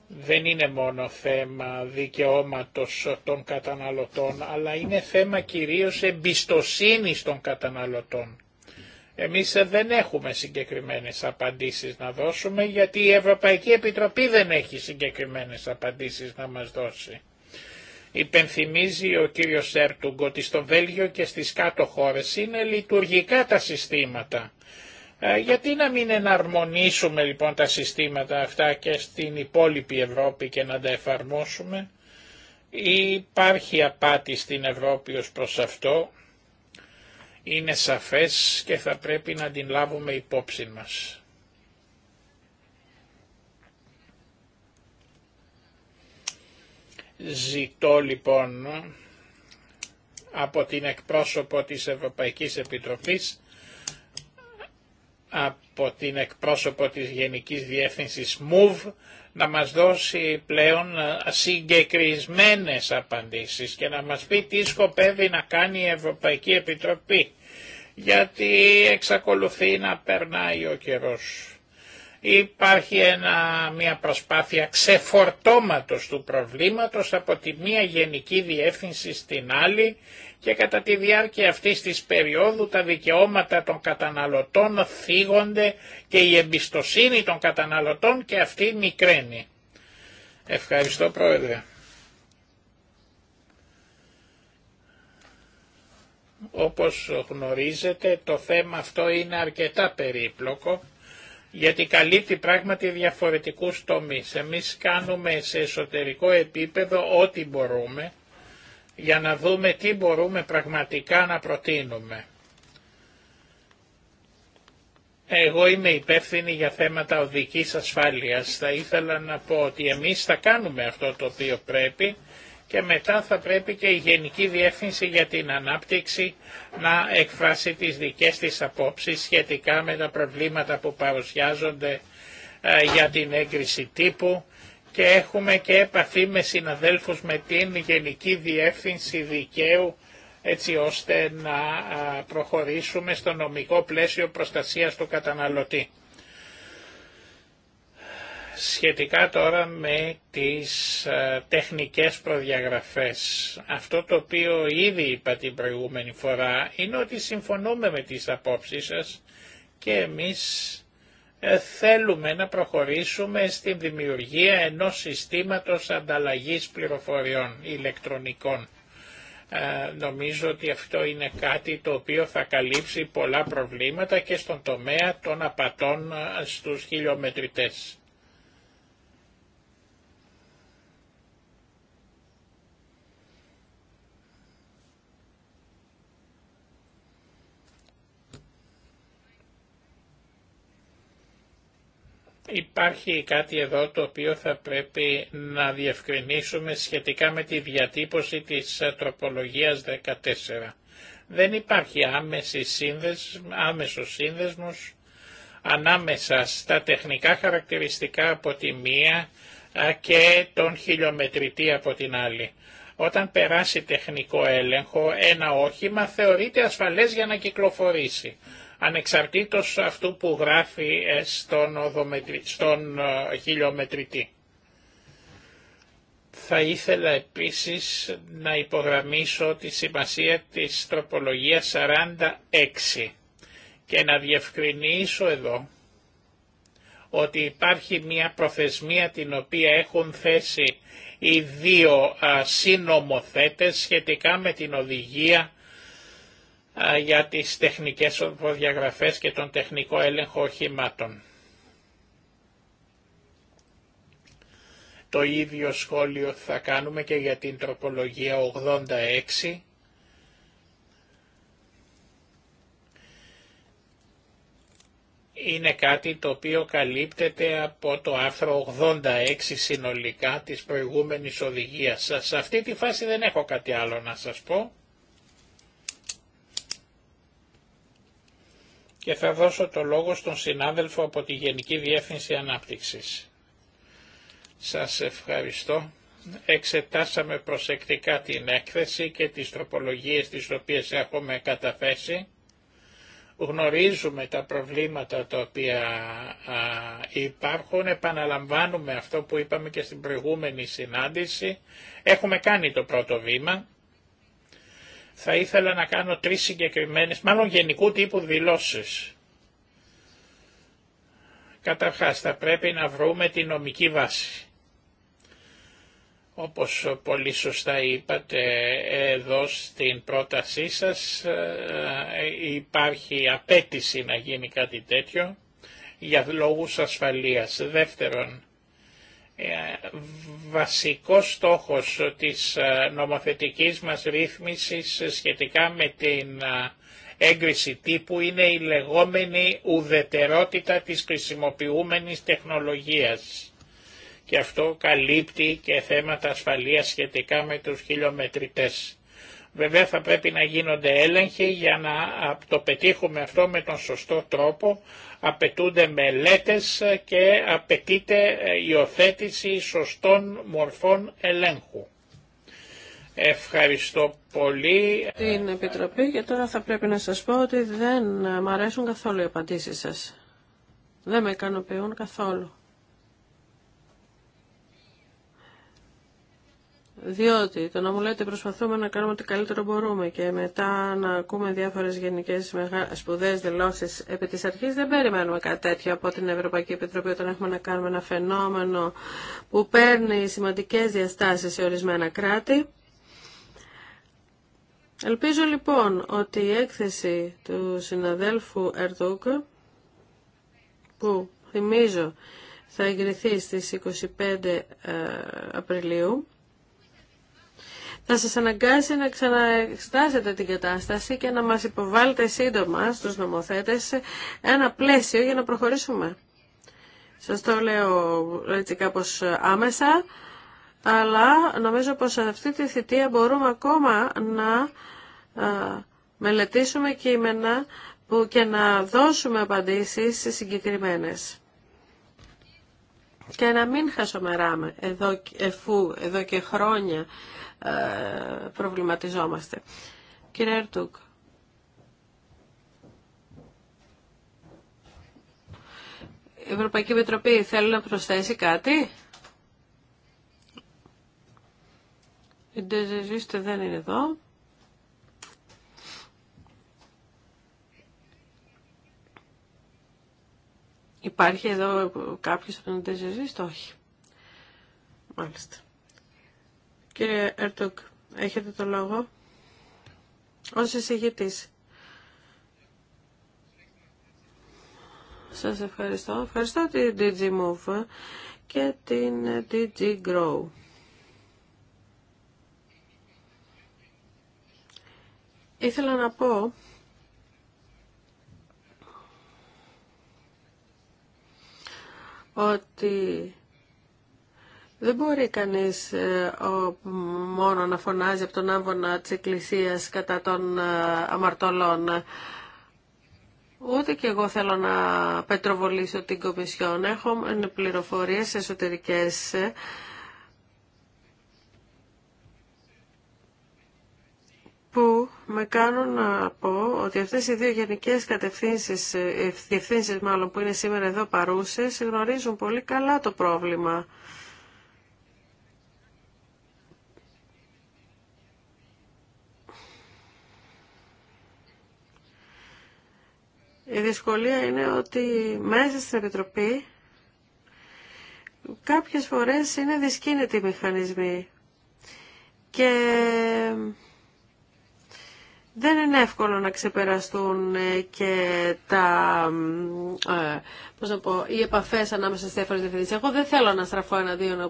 Δεν είναι μόνο θέμα δικαιώματος των καταναλωτών, αλλά είναι θέμα κυρίως εμπιστοσύνης των καταναλωτών. Εμείς δεν έχουμε συγκεκριμένες απαντήσεις να δώσουμε, γιατί η Ευρωπαϊκή Επιτροπή δεν έχει συγκεκριμένες απαντήσεις να μας δώσει. Υπενθυμίζει ο κύριος Σέρτουγκ ότι στο Βέλγιο και στις κάτω χώρες είναι λειτουργικά τα συστήματα. Ε, γιατί να μην εναρμονίσουμε λοιπόν τα συστήματα αυτά και στην υπόλοιπη Ευρώπη και να τα εφαρμόσουμε. Υπάρχει απάτη στην Ευρώπη ως προς αυτό. Είναι σαφές και θα πρέπει να την λάβουμε υπόψη μας. Ζητώ λοιπόν από την εκπρόσωπο της Ευρωπαϊκής Επιτροπής, από την εκπρόσωπο της Γενικής Διεύθυνσης MOVE, να μας δώσει πλέον συγκεκρισμένες απαντήσεις και να μας πει τι σκοπεύει να κάνει η Ευρωπαϊκή Επιτροπή, γιατί εξακολουθεί να περνάει ο καιρός υπάρχει ένα, μια προσπάθεια ξεφορτώματος του προβλήματος από τη μία γενική διεύθυνση στην άλλη και κατά τη διάρκεια αυτής της περίοδου τα δικαιώματα των καταναλωτών θίγονται και η εμπιστοσύνη των καταναλωτών και αυτή μικραίνει. Ευχαριστώ Πρόεδρε. Όπως γνωρίζετε το θέμα αυτό είναι αρκετά περίπλοκο γιατί καλύπτει πράγματι διαφορετικούς τομείς. Εμείς κάνουμε σε εσωτερικό επίπεδο ό,τι μπορούμε για να δούμε τι μπορούμε πραγματικά να προτείνουμε. Εγώ είμαι υπεύθυνη για θέματα οδικής ασφάλειας. Θα ήθελα να πω ότι εμείς θα κάνουμε αυτό το οποίο πρέπει, και μετά θα πρέπει και η Γενική Διεύθυνση για την Ανάπτυξη να εκφράσει τις δικές της απόψεις σχετικά με τα προβλήματα που παρουσιάζονται ε, για την έγκριση τύπου και έχουμε και επαφή με συναδέλφους με την Γενική Διεύθυνση Δικαίου έτσι ώστε να ε, προχωρήσουμε στο νομικό πλαίσιο προστασίας του καταναλωτή. Σχετικά τώρα με τις ε, τεχνικές προδιαγραφές, αυτό το οποίο ήδη είπα την προηγούμενη φορά είναι ότι συμφωνούμε με τις απόψεις σας και εμείς ε, θέλουμε να προχωρήσουμε στην δημιουργία ενός συστήματος ανταλλαγής πληροφοριών ηλεκτρονικών. Ε, νομίζω ότι αυτό είναι κάτι το οποίο θα καλύψει πολλά προβλήματα και στον τομέα των απατών στους χιλιομετρητές. Υπάρχει κάτι εδώ το οποίο θα πρέπει να διευκρινίσουμε σχετικά με τη διατύπωση της ε, τροπολογίας 14. Δεν υπάρχει άμεση σύνδεσμο, άμεσος σύνδεσμος ανάμεσα στα τεχνικά χαρακτηριστικά από τη μία ε, και τον χιλιομετρητή από την άλλη. Όταν περάσει τεχνικό έλεγχο, ένα όχημα θεωρείται ασφαλές για να κυκλοφορήσει ανεξαρτήτως αυτού που γράφει ε, στον, οδομετρη, στον ε, χιλιομετρητή. Θα ήθελα επίσης να υπογραμμίσω τη σημασία της τροπολογίας 46 και να διευκρινίσω εδώ ότι υπάρχει μια προθεσμία την οποία έχουν θέσει οι δύο συνομοθέτες σχετικά με την οδηγία για τις τεχνικές προδιαγραφές και τον τεχνικό έλεγχο οχημάτων. Το ίδιο σχόλιο θα κάνουμε και για την τροπολογία 86 είναι κάτι το οποίο καλύπτεται από το άρθρο 86 συνολικά της προηγούμενης οδηγίας σας. Σε αυτή τη φάση δεν έχω κάτι άλλο να σας πω. και θα δώσω το λόγο στον συνάδελφο από τη Γενική Διεύθυνση Ανάπτυξης. Σας ευχαριστώ. Εξετάσαμε προσεκτικά την έκθεση και τις τροπολογίες τις οποίες έχουμε καταθέσει. Γνωρίζουμε τα προβλήματα τα οποία υπάρχουν, επαναλαμβάνουμε αυτό που είπαμε και στην προηγούμενη συνάντηση. Έχουμε κάνει το πρώτο βήμα θα ήθελα να κάνω τρεις συγκεκριμένες, μάλλον γενικού τύπου δηλώσεις. Καταρχάς θα πρέπει να βρούμε τη νομική βάση. Όπως πολύ σωστά είπατε εδώ στην πρότασή σας ε, υπάρχει απέτηση να γίνει κάτι τέτοιο για λόγους ασφαλείας. Δεύτερον, ε, βασικός στόχος της ε, νομοθετικής μας ρύθμισης σχετικά με την ε, έγκριση τύπου είναι η λεγόμενη ουδετερότητα της χρησιμοποιούμενης τεχνολογίας. Και αυτό καλύπτει και θέματα ασφαλείας σχετικά με τους χιλιομετρητές. Βέβαια θα πρέπει να γίνονται έλεγχοι για να το πετύχουμε αυτό με τον σωστό τρόπο, απαιτούνται μελέτες και απαιτείται υιοθέτηση σωστών μορφών ελέγχου. Ευχαριστώ πολύ. Την Επιτροπή και τώρα θα πρέπει να σας πω ότι δεν μ' αρέσουν καθόλου οι απαντήσεις σας. Δεν με ικανοποιούν καθόλου. Διότι το να μου λέτε προσπαθούμε να κάνουμε ό,τι καλύτερο μπορούμε και μετά να ακούμε διάφορες γενικές σπουδαίες δηλώσεις επί της αρχής δεν περιμένουμε κάτι τέτοιο από την Ευρωπαϊκή Επιτροπή όταν έχουμε να κάνουμε ένα φαινόμενο που παίρνει σημαντικές διαστάσεις σε ορισμένα κράτη. Ελπίζω λοιπόν ότι η έκθεση του συναδέλφου Ερδούκ που θυμίζω θα εγκριθεί στις 25 ε, Απριλίου θα σας αναγκάσει να ξαναεξτάσετε την κατάσταση και να μας υποβάλλετε σύντομα στους νομοθέτες ένα πλαίσιο για να προχωρήσουμε. Σας το λέω έτσι κάπως άμεσα, αλλά νομίζω πως σε αυτή τη θητεία μπορούμε ακόμα να μελετήσουμε κείμενα που και να δώσουμε απαντήσεις συγκεκριμένες. Και να μην χασομεράμε εδώ, εφού, εδώ και χρόνια ε, προβληματιζόμαστε. Κύριε Ερτούκ. Η Ευρωπαϊκή Επιτροπή θέλει να προσθέσει κάτι. Η Ντεζεζίστε δεν είναι εδώ. Υπάρχει εδώ κάποιος από τον Ντεζεζίστε, όχι. Μάλιστα. Κύριε Ερτούκ, έχετε το λόγο. Ως εισηγητής. Σας ευχαριστώ. Ευχαριστώ την DG Move και την DG Grow. Ήθελα να πω ότι δεν μπορεί κανείς ε, μόνο να φωνάζει από τον άμβονα της Εκκλησίας κατά των ε, αμαρτωλών. Ούτε και εγώ θέλω να πετροβολήσω την Κομισιόν. Έχω πληροφορίες εσωτερικές. που με κάνουν να πω ότι αυτές οι δύο γενικές κατευθύνσεις, ε, ευθύνσεις μάλλον που είναι σήμερα εδώ παρούσες, γνωρίζουν πολύ καλά το πρόβλημα. Η δυσκολία είναι ότι μέσα στην Επιτροπή κάποιες φορές είναι δυσκίνητοι οι μηχανισμοί και δεν είναι εύκολο να ξεπεραστούν ε, και τα, ε, πώς να οι επαφές ανάμεσα στις διάφορες διευθύνσεις. Εγώ δεν θέλω να στραφώ εναντίον ε,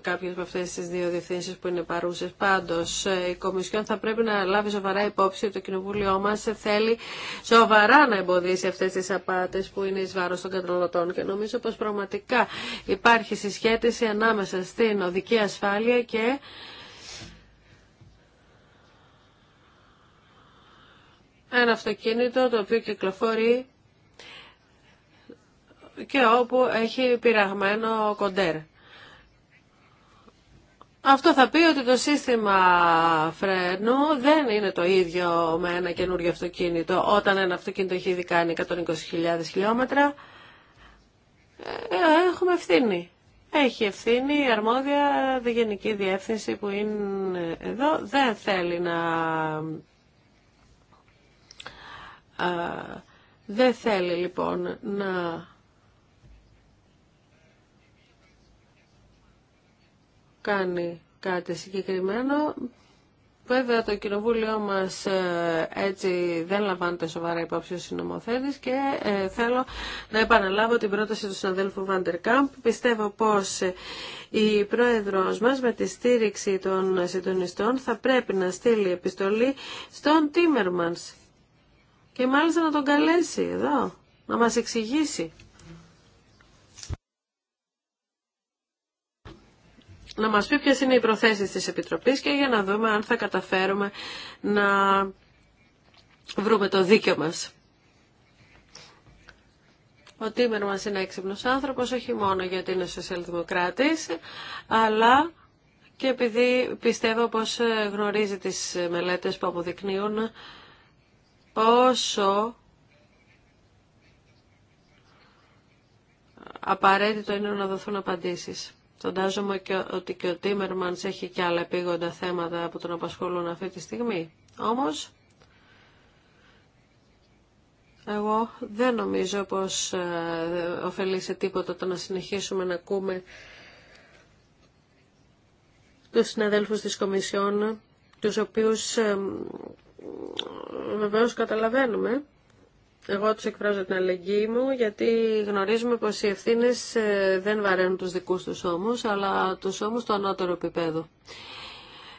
κάποιες από αυτές τις δύο διευθύνσεις που είναι παρούσες. Πάντως, η Κομισιόν θα πρέπει να λάβει σοβαρά υπόψη ότι το Κοινοβούλιο μας θέλει σοβαρά να εμποδίσει αυτές τις απάτες που είναι εις βάρος των καταναλωτών. Και νομίζω πως πραγματικά υπάρχει συσχέτιση ανάμεσα στην οδική ασφάλεια και ένα αυτοκίνητο το οποίο κυκλοφορεί και όπου έχει πειραγμένο κοντέρ. Αυτό θα πει ότι το σύστημα φρένου δεν είναι το ίδιο με ένα καινούριο αυτοκίνητο. Όταν ένα αυτοκίνητο έχει ήδη κάνει 120.000 χιλιόμετρα, ε, έχουμε ευθύνη. Έχει ευθύνη η αρμόδια γενική διεύθυνση που είναι εδώ. Δεν θέλει να δεν θέλει λοιπόν να κάνει κάτι συγκεκριμένο. Βέβαια το κοινοβούλιο μας ε, έτσι δεν λαμβάνεται σοβαρά υπόψη ο συνομοθέτης και ε, θέλω να επαναλάβω την πρόταση του συναδέλφου Βάντερ Κάμπ. Πιστεύω πως η πρόεδρος μας με τη στήριξη των συντονιστών θα πρέπει να στείλει επιστολή στον Τίμερμανς και μάλιστα να τον καλέσει εδώ, να μας εξηγήσει. Να μας πει ποιες είναι οι προθέσεις της Επιτροπής και για να δούμε αν θα καταφέρουμε να βρούμε το δίκαιο μας. Ο Τίμερ μας είναι έξυπνος άνθρωπος, όχι μόνο γιατί είναι σοσιαλδημοκράτης, αλλά και επειδή πιστεύω πως γνωρίζει τις μελέτες που αποδεικνύουν πόσο απαραίτητο είναι να δοθούν απαντήσεις. Φαντάζομαι ότι και ο Τίμερμανς έχει και άλλα επίγοντα θέματα που τον απασχολούν αυτή τη στιγμή. Όμως, εγώ δεν νομίζω πως ε, ωφελεί σε τίποτα το να συνεχίσουμε να ακούμε τους συναδέλφους της Κομισιόν, τους οποίους ε, Βεβαίω, καταλαβαίνουμε. Εγώ του εκφράζω την αλληλεγγύη μου γιατί γνωρίζουμε πως οι ευθύνε ε, δεν βαραίνουν τους δικούς τους ώμου, αλλά τους ώμου του ανώτερου επίπεδου.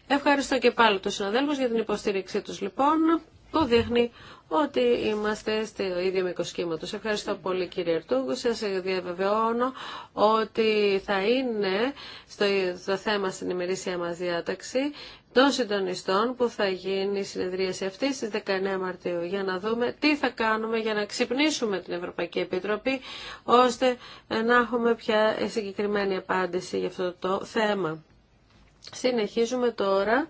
Ευχαριστώ και πάλι του συναδέλφου για την υποστήριξή τους λοιπόν που δείχνει ότι είμαστε στο ίδιο μήκο κύματο. Ευχαριστώ πολύ κύριε Ερτούγκου. Σα διαβεβαιώνω ότι θα είναι στο θέμα στην ημερήσια μα διάταξη των συντονιστών που θα γίνει η συνεδρίαση αυτή στις 19 Μαρτίου για να δούμε τι θα κάνουμε για να ξυπνήσουμε την Ευρωπαϊκή Επιτροπή ώστε να έχουμε πια συγκεκριμένη απάντηση για αυτό το θέμα. Συνεχίζουμε τώρα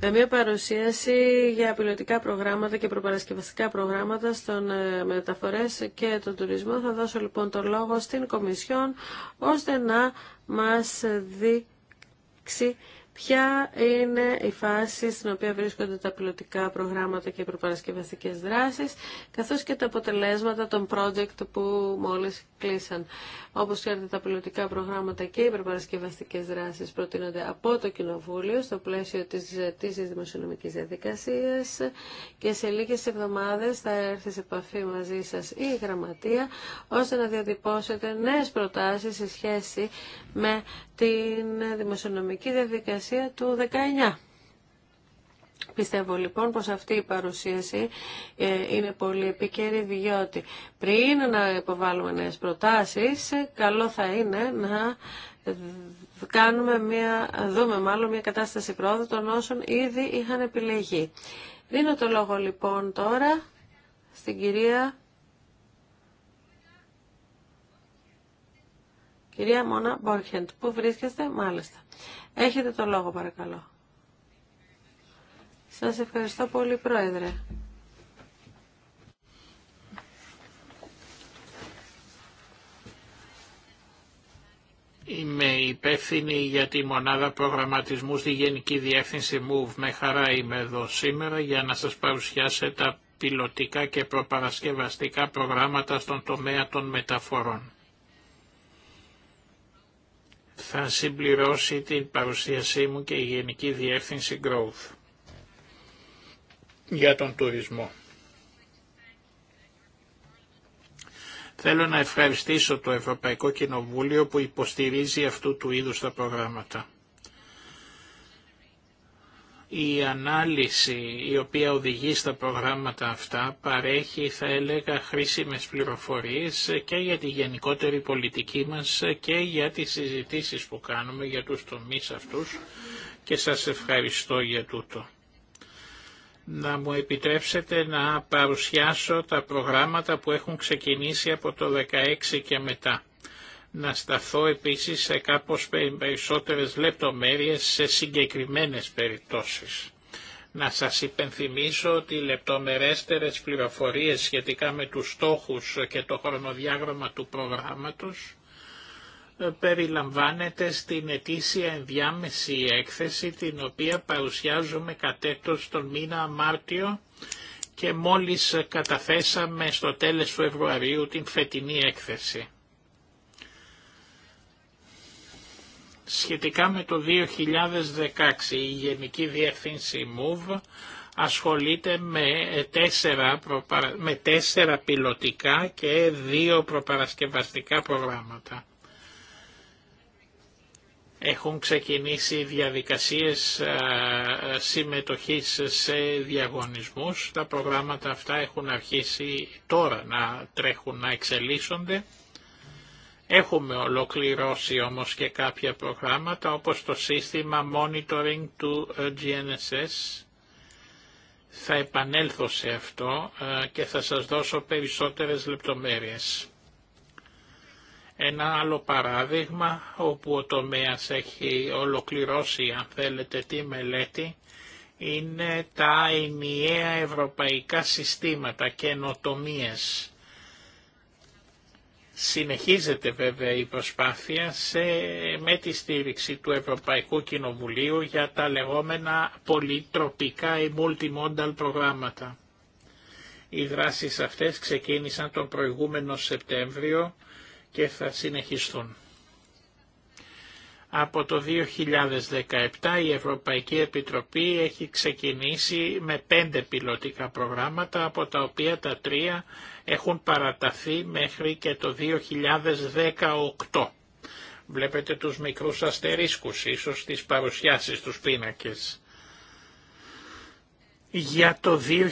με μια παρουσίαση για πιλωτικά προγράμματα και προπαρασκευαστικά προγράμματα στον ε, μεταφορές και τον τουρισμό. Θα δώσω λοιπόν το λόγο στην Κομισιόν ώστε να μας δείξει Ποια είναι η φάση στην οποία βρίσκονται τα πιλωτικά προγράμματα και οι προπαρασκευαστικέ δράσει, καθώ και τα αποτελέσματα των project που μόλι κλείσαν. Όπω ξέρετε, τα πιλωτικά προγράμματα και οι προπαρασκευαστικέ δράσει προτείνονται από το Κοινοβούλιο στο πλαίσιο τη ζητήση δημοσιονομικής διαδικασία και σε λίγε εβδομάδε θα έρθει σε επαφή μαζί σα ή η Γραμματεία ώστε να διατυπώσετε νέε προτάσει σε σχέση με την δημοσιονομική διαδικασία του 19. Πιστεύω λοιπόν πως αυτή η παρουσίαση ε, είναι πολύ επικαιρή διότι πριν να υποβάλουμε νέε προτάσεις ε, καλό θα είναι να κάνουμε μια, δούμε μάλλον μια κατάσταση πρόοδου των όσων ήδη είχαν επιλεγεί. Δίνω το λόγο λοιπόν τώρα στην κυρία Κυρία Μόνα Μπόρχεντ, πού βρίσκεστε, μάλιστα. Έχετε το λόγο παρακαλώ. Σας ευχαριστώ πολύ Πρόεδρε. Είμαι υπεύθυνη για τη μονάδα προγραμματισμού στη Γενική Διεύθυνση MOVE. Με χαρά είμαι εδώ σήμερα για να σας παρουσιάσω τα πιλωτικά και προπαρασκευαστικά προγράμματα στον τομέα των μεταφορών θα συμπληρώσει την παρουσίασή μου και η Γενική Διεύθυνση Growth για τον τουρισμό. Θέλω να ευχαριστήσω το Ευρωπαϊκό Κοινοβούλιο που υποστηρίζει αυτού του είδους τα προγράμματα η ανάλυση η οποία οδηγεί στα προγράμματα αυτά παρέχει θα έλεγα χρήσιμες πληροφορίες και για τη γενικότερη πολιτική μας και για τις συζητήσεις που κάνουμε για τους τομείς αυτούς και σας ευχαριστώ για τούτο. Να μου επιτρέψετε να παρουσιάσω τα προγράμματα που έχουν ξεκινήσει από το 2016 και μετά να σταθώ επίσης σε κάπως περισσότερες λεπτομέρειες σε συγκεκριμένες περιπτώσεις. Να σας υπενθυμίσω ότι οι λεπτομερέστερες πληροφορίες σχετικά με τους στόχους και το χρονοδιάγραμμα του προγράμματος ε, περιλαμβάνεται στην ετήσια ενδιάμεση έκθεση την οποία παρουσιάζουμε κατέτος τον μήνα Μάρτιο και μόλις καταθέσαμε στο τέλος Φεβρουαρίου την φετινή έκθεση. Σχετικά με το 2016 η Γενική Διευθύνση MOVE ασχολείται με τέσσερα, προπαρα... με πιλωτικά και δύο προπαρασκευαστικά προγράμματα. Έχουν ξεκινήσει διαδικασίες ε, συμμετοχής σε διαγωνισμούς. Τα προγράμματα αυτά έχουν αρχίσει τώρα να τρέχουν, να εξελίσσονται Έχουμε ολοκληρώσει όμως και κάποια προγράμματα όπως το σύστημα monitoring του ε, GNSS. Θα επανέλθω σε αυτό ε, και θα σας δώσω περισσότερες λεπτομέρειες. Ένα άλλο παράδειγμα όπου ο τομέας έχει ολοκληρώσει αν θέλετε τη μελέτη είναι τα ενιαία ευρωπαϊκά συστήματα και νοτομίες. Συνεχίζεται βέβαια η προσπάθεια σε, με τη στήριξη του Ευρωπαϊκού Κοινοβουλίου για τα λεγόμενα πολυτροπικά ή multimodal προγράμματα. Οι δράσεις αυτές ξεκίνησαν τον προηγούμενο Σεπτέμβριο και θα συνεχιστούν. Από το 2017 η Ευρωπαϊκή Επιτροπή έχει ξεκινήσει με πέντε πιλωτικά προγράμματα, από τα οποία τα τρία έχουν παραταθεί μέχρι και το 2018. Βλέπετε τους μικρούς αστερίσκους ίσως στις παρουσιάσεις τους πίνακες. Για το 2017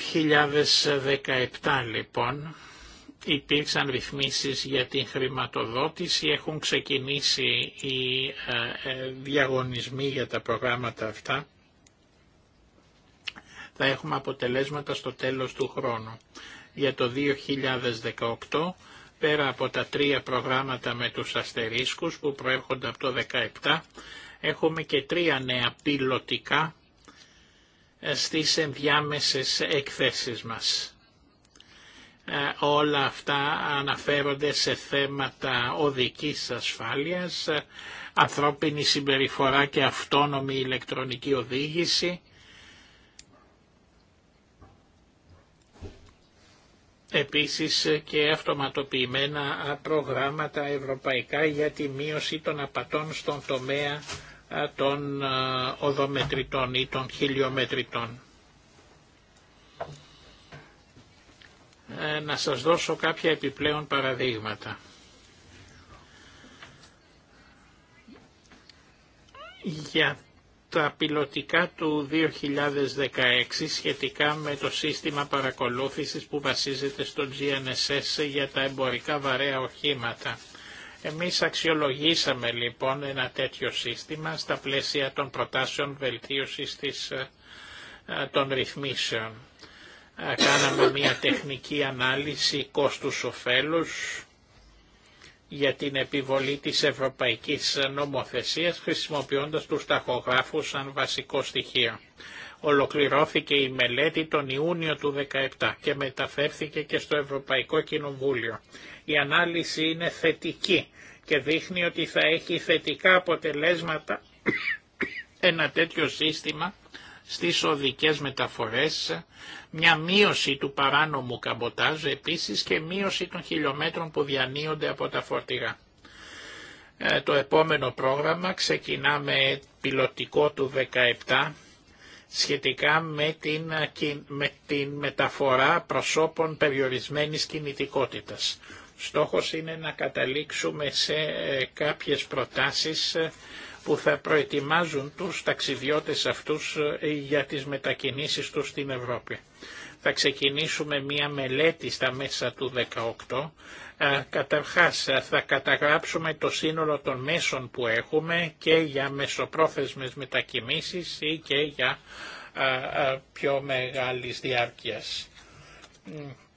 λοιπόν υπήρξαν ρυθμίσεις για την χρηματοδότηση, έχουν ξεκινήσει οι ε, ε, διαγωνισμοί για τα προγράμματα αυτά. Θα έχουμε αποτελέσματα στο τέλος του χρόνου για το 2018 πέρα από τα τρία προγράμματα με τους αστερίσκους που προέρχονται από το 2017 έχουμε και τρία νέα πιλωτικά ε, στις ενδιάμεσες εκθέσεις μας. Ε, όλα αυτά αναφέρονται σε θέματα οδικής ασφάλειας, ε, ανθρώπινη συμπεριφορά και αυτόνομη ηλεκτρονική οδήγηση, Επίσης και αυτοματοποιημένα προγράμματα ευρωπαϊκά για τη μείωση των απατών στον τομέα των οδομετρητών ή των χιλιομετρητών. Ε, να σας δώσω κάποια επιπλέον παραδείγματα. για τα πιλωτικά του 2016 σχετικά με το σύστημα παρακολούθησης που βασίζεται στο GNSS για τα εμπορικά βαρέα οχήματα. Εμείς αξιολογήσαμε λοιπόν ένα τέτοιο σύστημα στα πλαίσια των προτάσεων βελτίωσης ε, ε, των ρυθμίσεων. Ε, κάναμε μια τεχνική ανάλυση κόστους-οφέλους για την επιβολή της ευρωπαϊκής νομοθεσίας χρησιμοποιώντας τους ταχογράφους σαν βασικό στοιχείο. Ολοκληρώθηκε η μελέτη τον Ιούνιο του 2017 και μεταφέρθηκε και στο Ευρωπαϊκό Κοινοβούλιο. Η ανάλυση είναι θετική και δείχνει ότι θα έχει θετικά αποτελέσματα ένα τέτοιο σύστημα στις οδικές μεταφορές, μια μείωση του παράνομου καμποτάζ επίσης και μείωση των χιλιόμετρων που διανύονται από τα φορτηγά. Ε, το επόμενο πρόγραμμα ξεκινά με πιλωτικό του 17 σχετικά με την, με την μεταφορά προσώπων περιορισμένης κινητικότητας. Στόχος είναι να καταλήξουμε σε ε, κάποιες προτάσεις ε, που θα προετοιμάζουν τους ταξιδιώτες αυτούς ε, για τις μετακινήσεις τους στην Ευρώπη. Θα ξεκινήσουμε μία μελέτη στα μέσα του 2018. Ε, καταρχάς ε, θα καταγράψουμε το σύνολο των μέσων που έχουμε και για μεσοπρόθεσμες μετακινήσεις ή και για πιο μεγάλης διάρκειας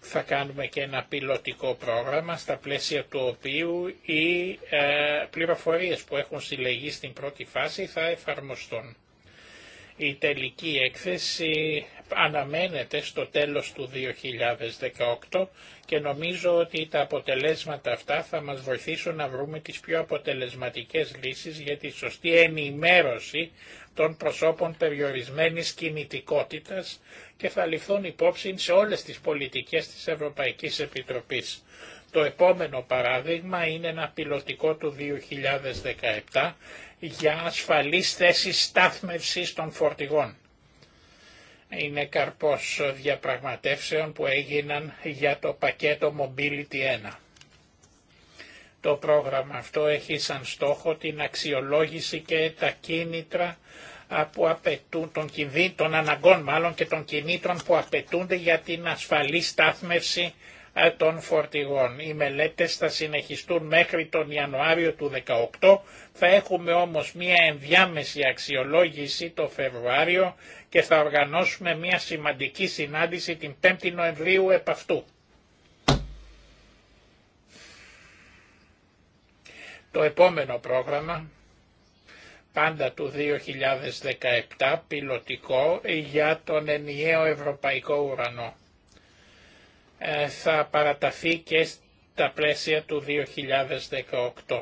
θα κάνουμε και ένα πιλωτικό πρόγραμμα στα πλαίσια του οποίου οι ε, πληροφορίες που έχουν συλλεγεί στην πρώτη φάση θα εφαρμοστούν. Η τελική έκθεση αναμένεται στο τέλος του 2018 και νομίζω ότι τα αποτελέσματα αυτά θα μας βοηθήσουν να βρούμε τις πιο αποτελεσματικές λύσεις για τη σωστή ενημέρωση των προσώπων περιορισμένης κινητικότητας και θα ληφθούν υπόψη σε όλες τις πολιτικές της Ευρωπαϊκής Επιτροπής. Το επόμενο παράδειγμα είναι ένα πιλωτικό του 2017 για ασφαλείς θέσεις στάθμευσης των φορτηγών. Είναι καρπός διαπραγματεύσεων που έγιναν για το πακέτο Mobility 1. Το πρόγραμμα αυτό έχει σαν στόχο την αξιολόγηση και τα κίνητρα που απαιτούν, των, κινδύ, των αναγκών μάλλον και των κινήτρων που απαιτούνται για την ασφαλή στάθμευση των φορτηγών. Οι μελέτες θα συνεχιστούν μέχρι τον Ιανουάριο του 2018, θα έχουμε όμως μία ενδιάμεση αξιολόγηση το Φεβρουάριο και θα οργανώσουμε μία σημαντική συνάντηση την 5η Νοεμβρίου επ' αυτού. Το επόμενο πρόγραμμα, πάντα του 2017, πιλωτικό για τον ενιαίο ευρωπαϊκό ουρανό. Ε, θα παραταθεί και στα πλαίσια του 2018.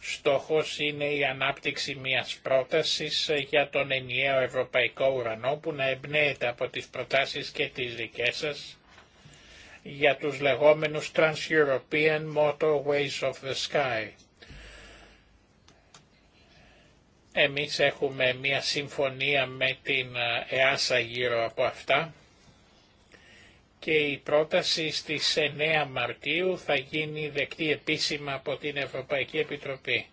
Στόχος είναι η ανάπτυξη μιας πρότασης για τον ενιαίο ευρωπαϊκό ουρανό που να εμπνέεται από τις προτάσεις και τις δικές σας για τους λεγόμενους Trans-European Motorways of the Sky εμείς έχουμε μία συμφωνία με την ε, ΕΑΣΑ γύρω από αυτά και η πρόταση στις 9 Μαρτίου θα γίνει δεκτή επίσημα από την Ευρωπαϊκή Επιτροπή.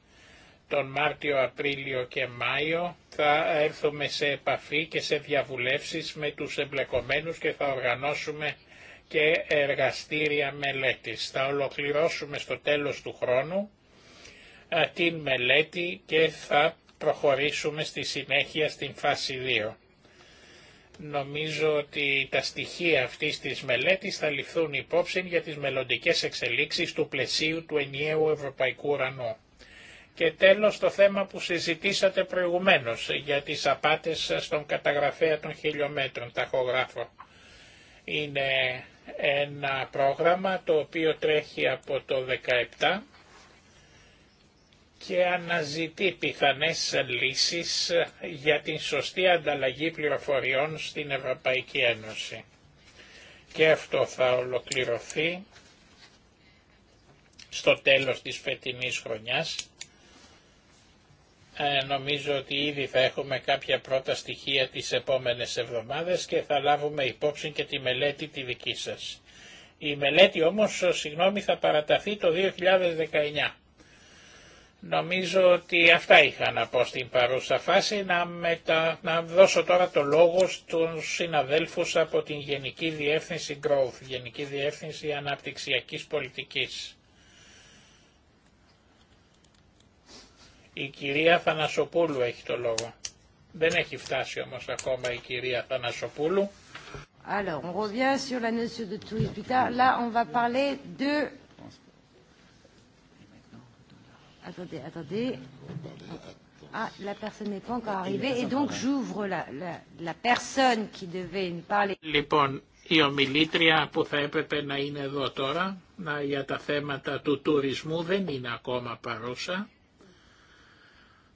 Τον Μάρτιο, Απρίλιο και Μάιο θα έρθουμε σε επαφή και σε διαβουλεύσεις με τους εμπλεκομένους και θα οργανώσουμε και εργαστήρια μελέτης. Θα ολοκληρώσουμε στο τέλος του χρόνου ε, την μελέτη και θα προχωρήσουμε στη συνέχεια στην φάση 2. Νομίζω ότι τα στοιχεία αυτής της μελέτης θα ληφθούν υπόψη για τις μελλοντικές εξελίξεις του πλαισίου του ενιαίου ευρωπαϊκού ουρανού. Και τέλος το θέμα που συζητήσατε προηγουμένως για τις απάτες στον καταγραφέα των χιλιόμετρων, ταχογράφο. Είναι ένα πρόγραμμα το οποίο τρέχει από το 17 και αναζητεί πιθανές λύσεις για την σωστή ανταλλαγή πληροφοριών στην Ευρωπαϊκή Ένωση. Και αυτό θα ολοκληρωθεί στο τέλος της φετινής χρονιάς. Ε, νομίζω ότι ήδη θα έχουμε κάποια πρώτα στοιχεία τις επόμενες εβδομάδες και θα λάβουμε υπόψη και τη μελέτη τη δική σας. Η μελέτη όμως, συγγνώμη, θα παραταθεί το 2019. Νομίζω ότι αυτά είχα να πω στην παρούσα φάση, να, μετα... να δώσω τώρα το λόγο στους συναδέλφους από την Γενική Διεύθυνση Growth, Γενική Διεύθυνση Αναπτυξιακής Πολιτικής. Η κυρία Θανασοπούλου έχει το λόγο. Δεν έχει φτάσει όμως ακόμα η κυρία Θανασοπούλου. Alors, on revient sur la notion de tourisme Attendez, attendez. Λοιπόν, η ομιλήτρια που θα έπρεπε να είναι εδώ τώρα για τα θέματα του τουρισμού δεν είναι ακόμα παρούσα.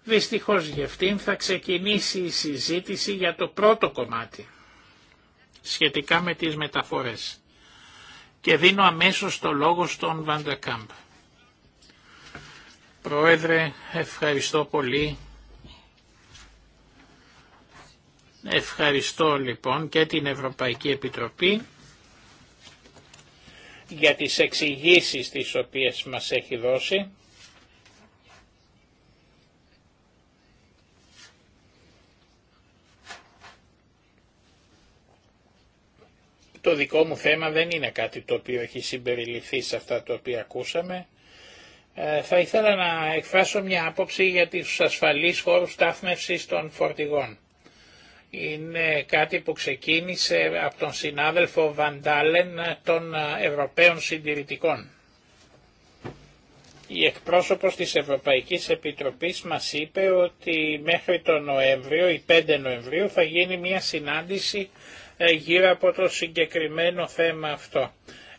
Δυστυχώς γι' αυτήν θα ξεκινήσει η συζήτηση για το πρώτο κομμάτι σχετικά με τις μεταφορές. Και δίνω αμέσως το λόγο στον Βαντακάμπ. Πρόεδρε, ευχαριστώ πολύ. Ευχαριστώ λοιπόν και την Ευρωπαϊκή Επιτροπή για τις εξηγήσεις τις οποίες μας έχει δώσει. Το δικό μου θέμα δεν είναι κάτι το οποίο έχει συμπεριληφθεί σε αυτά τα οποία ακούσαμε. Ε, θα ήθελα να εκφράσω μια άποψη για τους ασφαλείς χώρους στάθμευσης των φορτηγών. Είναι κάτι που ξεκίνησε από τον συνάδελφο Βαντάλεν ε, των ε, Ευρωπαίων Συντηρητικών. Η εκπρόσωπος της Ευρωπαϊκής Επιτροπής μας είπε ότι μέχρι τον Νοέμβριο ή 5 Νοεμβρίου θα γίνει μια συνάντηση γύρω από το συγκεκριμένο θέμα αυτό.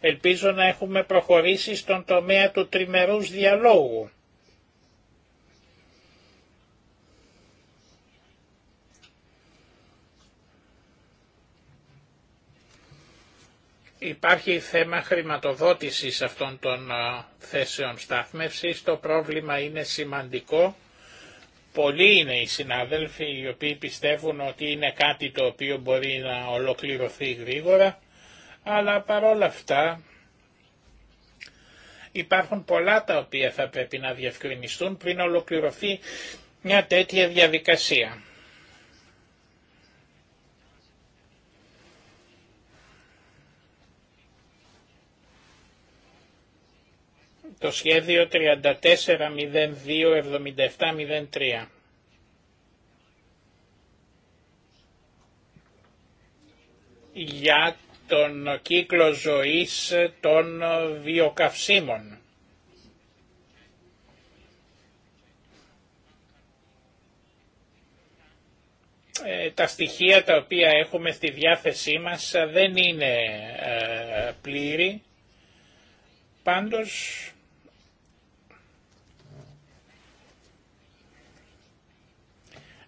Ελπίζω να έχουμε προχωρήσει στον τομέα του τριμερούς διαλόγου. Υπάρχει θέμα χρηματοδότησης αυτών των θέσεων στάθμευσης. Το πρόβλημα είναι σημαντικό. Πολλοί είναι οι συνάδελφοι οι οποίοι πιστεύουν ότι είναι κάτι το οποίο μπορεί να ολοκληρωθεί γρήγορα αλλά παρόλα αυτά υπάρχουν πολλά τα οποία θα πρέπει να διευκρινιστούν πριν ολοκληρωθεί μια τέτοια διαδικασία. το σχέδιο 34027703. για τον κύκλο ζωής των βιοκαυσίμων. Ε, τα στοιχεία τα οποία έχουμε στη διάθεσή μας δεν είναι ε, πλήρη. Πάντως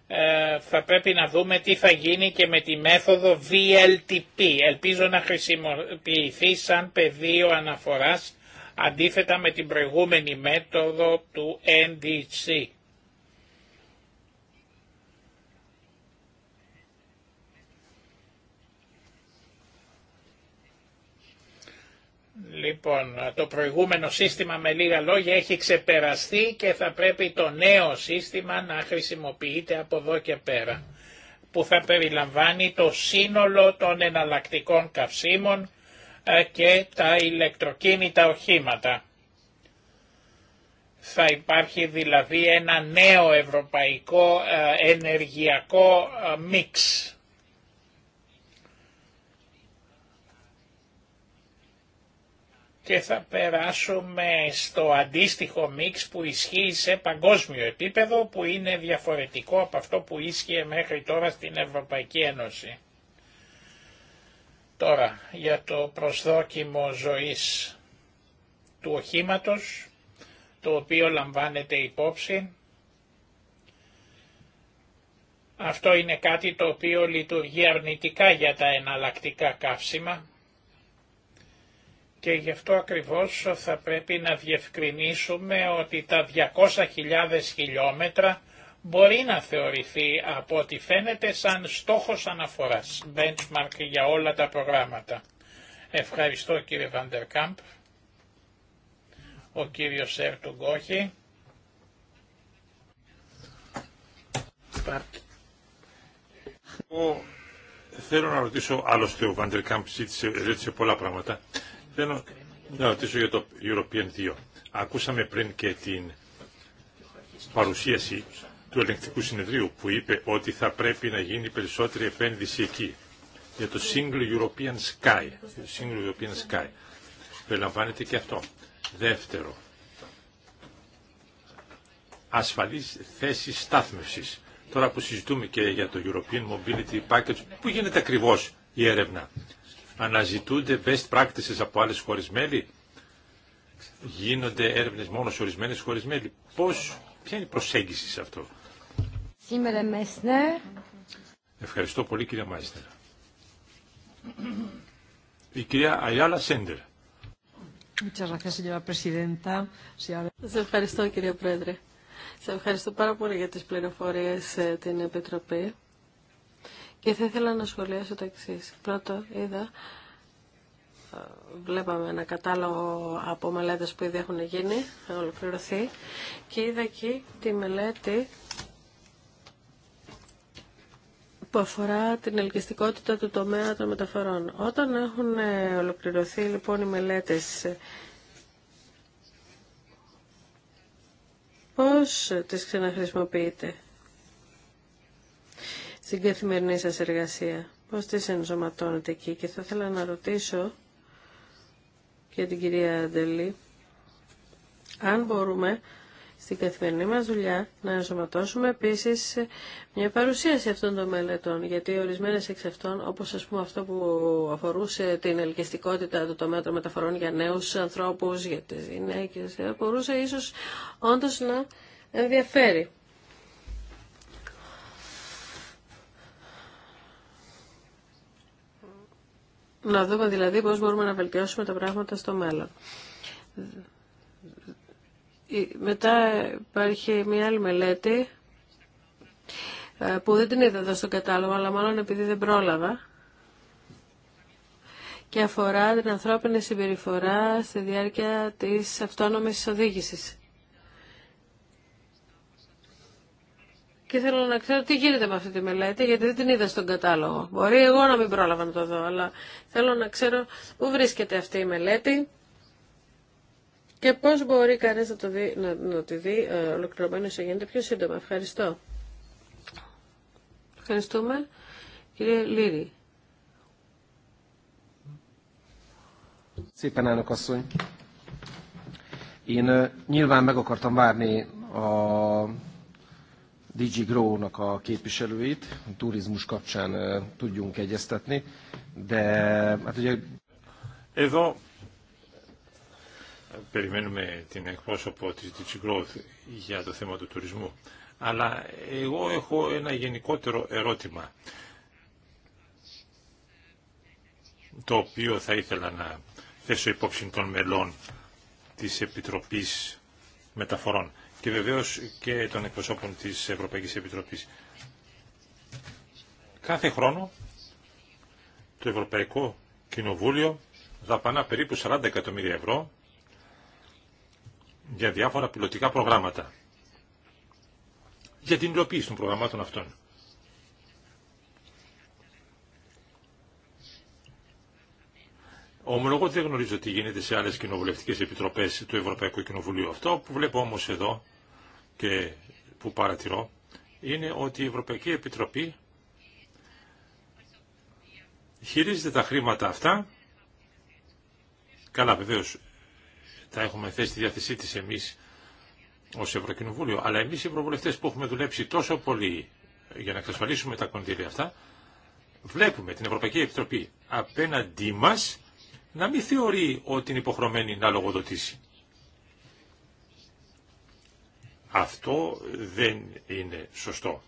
Ε, θα πρέπει να δούμε τι θα γίνει και με τη μέθοδο VLTP. Ελπίζω να χρησιμοποιηθεί σαν πεδίο αναφοράς αντίθετα με την προηγούμενη μέθοδο του NDC. Λοιπόν, το προηγούμενο σύστημα με λίγα λόγια έχει ξεπεραστεί και θα πρέπει το νέο σύστημα να χρησιμοποιείται από εδώ και πέρα που θα περιλαμβάνει το σύνολο των εναλλακτικών καυσίμων και τα ηλεκτροκίνητα οχήματα. Θα υπάρχει δηλαδή ένα νέο ευρωπαϊκό ενεργειακό μίξ και θα περάσουμε στο αντίστοιχο μίξ που ισχύει σε παγκόσμιο επίπεδο που είναι διαφορετικό από αυτό που ίσχυε μέχρι τώρα στην Ευρωπαϊκή Ένωση. Τώρα για το προσδόκιμο ζωής του οχήματος το οποίο λαμβάνεται υπόψη. Αυτό είναι κάτι το οποίο λειτουργεί αρνητικά για τα εναλλακτικά καύσιμα και γι' αυτό ακριβώς θα πρέπει να διευκρινίσουμε ότι τα 200.000 χιλιόμετρα μπορεί να θεωρηθεί από ό,τι φαίνεται σαν στόχος αναφοράς, benchmark για όλα τα προγράμματα. Ευχαριστώ κύριε Βαντερκάμπ, ο κύριος Σέρτου Γκόχη. θέλω να ρωτήσω, άλλωστε ο Βαντερκάμπ ζήτησε πολλά πράγματα, Θέλω να ρωτήσω για το European 2. Ακούσαμε πριν και την παρουσίαση του ελεγκτικού συνεδρίου που είπε ότι θα πρέπει να γίνει περισσότερη επένδυση εκεί για το Single European Sky. Single European Sky. Περιλαμβάνεται και αυτό. Δεύτερο, ασφαλή θέση στάθμευσης. Τώρα που συζητούμε και για το European Mobility Package, πού γίνεται ακριβώς η έρευνα αναζητούνται best practices από άλλες χώρες μέλη, γίνονται έρευνες μόνο σε ορισμένες χώρες μέλη. Πώς, ποια είναι η προσέγγιση σε αυτό. Σήμερα Ευχαριστώ πολύ κυρία Μάισνερ. Η κυρία Αιάλα Σέντερ. Σας ευχαριστώ κύριε Πρόεδρε. Σας ευχαριστώ πάρα πολύ για τις πληροφορίες ε, την Επιτροπή. Και θα ήθελα να σχολιάσω το εξή. Πρώτο, είδα, ε, βλέπαμε ένα κατάλογο από μελέτες που ήδη έχουν γίνει, ολοκληρωθεί, και είδα εκεί τη μελέτη που αφορά την ελκυστικότητα του τομέα των μεταφορών. Όταν έχουν ε, ολοκληρωθεί λοιπόν οι μελέτες ε, πώς τις ξαναχρησιμοποιείτε στην καθημερινή σας εργασία. Πώς τις ενσωματώνετε εκεί και θα ήθελα να ρωτήσω και την κυρία Αντελή αν μπορούμε στην καθημερινή μας δουλειά να ενσωματώσουμε επίσης μια παρουσίαση αυτών των μελετών, γιατί ορισμένες εξ αυτών, όπως ας πούμε αυτό που αφορούσε την ελκυστικότητα του τομέα των μεταφορών για νέους ανθρώπους, για τις γυναίκες, μπορούσε ίσως όντως να ενδιαφέρει. να δούμε δηλαδή πώς μπορούμε να βελτιώσουμε τα πράγματα στο μέλλον. Μετά υπάρχει μια άλλη μελέτη ε, που δεν την είδα εδώ στο κατάλογο, αλλά μάλλον επειδή δεν πρόλαβα και αφορά την ανθρώπινη συμπεριφορά στη διάρκεια της αυτόνομης οδήγησης. Και θέλω να ξέρω τι γίνεται με αυτή τη μελέτη, γιατί δεν την είδα στον κατάλογο. Μπορεί εγώ να μην πρόλαβα να το δω, αλλά θέλω να ξέρω πού βρίσκεται αυτή η μελέτη και πώς μπορεί κανείς να, να, τη δει ε, ολοκληρωμένη όσο γίνεται πιο σύντομα. Ευχαριστώ. Ευχαριστούμε. Κύριε Λύρη. DG Grow-nak a képviselőit, turizmus kapcsán tudjunk egyeztetni, de hát ugye... Εδώ περιμένουμε την εκπρόσωπο της Digigrowth Growth για το θέμα του τουρισμού. Αλλά εγώ έχω ένα γενικότερο ερώτημα, το οποίο θα ήθελα να θέσω υπόψη των μελών της Επιτροπής Μεταφορών και βεβαίως και των εκπροσώπων της Ευρωπαϊκής Επιτροπής. Κάθε χρόνο το Ευρωπαϊκό Κοινοβούλιο δαπανά περίπου 40 εκατομμύρια ευρώ για διάφορα πιλωτικά προγράμματα για την υλοποίηση των προγραμμάτων αυτών. Ομολογώ ότι δεν γνωρίζω τι γίνεται σε άλλες κοινοβουλευτικές επιτροπές του Ευρωπαϊκού Κοινοβουλίου. Αυτό που βλέπω όμως εδώ και που παρατηρώ είναι ότι η Ευρωπαϊκή Επιτροπή χειρίζεται τα χρήματα αυτά. Καλά βεβαίως τα έχουμε θέσει τη διάθεσή της εμείς ως Ευρωκοινοβούλιο, αλλά εμείς οι ευρωβουλευτές που έχουμε δουλέψει τόσο πολύ για να εξασφαλίσουμε τα κονδύλια αυτά, βλέπουμε την Ευρωπαϊκή Επιτροπή απέναντί μας να μην θεωρεί ότι είναι υποχρεωμένη να λογοδοτήσει. Αυτό δεν είναι σωστό.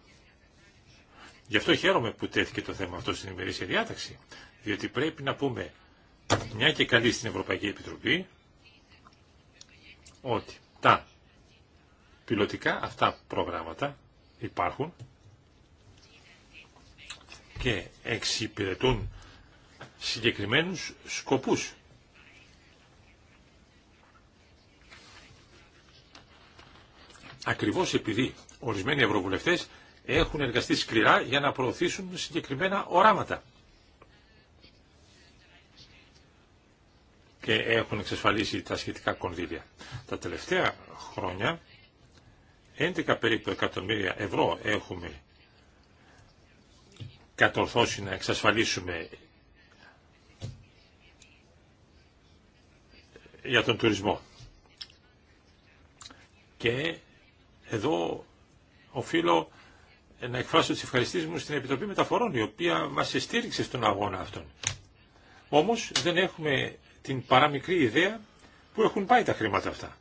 Γι' αυτό χαίρομαι που τέθηκε το θέμα αυτό στην ημερήσια διάταξη, διότι πρέπει να πούμε μια και καλή στην Ευρωπαϊκή Επιτροπή ότι τα πιλωτικά αυτά προγράμματα υπάρχουν και εξυπηρετούν συγκεκριμένους σκοπούς ακριβώς επειδή ορισμένοι ευρωβουλευτές έχουν εργαστεί σκληρά για να προωθήσουν συγκεκριμένα οράματα. και έχουν εξασφαλίσει τα σχετικά κονδύλια. Τα τελευταία χρόνια 11 περίπου εκατομμύρια ευρώ έχουμε κατορθώσει να εξασφαλίσουμε για τον τουρισμό. Και εδώ οφείλω να εκφράσω τις ευχαριστήσεις μου στην Επιτροπή Μεταφορών, η οποία μας εστήριξε στον αγώνα αυτόν. Όμως δεν έχουμε την παραμικρή ιδέα που έχουν πάει τα χρήματα αυτά.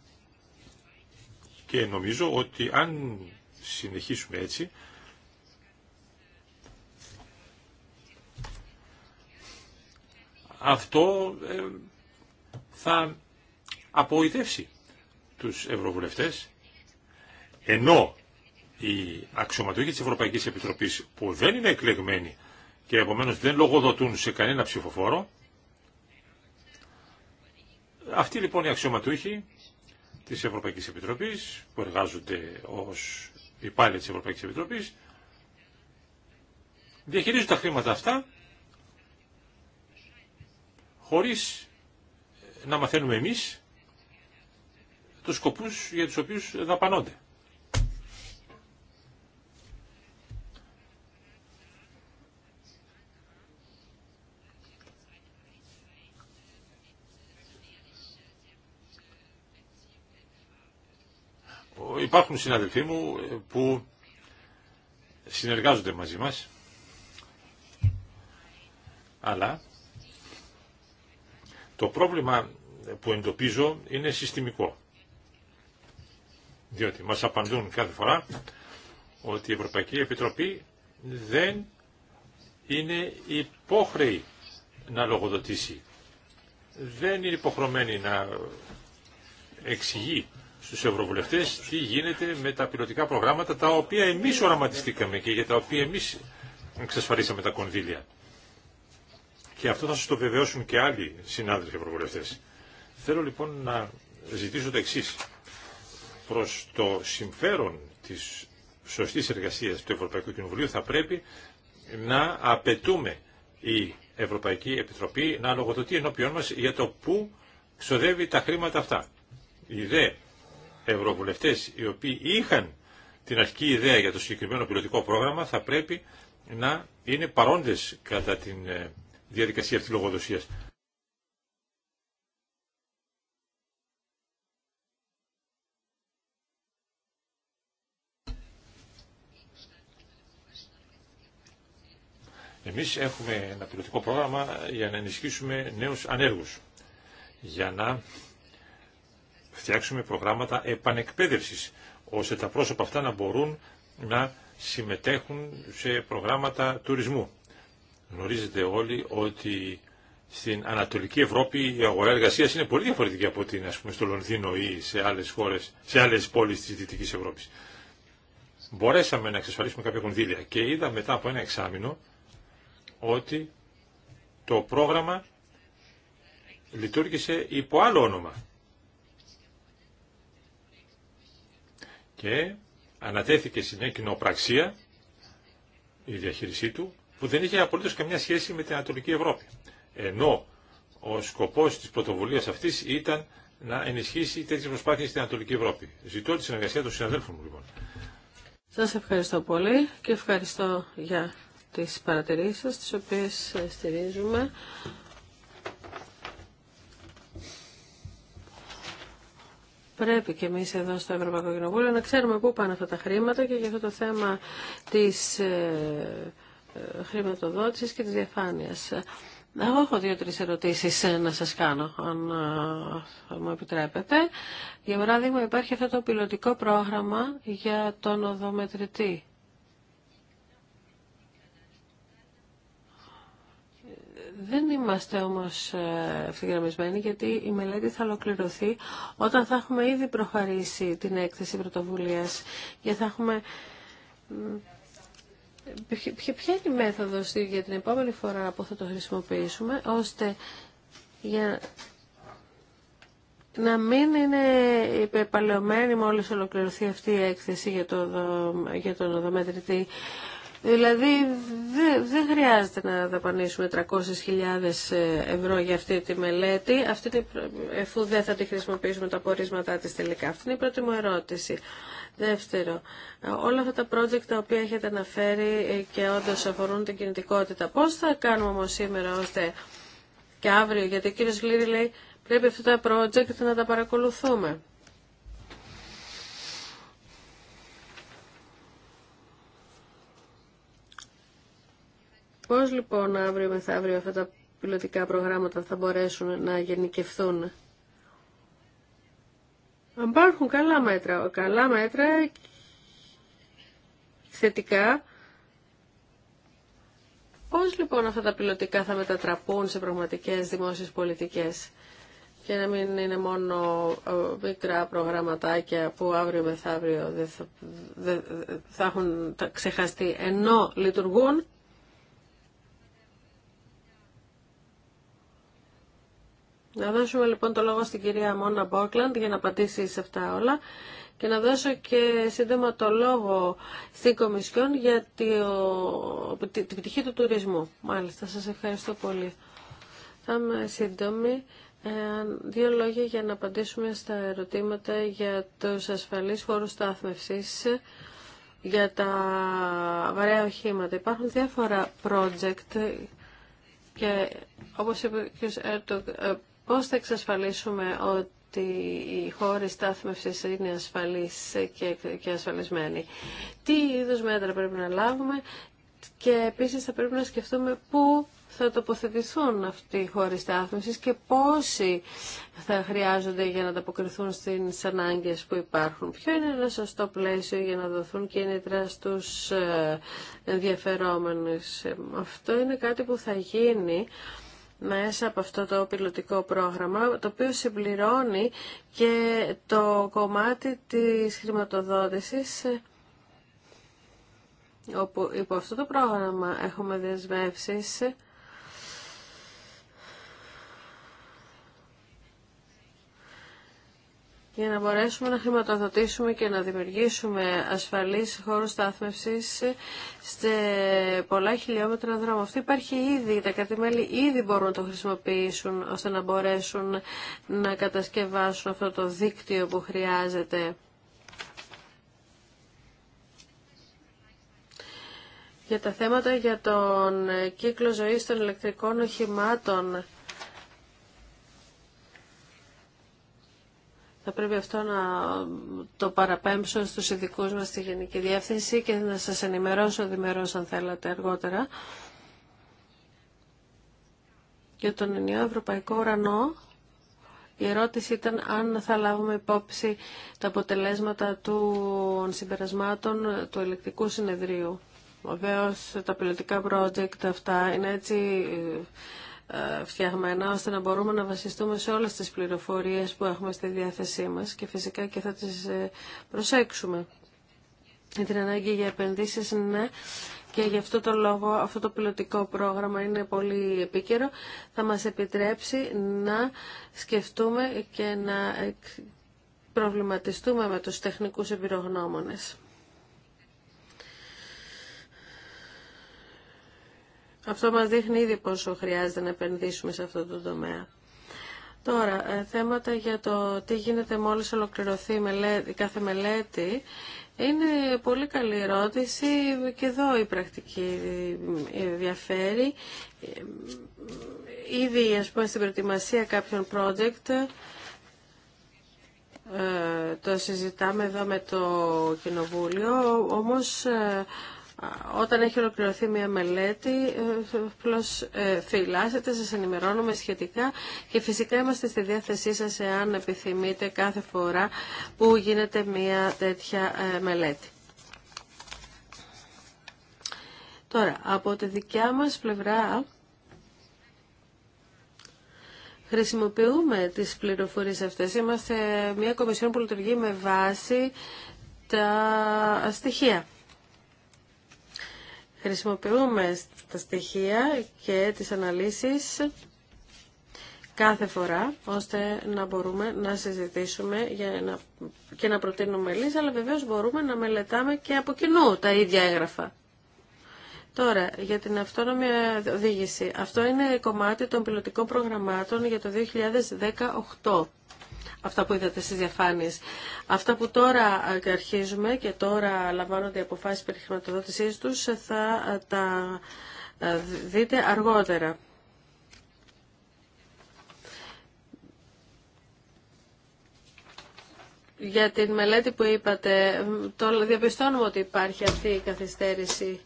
Και νομίζω ότι αν συνεχίσουμε έτσι, αυτό ε, θα απογοητεύσει τους ευρωβουλευτές ενώ οι αξιωματούχοι της Ευρωπαϊκής Επιτροπής που δεν είναι εκλεγμένοι και επομένως δεν λογοδοτούν σε κανένα ψηφοφόρο, αυτοί λοιπόν οι αξιωματούχοι της Ευρωπαϊκής Επιτροπής που εργάζονται ως υπάλληλοι της Ευρωπαϊκής Επιτροπής διαχειρίζουν τα χρήματα αυτά χωρίς να μαθαίνουμε εμείς τους σκοπούς για τους οποίους δαπανώνται. υπάρχουν συναδελφοί μου ε, που συνεργάζονται μαζί μας, αλλά το πρόβλημα που εντοπίζω είναι συστημικό. Διότι μας απαντούν κάθε φορά ότι η Ευρωπαϊκή Επιτροπή δεν είναι υπόχρεη να λογοδοτήσει. Δεν είναι υποχρεωμένη να εξηγεί στους ευρωβουλευτές τι γίνεται με τα πιλωτικά προγράμματα τα οποία εμείς οραματιστήκαμε και για τα οποία εμείς εξασφαλίσαμε τα κονδύλια. Και αυτό θα σας το βεβαιώσουν και άλλοι συνάδελφοι ευρωβουλευτές. Θέλω λοιπόν να ζητήσω το εξή προς το συμφέρον της σωστής εργασίας του Ευρωπαϊκού Κοινοβουλίου θα πρέπει να απαιτούμε η Ευρωπαϊκή Επιτροπή να λογοδοτεί ενώπιόν μας για το πού ξοδεύει τα χρήματα αυτά. Η δε ευρωβουλευτές οι οποίοι είχαν την αρχική ιδέα για το συγκεκριμένο πιλωτικό πρόγραμμα θα πρέπει να είναι παρόντες κατά τη ε, διαδικασία αυτή λογοδοσίας. Εμείς έχουμε ένα πιλωτικό πρόγραμμα για να ενισχύσουμε νέους ανέργους, για να φτιάξουμε προγράμματα επανεκπαίδευσης, ώστε τα πρόσωπα αυτά να μπορούν να συμμετέχουν σε προγράμματα τουρισμού. Γνωρίζετε όλοι ότι στην Ανατολική Ευρώπη η αγορά εργασίας είναι πολύ διαφορετική από την, ας στο Λονδίνο ή σε άλλες χώρες, σε άλλες πόλεις της Δυτικής Ευρώπης. Μπορέσαμε να εξασφαλίσουμε κάποια κονδύλια και είδα μετά από ένα εξάμεινο ότι το πρόγραμμα λειτουργήσε υπό άλλο όνομα. και ανατέθηκε στην μια κοινοπραξία η διαχείρισή του που δεν είχε απολύτως καμιά σχέση με την Ανατολική Ευρώπη. Ενώ ο σκοπός της πρωτοβουλίας αυτής ήταν να ενισχύσει τέτοιες προσπάθειες στην Ανατολική Ευρώπη. Ζητώ τη συνεργασία των συναδέλφων μου λοιπόν. Σας ευχαριστώ πολύ και ευχαριστώ για τις παρατηρήσεις σας, τις οποίες στηρίζουμε. Πρέπει και εμείς εδώ στο Ευρωπαϊκό Κοινοβούλιο να ξέρουμε πού πάνε αυτά τα χρήματα και για αυτό το θέμα της ε, ε, χρηματοδότησης και της διαφάνειας. Εγώ έχω δύο-τρεις ερωτήσεις ε, να σας κάνω, αν μου επιτρέπετε. Για παράδειγμα, υπάρχει αυτό το πιλωτικό πρόγραμμα για τον οδομετρητή. Δεν είμαστε όμως ε, ευθυγραμμισμένοι γιατί η μελέτη θα ολοκληρωθεί όταν θα έχουμε ήδη προχωρήσει την έκθεση πρωτοβουλίας και θα έχουμε... Ποια είναι η μέθοδος για την επόμενη φορά που θα το χρησιμοποιήσουμε ώστε για να μην είναι υπεπαλαιωμένη μόλις ολοκληρωθεί αυτή η έκθεση για τον, για τον οδομετρητή Δηλαδή δεν χρειάζεται να δαπανίσουμε 300.000 ε, ευρώ για αυτή τη μελέτη, αυτή τη εφού δεν θα τη χρησιμοποιήσουμε τα πορίσματά της τελικά. Αυτή είναι η πρώτη μου ερώτηση. Δεύτερο, ε, όλα αυτά τα project τα οποία έχετε αναφέρει ε, και όντω αφορούν την κινητικότητα, πώς θα κάνουμε όμως σήμερα ώστε και αύριο, γιατί ο κύριος Γλύρη λέει πρέπει αυτά τα project να τα παρακολουθούμε. Πώς λοιπόν αύριο μεθαύριο αυτά τα πιλωτικά προγράμματα θα μπορέσουν να γενικευθούν. Αν υπάρχουν καλά μέτρα, καλά μέτρα θετικά, πώς λοιπόν αυτά τα πιλωτικά θα μετατραπούν σε πραγματικές δημόσιες πολιτικές και να μην είναι μόνο ε, μικρά προγραμματάκια που αύριο μεθαύριο δεν θα, θα έχουν ξεχαστεί ενώ λειτουργούν Να δώσουμε λοιπόν το λόγο στην κυρία Μόνα Μπόκλαντ για να απαντήσει σε αυτά όλα και να δώσω και σύντομα το λόγο στην Κομισιόν για την πτυχή του τουρισμού. Μάλιστα, σας ευχαριστώ πολύ. Θα είμαι σύντομη. Ε, δύο λόγια για να απαντήσουμε στα ερωτήματα για τους ασφαλείς χώρους στάθμευσης για τα βαρέα οχήματα. Υπάρχουν διάφορα project και όπως είπε ο κ. Ε, Πώς θα εξασφαλίσουμε ότι οι χώροι στάθμευσης είναι ασφαλείς και ασφαλισμένοι. Τι είδους μέτρα πρέπει να λάβουμε και επίσης θα πρέπει να σκεφτούμε πού θα τοποθετηθούν αυτοί οι χώροι στάθμισης και πόσοι θα χρειάζονται για να ανταποκριθούν στις ανάγκες που υπάρχουν. Ποιο είναι ένα σωστό πλαίσιο για να δοθούν κίνητρα στους ε, ενδιαφερόμενους. Αυτό είναι κάτι που θα τοποθετηθουν αυτοι οι χωροι σταθμευσης και ποσοι θα χρειαζονται για να ανταποκριθουν στις αναγκες που υπαρχουν ποιο ειναι ενα σωστο πλαισιο για να δοθουν κινητρα στους ενδιαφερομενους αυτο ειναι κατι που θα γινει μέσα από αυτό το πιλωτικό πρόγραμμα, το οποίο συμπληρώνει και το κομμάτι της χρηματοδότησης ε, όπου υπό αυτό το πρόγραμμα έχουμε δεσμεύσεις ε, για να μπορέσουμε να χρηματοδοτήσουμε και να δημιουργήσουμε ασφαλείς χώρους στάθμευσης σε πολλά χιλιόμετρα δρόμο. Αυτό υπάρχει ήδη, τα κατημέλη ήδη μπορούν να το χρησιμοποιήσουν ώστε να μπορέσουν να κατασκευάσουν αυτό το δίκτυο που χρειάζεται. Για τα θέματα για τον κύκλο ζωής των ηλεκτρικών οχημάτων Θα πρέπει αυτό να το παραπέμψω στους ειδικού μας στη Γενική Διεύθυνση και να σας ενημερώσω διμερώς αν θέλατε αργότερα. Για τον ενιαίο ευρωπαϊκό ουρανό, η ερώτηση ήταν αν θα λάβουμε υπόψη τα αποτελέσματα των συμπερασμάτων του ελεκτικού συνεδρίου. Βεβαίω τα πιλωτικά project αυτά είναι έτσι ε, φτιαγμένα ώστε να μπορούμε να βασιστούμε σε όλες τις πληροφορίες που έχουμε στη διάθεσή μας και φυσικά και θα τις ε, προσέξουμε. Την ανάγκη για επενδύσεις, ναι, και γι' αυτό το λόγο αυτό το πιλωτικό πρόγραμμα είναι πολύ επίκαιρο. Θα μας επιτρέψει να σκεφτούμε και να προβληματιστούμε με τους τεχνικούς εμπειρογνώμονες. Αυτό μας δείχνει ήδη πόσο χρειάζεται να επενδύσουμε σε αυτό το τομέα. Τώρα, ε, θέματα για το τι γίνεται μόλις ολοκληρωθεί κάθε μελέτη. Είναι πολύ καλή ερώτηση και εδώ η πρακτική ε, διαφέρει. Ε, ήδη, ας πούμε, στην προετοιμασία κάποιων project το συζητάμε εδώ με το Κοινοβούλιο, όμως όταν έχει ολοκληρωθεί μια μελέτη, φιλάσετε, φυλάσσετε, ε, σας ενημερώνουμε σχετικά και φυσικά είμαστε στη διάθεσή σας εάν επιθυμείτε κάθε φορά που γίνεται μια τέτοια ε, μελέτη. Τώρα, από τη δικιά μας πλευρά χρησιμοποιούμε τις πληροφορίες αυτές. Είμαστε μια κομισιόν που λειτουργεί με βάση τα στοιχεία. Χρησιμοποιούμε τα στοιχεία και τις αναλύσεις κάθε φορά, ώστε να μπορούμε να συζητήσουμε για να... και να προτείνουμε λύσεις, αλλά βεβαίως μπορούμε να μελετάμε και από κοινού τα ίδια έγγραφα. Τώρα, για την αυτόνομη οδήγηση. Αυτό είναι κομμάτι των πιλωτικών προγραμμάτων για το 2018 αυτά που είδατε στις διαφάνειες. Αυτά που τώρα αρχίζουμε και τώρα λαμβάνονται οι αποφάσεις περί χρηματοδότησής τους θα τα ε, δείτε αργότερα. Για την μελέτη που είπατε, το διαπιστώνουμε ότι υπάρχει αυτή η καθυστέρηση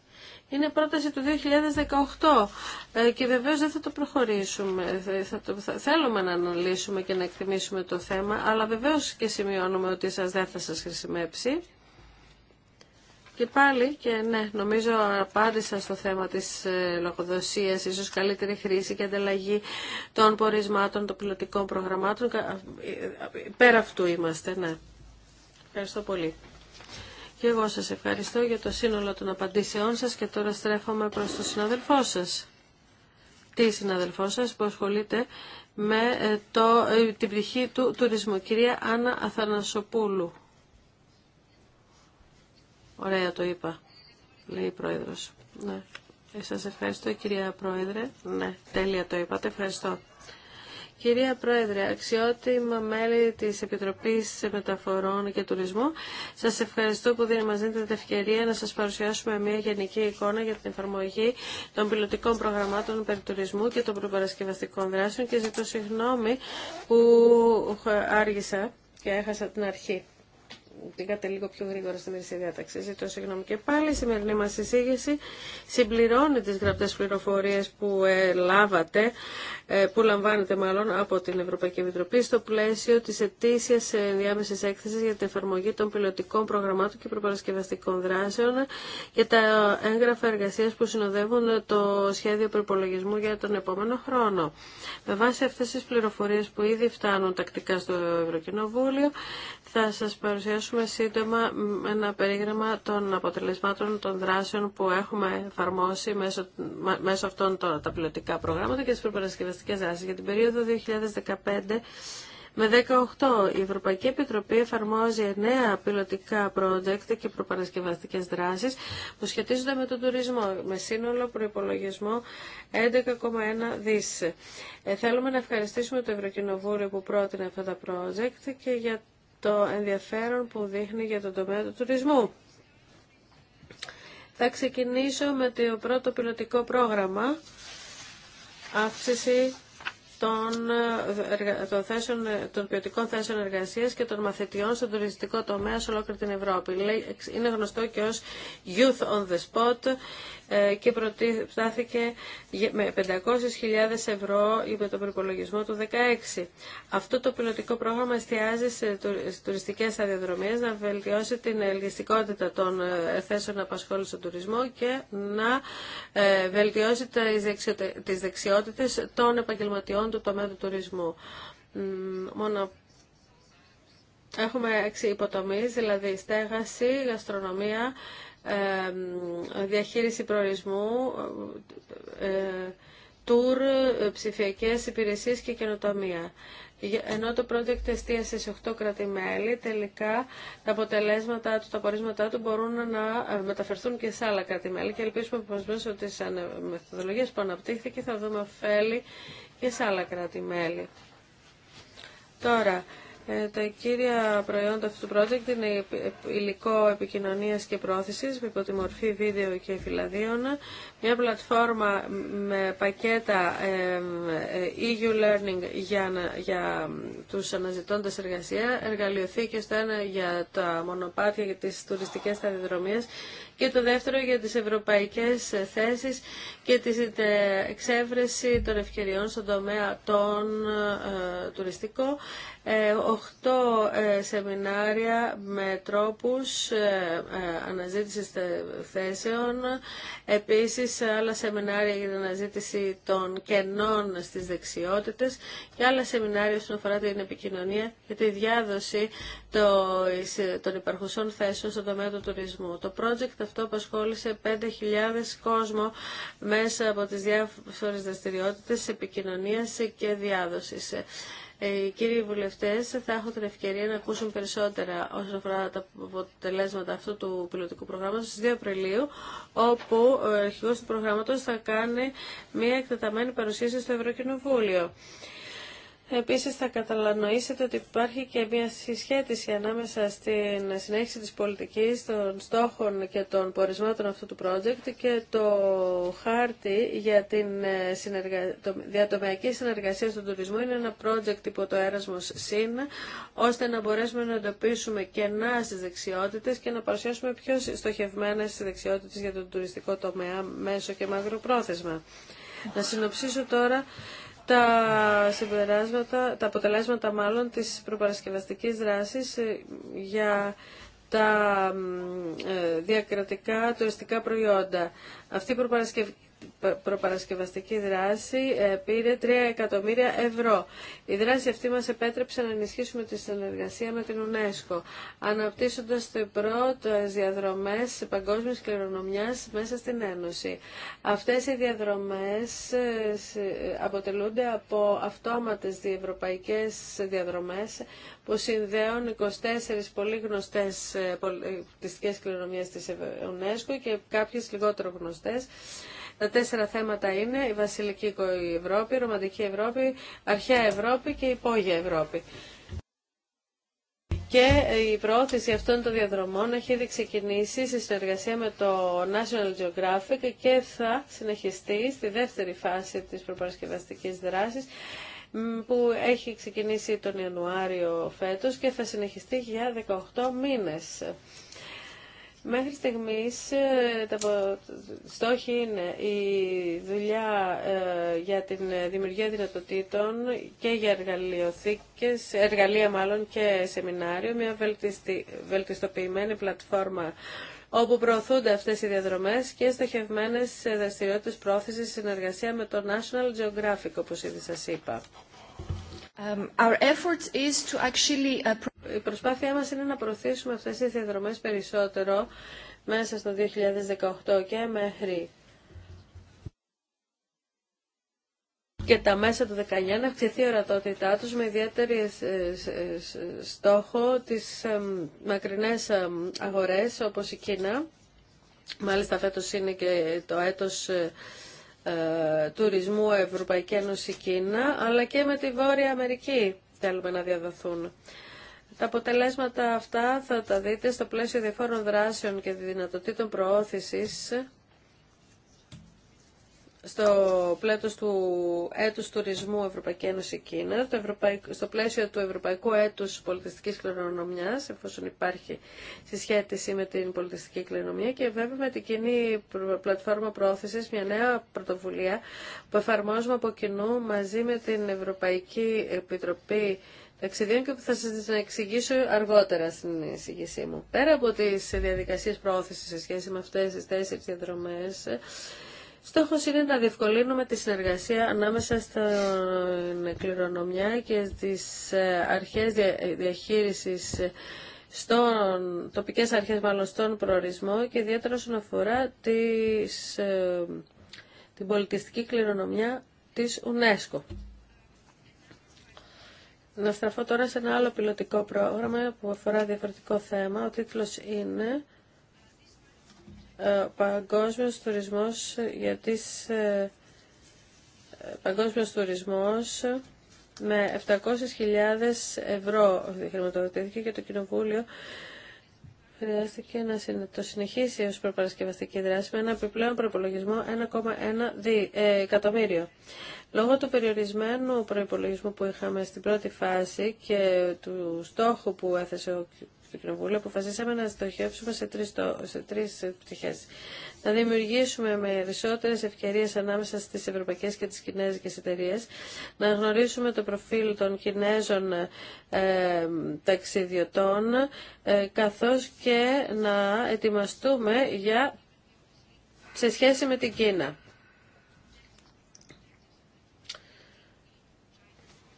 είναι πρόταση του 2018 ε, και βεβαίως δεν θα το προχωρήσουμε. Ε, θα θα, θέλουμε να αναλύσουμε και να εκτιμήσουμε το θέμα, αλλά βεβαίως και σημειώνουμε ότι σας δεν θα σας χρησιμεύσει. Και πάλι, και ναι, νομίζω απάντησα στο θέμα της ε, λογοδοσίας, ίσως καλύτερη χρήση και ανταλλαγή των πορισμάτων, των πιλωτικών προγραμμάτων. Πέρα αυτού είμαστε, ναι. Ευχαριστώ πολύ. Και εγώ σας ευχαριστώ για το σύνολο των απαντήσεών σας και τώρα στρέφομαι προς τον συναδελφό σας. Τι συναδελφό σας που ασχολείται με ε, το, ε, την πτυχή του τουρισμού. Κυρία Άννα Αθανασοπούλου. Ωραία το είπα, λέει η Πρόεδρος. Ναι. Ε, σας ευχαριστώ κυρία Πρόεδρε. Ναι, τέλεια το είπατε. Ευχαριστώ. Κυρία Πρόεδρε, αξιότιμα μέλη της Επιτροπής Μεταφορών και Τουρισμού, σας ευχαριστώ που μας δίνετε την ευκαιρία να σας παρουσιάσουμε μια γενική εικόνα για την εφαρμογή των πιλωτικών προγραμμάτων περί τουρισμού και των προπαρασκευαστικών δράσεων και ζητώ συγγνώμη που άργησα και έχασα την αρχή πήγατε λίγο πιο γρήγορα στη μερική διάταξη. Ζητώ συγγνώμη. Και πάλι η σημερινή μα εισήγηση συμπληρώνει τι γραπτέ πληροφορίε που ε, λάβατε, ε, που λαμβάνετε μάλλον από την Ευρωπαϊκή Επιτροπή στο πλαίσιο τη ετήσια ε, διάμεση έκθεση για την εφαρμογή των πιλωτικών προγραμμάτων και προπαρασκευαστικών δράσεων και τα έγγραφα εργασία που συνοδεύουν το σχέδιο προπολογισμού για τον επόμενο χρόνο. Με βάση αυτέ τι πληροφορίε που ήδη φτάνουν τακτικά στο Ευρωκοινοβούλιο, θα σας παρουσιάσουμε σύντομα ένα περίγραμμα των αποτελεσμάτων των δράσεων που έχουμε εφαρμόσει μέσω, μέσω αυτών των, τα πιλωτικά προγράμματα και τις προπαρασκευαστικές δράσεις. Για την περίοδο 2015 με 18 η Ευρωπαϊκή Επιτροπή εφαρμόζει νέα πιλωτικά project και προπαρασκευαστικές δράσεις που σχετίζονται με τον τουρισμό με σύνολο προϋπολογισμό 11,1 δις. Ε, θέλουμε να ευχαριστήσουμε το Ευρωκοινοβούλιο που πρότεινε αυτά τα project και για το ενδιαφέρον που δείχνει για τον τομέα του τουρισμού. Θα ξεκινήσω με το πρώτο πιλωτικό πρόγραμμα αύξηση των, ε, των, θέσεων, ποιοτικών θέσεων εργασία και των μαθητιών στον τουριστικό τομέα σε ολόκληρη την Ευρώπη. Είναι γνωστό και ως Youth on the Spot ε, και προτάθηκε με 500.000 ευρώ υπό τον προπολογισμό του 2016. Αυτό το πιλωτικό πρόγραμμα εστιάζει σε τουριστικές αδιαδρομίες να βελτιώσει την ελκυστικότητα των ε, θέσεων απασχόληση στον τουρισμό και να βελτιώσει τις δεξιότητες των επαγγελματιών του το τομέα του τουρισμού. Μόνο έχουμε έξι υποτομείς, δηλαδή στέγαση, γαστρονομία, ε, διαχείριση προορισμού, ε, τουρ, ε, ψηφιακές υπηρεσίες και καινοτομία. Ενώ το project εστίασε σε 8 κρατη τελικά τα αποτελέσματά του, τα πορίσματά του μπορούν να μεταφερθούν και σε άλλα και ελπίζουμε πως μέσω της μεθοδολογίας που αναπτύχθηκε θα δούμε ωφέλη και σε άλλα κράτη-μέλη. Τώρα, ε, τα κύρια προϊόντα αυτού του project είναι ε, υλικό επικοινωνίας και πρόθεσης υπό τη μορφή βίντεο και φυλαδίων μια πλατφόρμα με πακέτα ε, ε, EU Learning για, για τους αναζητώντες εργασία, εργαλειοθήκες το ένα για τα μονοπάτια για τις τουριστικές σταδιοδρομίες και το δεύτερο για τις ευρωπαϊκές θέσεις και τη ε, εξέβρεση των ευκαιριών στον τομέα των ε, τουριστικό. Οχτώ σεμινάρια με τρόπους ε, αναζήτησης θέσεων. Επίσης, σε άλλα σεμινάρια για την αναζήτηση των κενών στις δεξιότητες και άλλα σεμινάρια όσον αφορά την επικοινωνία και τη διάδοση των υπαρχουσών θέσεων στον τομέα του τουρισμού. Το project αυτό απασχόλησε 5.000 κόσμο μέσα από τις διάφορες δραστηριότητες επικοινωνίας και διάδοσης. Ε, κύριοι βουλευτές, θα έχω την ευκαιρία να ακούσουν περισσότερα όσον αφορά τα αποτελέσματα αυτού του πιλωτικού προγράμματος στι 2 Απριλίου, όπου ο αρχηγό του προγράμματο θα κάνει μια εκτεταμένη παρουσίαση στο Ευρωκοινοβούλιο. Επίσης θα καταλανοήσετε ότι υπάρχει και μια συσχέτιση ανάμεσα στην συνέχιση της πολιτικής, των στόχων και των πορισμάτων αυτού του project και το χάρτη για την ε, συνεργα... το... διατομιακή συνεργασία στον τουρισμό είναι ένα project υπό το έρασμος ΣΥΝ, ώστε να μπορέσουμε να εντοπίσουμε κενά στις δεξιότητες και να παρουσιάσουμε πιο στοχευμένες δεξιότητες για τον τουριστικό τομέα μέσω και μακροπρόθεσμα. Να συνοψίσω τώρα τα συμπεράσματα, τα αποτελέσματα μάλλον της προπαρασκευαστικής δράσης ε, για τα ε, διακρατικά τουριστικά προϊόντα. Αυτή η προπαρασκευαστική προπαρασκευαστική δράση ε, πήρε 3 εκατομμύρια ευρώ. Η δράση αυτή μας επέτρεψε να ενισχύσουμε τη συνεργασία με την UNESCO, αναπτύσσοντας το πρώτο διαδρομές παγκόσμιες κληρονομιάς μέσα στην Ένωση. Αυτές οι διαδρομές ε, ε, αποτελούνται από αυτόματες διευρωπαϊκές διαδρομές που συνδέουν 24 πολύ γνωστές πολιτιστικές κληρονομιές της UNESCO και κάποιες λιγότερο γνωστές τα τέσσερα θέματα είναι η Βασιλική Ευρώπη, η Ρωμαντική Ευρώπη, Αρχαία Ευρώπη και η Υπόγεια Ευρώπη. Και ε, η προώθηση αυτών των διαδρομών έχει ήδη ξεκινήσει σε συνεργασία με το National Geographic και θα συνεχιστεί στη δεύτερη φάση της προπαρασκευαστικής δράσης που έχει ξεκινήσει τον Ιανουάριο φέτος και θα συνεχιστεί για 18 μήνες. Μέχρι στιγμής ε, τα στόχοι είναι η δουλειά ε, για την δημιουργία δυνατοτήτων και για εργαλειοθήκες, εργαλεία μάλλον και σεμινάριο, μια βελτιστοποιημένη πλατφόρμα όπου προωθούνται αυτές οι διαδρομές και στοχευμένες δραστηριότητες πρόθεσης συνεργασία με το National Geographic, όπως ήδη σας είπα. Um, uh, η προσπάθειά μας είναι να προωθήσουμε αυτές τις διαδρομές περισσότερο μέσα στο 2018 και μέχρι και τα μέσα του 2019 να αυξηθεί η ορατότητά τους με ιδιαίτερη ε, ε, ε, στόχο τις μακρινές αγορές όπως η Κίνα. Μάλιστα φέτος είναι και το έτος ε, τουρισμού Ευρωπαϊκή Ένωση Κίνα, αλλά και με τη Βόρεια Αμερική θέλουμε να διαδοθούν. Τα αποτελέσματα αυτά θα τα δείτε στο πλαίσιο διαφόρων δράσεων και δυνατοτήτων προώθησης στο πλέτο του έτους τουρισμού Ευρωπαϊκή Ένωση Κίνα, στο πλαίσιο του Ευρωπαϊκού έτους πολιτιστικής κληρονομιάς, εφόσον υπάρχει συσχέτιση με την πολιτιστική κληρονομιά και βέβαια με την κοινή πλατφόρμα Πρόθεση, μια νέα πρωτοβουλία που εφαρμόζουμε από κοινού μαζί με την Ευρωπαϊκή Επιτροπή ταξιδίων και που θα σας εξηγήσω αργότερα στην εισηγήσή μου. Πέρα από τις διαδικασίες πρόθεση σε σχέση με αυτές τις τέσσερις διαδρομές, Στόχο είναι να διευκολύνουμε τη συνεργασία ανάμεσα στην κληρονομιά και στι ε, αρχές ε, διαχείριση στον, τοπικές αρχές μάλλον στον προορισμό και ιδιαίτερα όσον αφορά ε, την πολιτιστική κληρονομιά της UNESCO. Να στραφώ τώρα σε ένα άλλο πιλωτικό πρόγραμμα που αφορά διαφορετικό θέμα. Ο τίτλος είναι ο ε, παγκόσμιος τουρισμός για ε, παγκόσμιος τουρισμός με 700.000 ευρώ χρηματοδοτήθηκε και το Κοινοβούλιο χρειάστηκε να το συνεχίσει ως προπαρασκευαστική δράση με ένα επιπλέον προπολογισμό 1,1 ε, εκατομμύριο. Λόγω του περιορισμένου προϋπολογισμού που είχαμε στην πρώτη φάση και του στόχου που έθεσε ο στο Κοινοβούλιο, αποφασίσαμε να στοχεύσουμε σε τρεις, σε τρεις πτυχές. Να δημιουργήσουμε με περισσότερε ευκαιρίε ανάμεσα στι ευρωπαϊκέ και τι κινέζικε εταιρείε, να γνωρίσουμε το προφίλ των Κινέζων ε, ταξιδιωτών, ε, καθώ και να ετοιμαστούμε για σε σχέση με την Κίνα.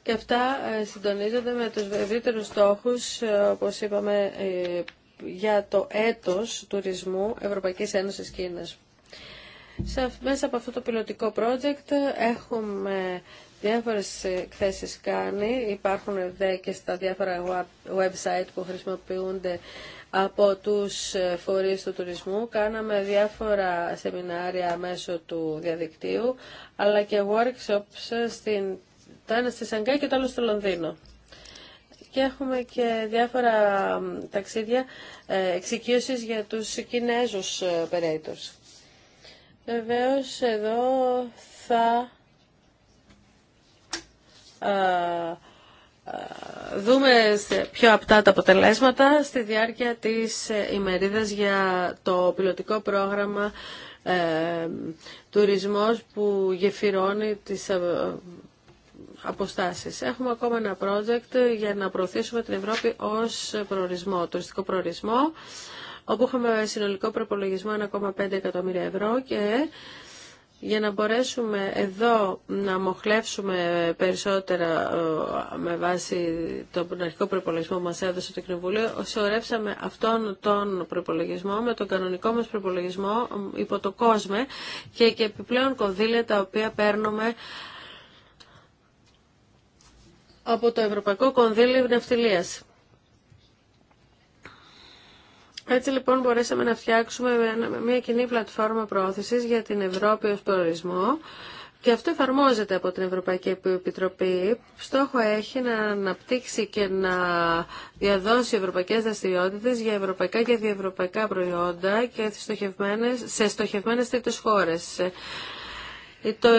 και αυτά ε, συντονίζονται με τους ευρύτερους στόχους, ε, όπως είπαμε, ε, για το έτος τουρισμού Ευρωπαϊκής Ένωσης Κίνας. Μέσα από αυτό το πιλωτικό project έχουμε διάφορες εκθέσεις κάνει, υπάρχουν δε και στα διάφορα website που χρησιμοποιούνται από τους φορείς του τουρισμού. Κάναμε διάφορα σεμινάρια μέσω του διαδικτύου, αλλά και workshops στην το ένα στη Σανγκάη και το άλλο στο Λονδίνο. Και έχουμε και διάφορα ταξίδια ε, εξοικείωση για τους Κινέζους ε, operators. Βεβαίως εδώ θα ε, δούμε πιο απτά τα αποτελέσματα στη διάρκεια της ημερίδας για το πιλωτικό πρόγραμμα ε, τουρισμός που γεφυρώνει τις αποστάσεις. Έχουμε ακόμα ένα project για να προωθήσουμε την Ευρώπη ως προορισμό, τουριστικό προορισμό, όπου είχαμε συνολικό προπολογισμό 1,5 εκατομμύρια ευρώ και για να μπορέσουμε εδώ να μοχλεύσουμε περισσότερα ε, με βάση τον αρχικό προπολογισμό που μας έδωσε το Κοινοβουλίο, σωρέψαμε αυτόν τον προπολογισμό με τον κανονικό μας προπολογισμό ε, υπό το κόσμο και, και επιπλέον κονδύλια τα οποία παίρνουμε από το Ευρωπαϊκό Κονδύλιο Ναυτιλίας. Έτσι λοιπόν μπορέσαμε να φτιάξουμε μια κοινή πλατφόρμα προώθησης για την Ευρώπη ως προορισμό και αυτό εφαρμόζεται από την Ευρωπαϊκή Επιτροπή. Στόχο έχει να αναπτύξει και να διαδώσει ευρωπαϊκές δραστηριότητες για ευρωπαϊκά και διευρωπαϊκά προϊόντα και σε στοχευμένες τρίτες χώρες.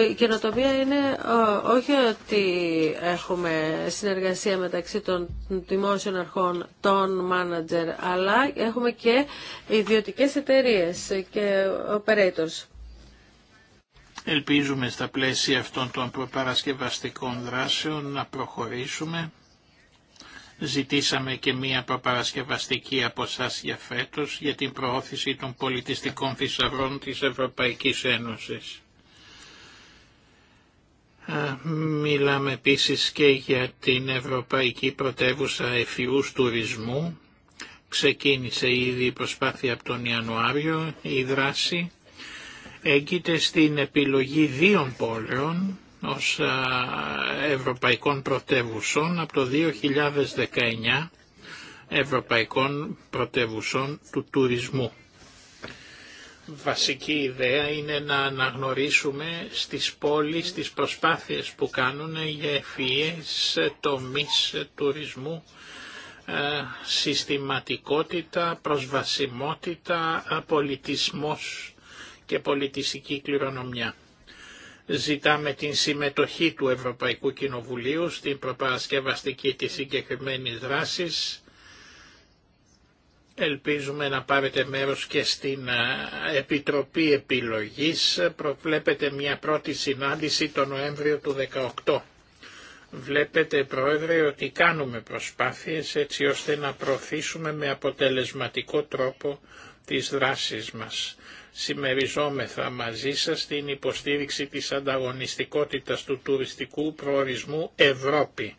Η καινοτομία είναι όχι ότι έχουμε συνεργασία μεταξύ των δημόσιων αρχών, των μάνατζερ, αλλά έχουμε και ιδιωτικές εταιρείες και operators. Ελπίζουμε στα πλαίσια αυτών των προπαρασκευαστικών δράσεων να προχωρήσουμε. Ζητήσαμε και μία προπαρασκευαστική από εσά για φέτος για την προώθηση των πολιτιστικών θησαυρών της Ευρωπαϊκής Ένωσης. Μιλάμε επίσης και για την Ευρωπαϊκή Πρωτεύουσα Εφιούς Τουρισμού. Ξεκίνησε ήδη η προσπάθεια από τον Ιανουάριο, η δράση. Έγκυται στην επιλογή δύο πόλεων ως Ευρωπαϊκών Πρωτεύουσων από το 2019 Ευρωπαϊκών Πρωτεύουσων του Τουρισμού βασική ιδέα είναι να αναγνωρίσουμε στις πόλεις τις προσπάθειες που κάνουν για ευφυΐες τομείς τουρισμού, ε, συστηματικότητα, προσβασιμότητα, ε, πολιτισμός και πολιτιστική κληρονομιά. Ζητάμε την συμμετοχή του Ευρωπαϊκού Κοινοβουλίου στην προπαρασκευαστική της συγκεκριμένη δράσης Ελπίζουμε να πάρετε μέρος και στην Επιτροπή Επιλογής. Προβλέπετε μια πρώτη συνάντηση τον Νοέμβριο του 2018. Βλέπετε, Πρόεδρε, ότι κάνουμε προσπάθειες έτσι ώστε να προωθήσουμε με αποτελεσματικό τρόπο τις δράσεις μας. Σημεριζόμεθα μαζί σας την υποστήριξη της ανταγωνιστικότητας του τουριστικού προορισμού Ευρώπη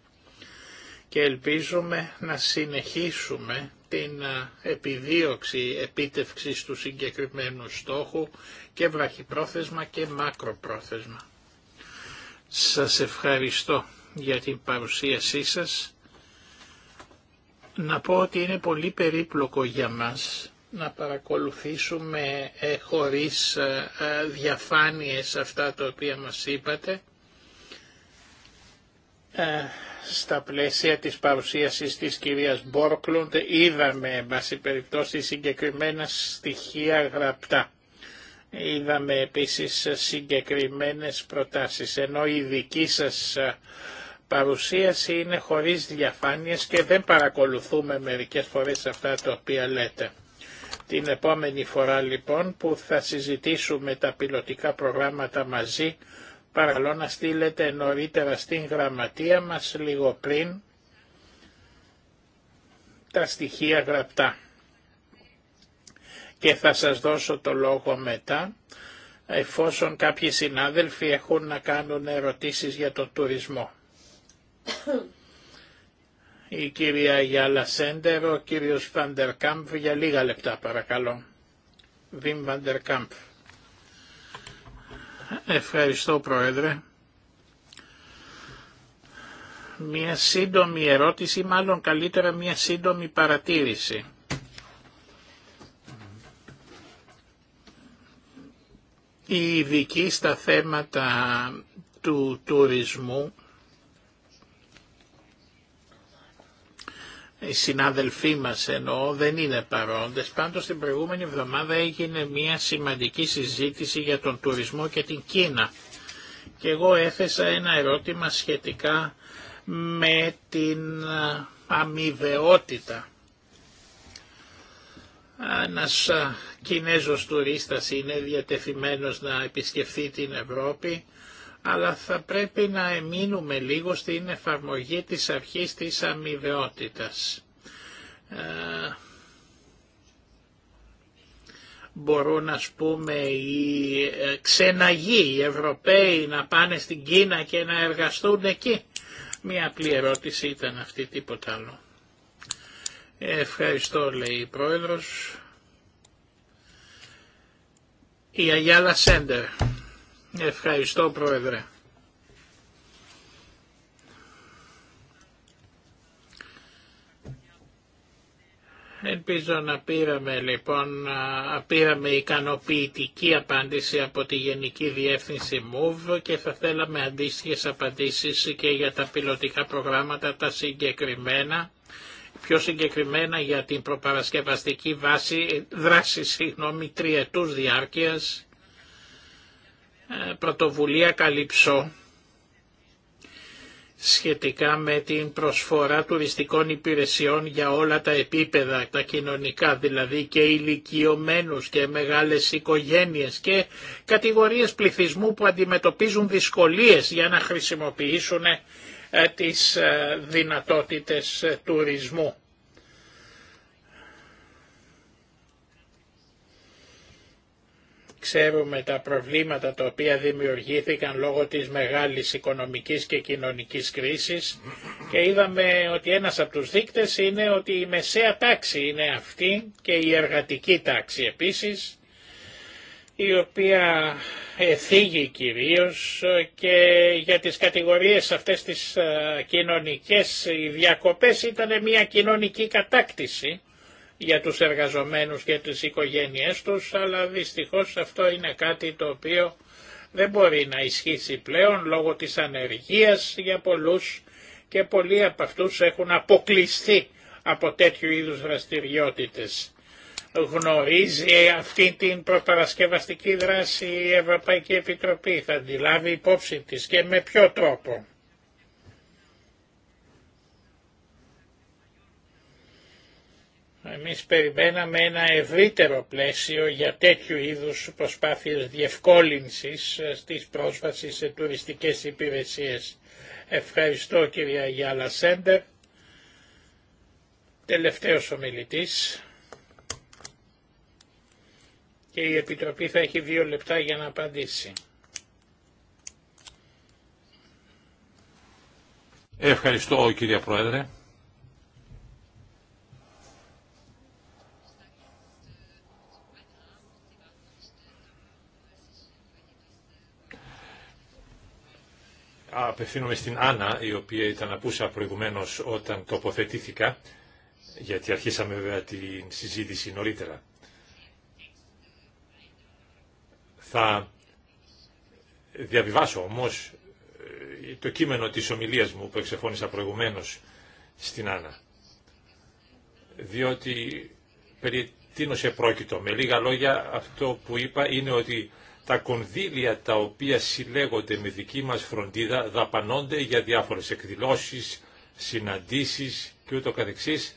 και ελπίζουμε να συνεχίσουμε την ε, επιδίωξη επίτευξης του συγκεκριμένου στόχου και βραχυπρόθεσμα και μακροπρόθεσμα. Σας ευχαριστώ για την παρουσίασή σας. Να πω ότι είναι πολύ περίπλοκο για μας να παρακολουθήσουμε ε, χωρίς ε, διαφάνειες αυτά τα οποία μας είπατε ε, στα πλαίσια της παρουσίασης της κυρίας Μπόρκλουντ είδαμε, βάση περιπτώσει, συγκεκριμένα στοιχεία γραπτά. Είδαμε επίσης συγκεκριμένες προτάσεις, ενώ η δική σας παρουσίαση είναι χωρίς διαφάνειες και δεν παρακολουθούμε μερικές φορές αυτά τα οποία λέτε. Την επόμενη φορά λοιπόν που θα συζητήσουμε τα πιλωτικά προγράμματα μαζί, Παρακαλώ να στείλετε νωρίτερα στην γραμματεία μας λίγο πριν τα στοιχεία γραπτά. Και θα σας δώσω το λόγο μετά, εφόσον κάποιοι συνάδελφοι έχουν να κάνουν ερωτήσεις για τον τουρισμό. Η κυρία Γιάλα Σέντερ, ο κύριος Βαντερκάμπ για λίγα λεπτά παρακαλώ. Βιμ Βαντερκάμπ. Ευχαριστώ Πρόεδρε. Μια σύντομη ερώτηση, μάλλον καλύτερα μια σύντομη παρατήρηση. Οι ειδικοί στα θέματα του τουρισμού οι συνάδελφοί μας εννοώ δεν είναι παρόντες. Πάντως την προηγούμενη εβδομάδα έγινε μια σημαντική συζήτηση για τον τουρισμό και την Κίνα. Και εγώ έθεσα ένα ερώτημα σχετικά με την αμοιβαιότητα. Ένας Κινέζος τουρίστας είναι διατεθειμένος να επισκεφθεί την Ευρώπη αλλά θα πρέπει να εμείνουμε λίγο στην εφαρμογή της αρχής της αμοιβαιότητας. Ε, μπορούν ας πούμε οι ε, ξεναγοί, οι Ευρωπαίοι να πάνε στην Κίνα και να εργαστούν εκεί. Μία απλή ερώτηση ήταν αυτή, τίποτα άλλο. Ε, ευχαριστώ λέει η Πρόεδρος. Η Αγιάλα Σέντερ. Ευχαριστώ Πρόεδρε. Ελπίζω να πήραμε λοιπόν, πήραμε ικανοποιητική απάντηση από τη Γενική Διεύθυνση MOVE και θα θέλαμε αντίστοιχες απαντήσεις και για τα πιλωτικά προγράμματα τα συγκεκριμένα, πιο συγκεκριμένα για την προπαρασκευαστική βάση, δράση συγγνώμη, τριετούς διάρκειας ε, πρωτοβουλία καλύψω σχετικά με την προσφορά τουριστικών υπηρεσιών για όλα τα επίπεδα, τα κοινωνικά δηλαδή και ηλικιωμένου και μεγάλες οικογένειες και κατηγορίες πληθυσμού που αντιμετωπίζουν δυσκολίες για να χρησιμοποιήσουν ε, τις ε, δυνατότητες τουρισμού. Ξέρουμε τα προβλήματα τα οποία δημιουργήθηκαν λόγω της μεγάλης οικονομικής και κοινωνικής κρίσης και είδαμε ότι ένας από τους δείκτες είναι ότι η μεσαία τάξη είναι αυτή και η εργατική τάξη επίσης η οποία εθίγει κυρίως και για τις κατηγορίες αυτές τις ε, κοινωνικές οι διακοπές ήταν μια κοινωνική κατάκτηση για τους εργαζομένους και τις οικογένειές τους, αλλά δυστυχώς αυτό είναι κάτι το οποίο δεν μπορεί να ισχύσει πλέον λόγω της ανεργίας για πολλούς και πολλοί από αυτούς έχουν αποκλειστεί από τέτοιου είδους δραστηριότητες. Γνωρίζει αυτή την προπαρασκευαστική δράση η Ευρωπαϊκή Επιτροπή, θα τη υπόψη της και με ποιο τρόπο. Εμείς περιμέναμε ένα ευρύτερο πλαίσιο για τέτοιου είδους προσπάθειες διευκόλυνσης ε, στις πρόσβασης σε τουριστικές υπηρεσίες. Ευχαριστώ κυρία Γιάλα Σέντερ. Τελευταίος ομιλητής. Και η Επιτροπή θα έχει δύο λεπτά για να απαντήσει. Ευχαριστώ κύριε Πρόεδρε. απευθύνομαι στην Άννα, η οποία ήταν απούσα προηγουμένω όταν τοποθετήθηκα, γιατί αρχίσαμε βέβαια την συζήτηση νωρίτερα. Θα διαβιβάσω όμως ε, το κείμενο της ομιλίας μου που εξεφώνησα προηγουμένως στην Άννα. Διότι περί τίνος επρόκειτο. Με λίγα λόγια αυτό που είπα είναι ότι τα κονδύλια τα οποία συλλέγονται με δική μας φροντίδα δαπανώνται για διάφορες εκδηλώσεις, συναντήσεις και ούτω καθεξής.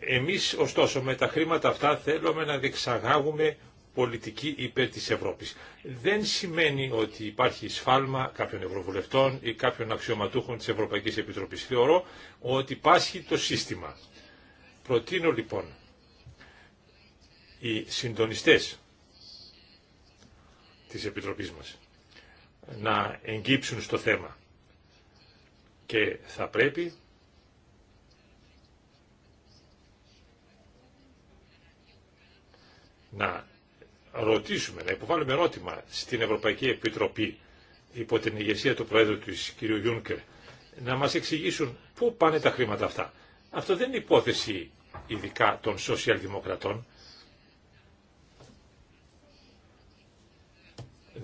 Εμείς ωστόσο με τα χρήματα αυτά θέλουμε να διεξαγάγουμε πολιτική υπέρ της Ευρώπης. Δεν σημαίνει ότι υπάρχει σφάλμα κάποιων ευρωβουλευτών ή κάποιων αξιωματούχων της Ευρωπαϊκής Επιτροπής. Θεωρώ ότι πάσχει το σύστημα. Προτείνω λοιπόν οι συντονιστές της Επιτροπής μας να εγκύψουν στο θέμα και θα πρέπει να ρωτήσουμε, να υποβάλουμε ερώτημα στην Ευρωπαϊκή Επιτροπή υπό την ηγεσία του Πρόεδρου του κ. Γιούνκερ να μας εξηγήσουν πού πάνε τα χρήματα αυτά. Αυτό δεν είναι υπόθεση ειδικά των σοσιαλδημοκρατών,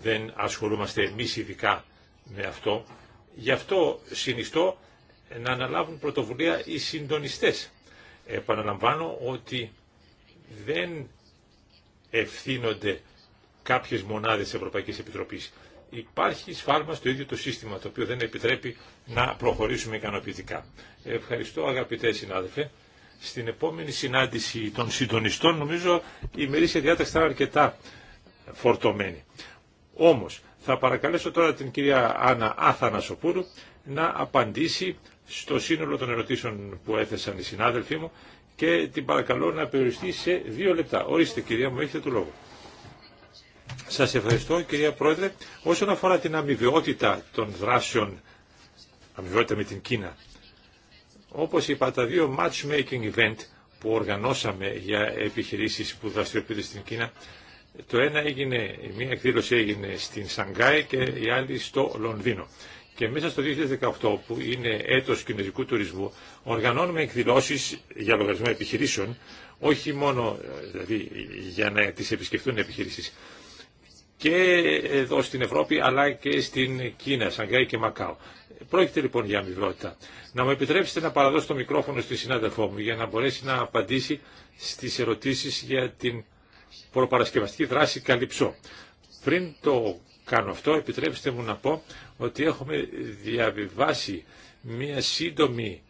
δεν ασχολούμαστε εμείς ειδικά με αυτό. Γι' αυτό συνιστώ να αναλάβουν πρωτοβουλία οι συντονιστές. Επαναλαμβάνω ότι δεν ευθύνονται κάποιες μονάδες της Ευρωπαϊκής Επιτροπής. Υπάρχει σφάλμα στο ίδιο το σύστημα, το οποίο δεν επιτρέπει να προχωρήσουμε ικανοποιητικά. Ευχαριστώ αγαπητέ συνάδελφε. Στην επόμενη συνάντηση των συντονιστών νομίζω η μερίσια διάταξη θα είναι αρκετά φορτωμένη. Όμως θα παρακαλέσω τώρα την κυρία Άννα Άθανασοπούλου να απαντήσει στο σύνολο των ερωτήσεων που έθεσαν οι συνάδελφοί μου και την παρακαλώ να περιοριστεί σε δύο λεπτά. Ορίστε κυρία μου, έχετε το λόγο. Σας ευχαριστώ κυρία Πρόεδρε. Όσον αφορά την αμοιβαιότητα των δράσεων, αμοιβαιότητα με την Κίνα, όπως είπα τα δύο matchmaking event που οργανώσαμε για επιχειρήσεις που δραστηριοποιούνται στην Κίνα, το ένα έγινε, μία εκδήλωση έγινε στην Σανγκάη και η άλλη στο Λονδίνο. Και μέσα στο 2018, που είναι έτος κινέζικου τουρισμού, οργανώνουμε εκδηλώσεις για λογαριασμό επιχειρήσεων, όχι μόνο ε, δηλαδή, για να τις επισκεφτούν επιχειρήσεις, και εδώ στην Ευρώπη, αλλά και στην Κίνα, Σανγκάη και Μακάο. Πρόκειται λοιπόν για αμοιβότητα. Να μου επιτρέψετε να παραδώσω το μικρόφωνο στη συνάδελφό μου για να μπορέσει να απαντήσει στις ερωτήσεις για την προπαρασκευαστική δράση καλυψώ. Πριν το κάνω αυτό, επιτρέψτε μου να πω ότι έχουμε διαβιβάσει μία σύντομη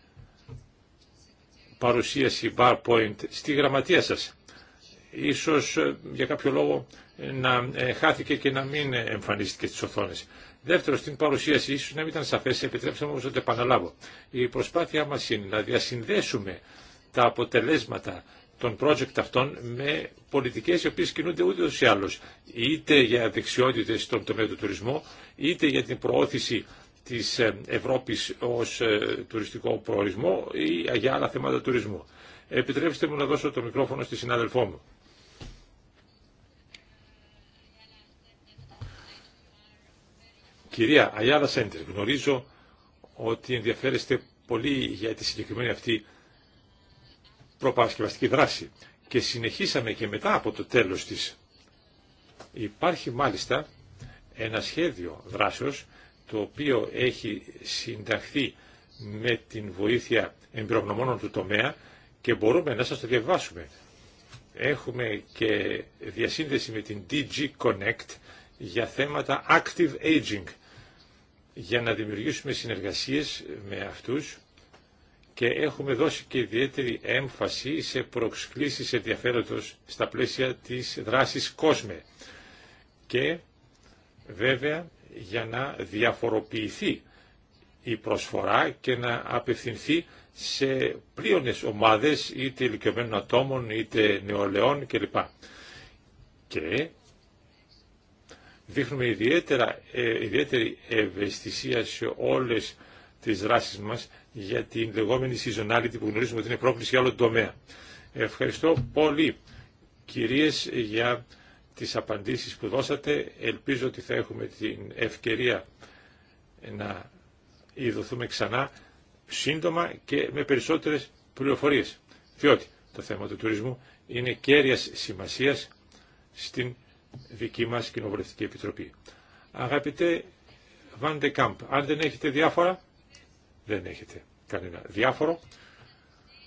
παρουσίαση PowerPoint στη γραμματεία σας. Ίσως ε, για κάποιο λόγο να ε, χάθηκε και να μην εμφανίστηκε στις οθόνες. Δεύτερο, στην παρουσίαση ίσως να μην ήταν σαφές, επιτρέψτε μου όμως να το επαναλάβω. Η προσπάθειά μας είναι να διασυνδέσουμε τα αποτελέσματα των project αυτών με πολιτικές οι οποίες κινούνται ούτε ούτε ή άλλως, είτε για δεξιότητες στον τομέα του τουρισμού, είτε για την προώθηση της ε, Ευρώπης ως ε, τουριστικό προορισμό ή για άλλα θέματα τουρισμού. Επιτρέψτε μου να δώσω το μικρόφωνο στη συνάδελφό μου. Κυρία Αγιάδα Σέντερ, γνωρίζω ότι ενδιαφέρεστε πολύ για τη συγκεκριμένη αυτή προπαρασκευαστική δράση και συνεχίσαμε και μετά από το τέλος της. Υπάρχει μάλιστα ένα σχέδιο δράσεως το οποίο έχει συνταχθεί με την βοήθεια εμπειρογνωμόνων του τομέα και μπορούμε να σας το διαβάσουμε. Έχουμε και διασύνδεση με την DG Connect για θέματα active aging για να δημιουργήσουμε συνεργασίες με αυτούς και έχουμε δώσει και ιδιαίτερη έμφαση σε προσκλήσεις ενδιαφέροντος στα πλαίσια της δράσης κόσμε. Και βέβαια για να διαφοροποιηθεί η προσφορά και να απευθυνθεί σε πλήρωνες ομάδες είτε ηλικιωμένων ατόμων είτε νεολαιών κλπ. Και δείχνουμε ιδιαίτερα, ε, ιδιαίτερη ευαισθησία σε όλες τις δράσεις μας για την λεγόμενη seasonality που γνωρίζουμε ότι είναι πρόκληση για όλο τον τομέα. Ευχαριστώ πολύ κυρίες για τις απαντήσεις που δώσατε. Ελπίζω ότι θα έχουμε την ευκαιρία να ειδωθούμε ξανά σύντομα και με περισσότερες πληροφορίες. Διότι το θέμα του τουρισμού είναι κέρια σημασίας στην δική μας Κοινοβουλευτική Επιτροπή. Αγαπητέ Βάντε Κάμπ, αν δεν έχετε διάφορα, δεν έχετε κανένα διάφορο.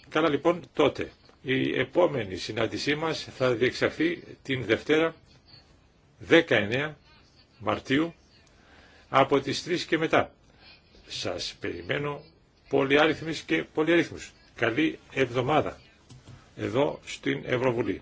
Καλά λοιπόν τότε. Η επόμενη συνάντησή μας θα διεξαχθεί την Δευτέρα 19 Μαρτίου από τις 3 και μετά. Σας περιμένω πολυάριθμους και πολυαριθμούς. Καλή εβδομάδα εδώ στην Ευρωβουλή.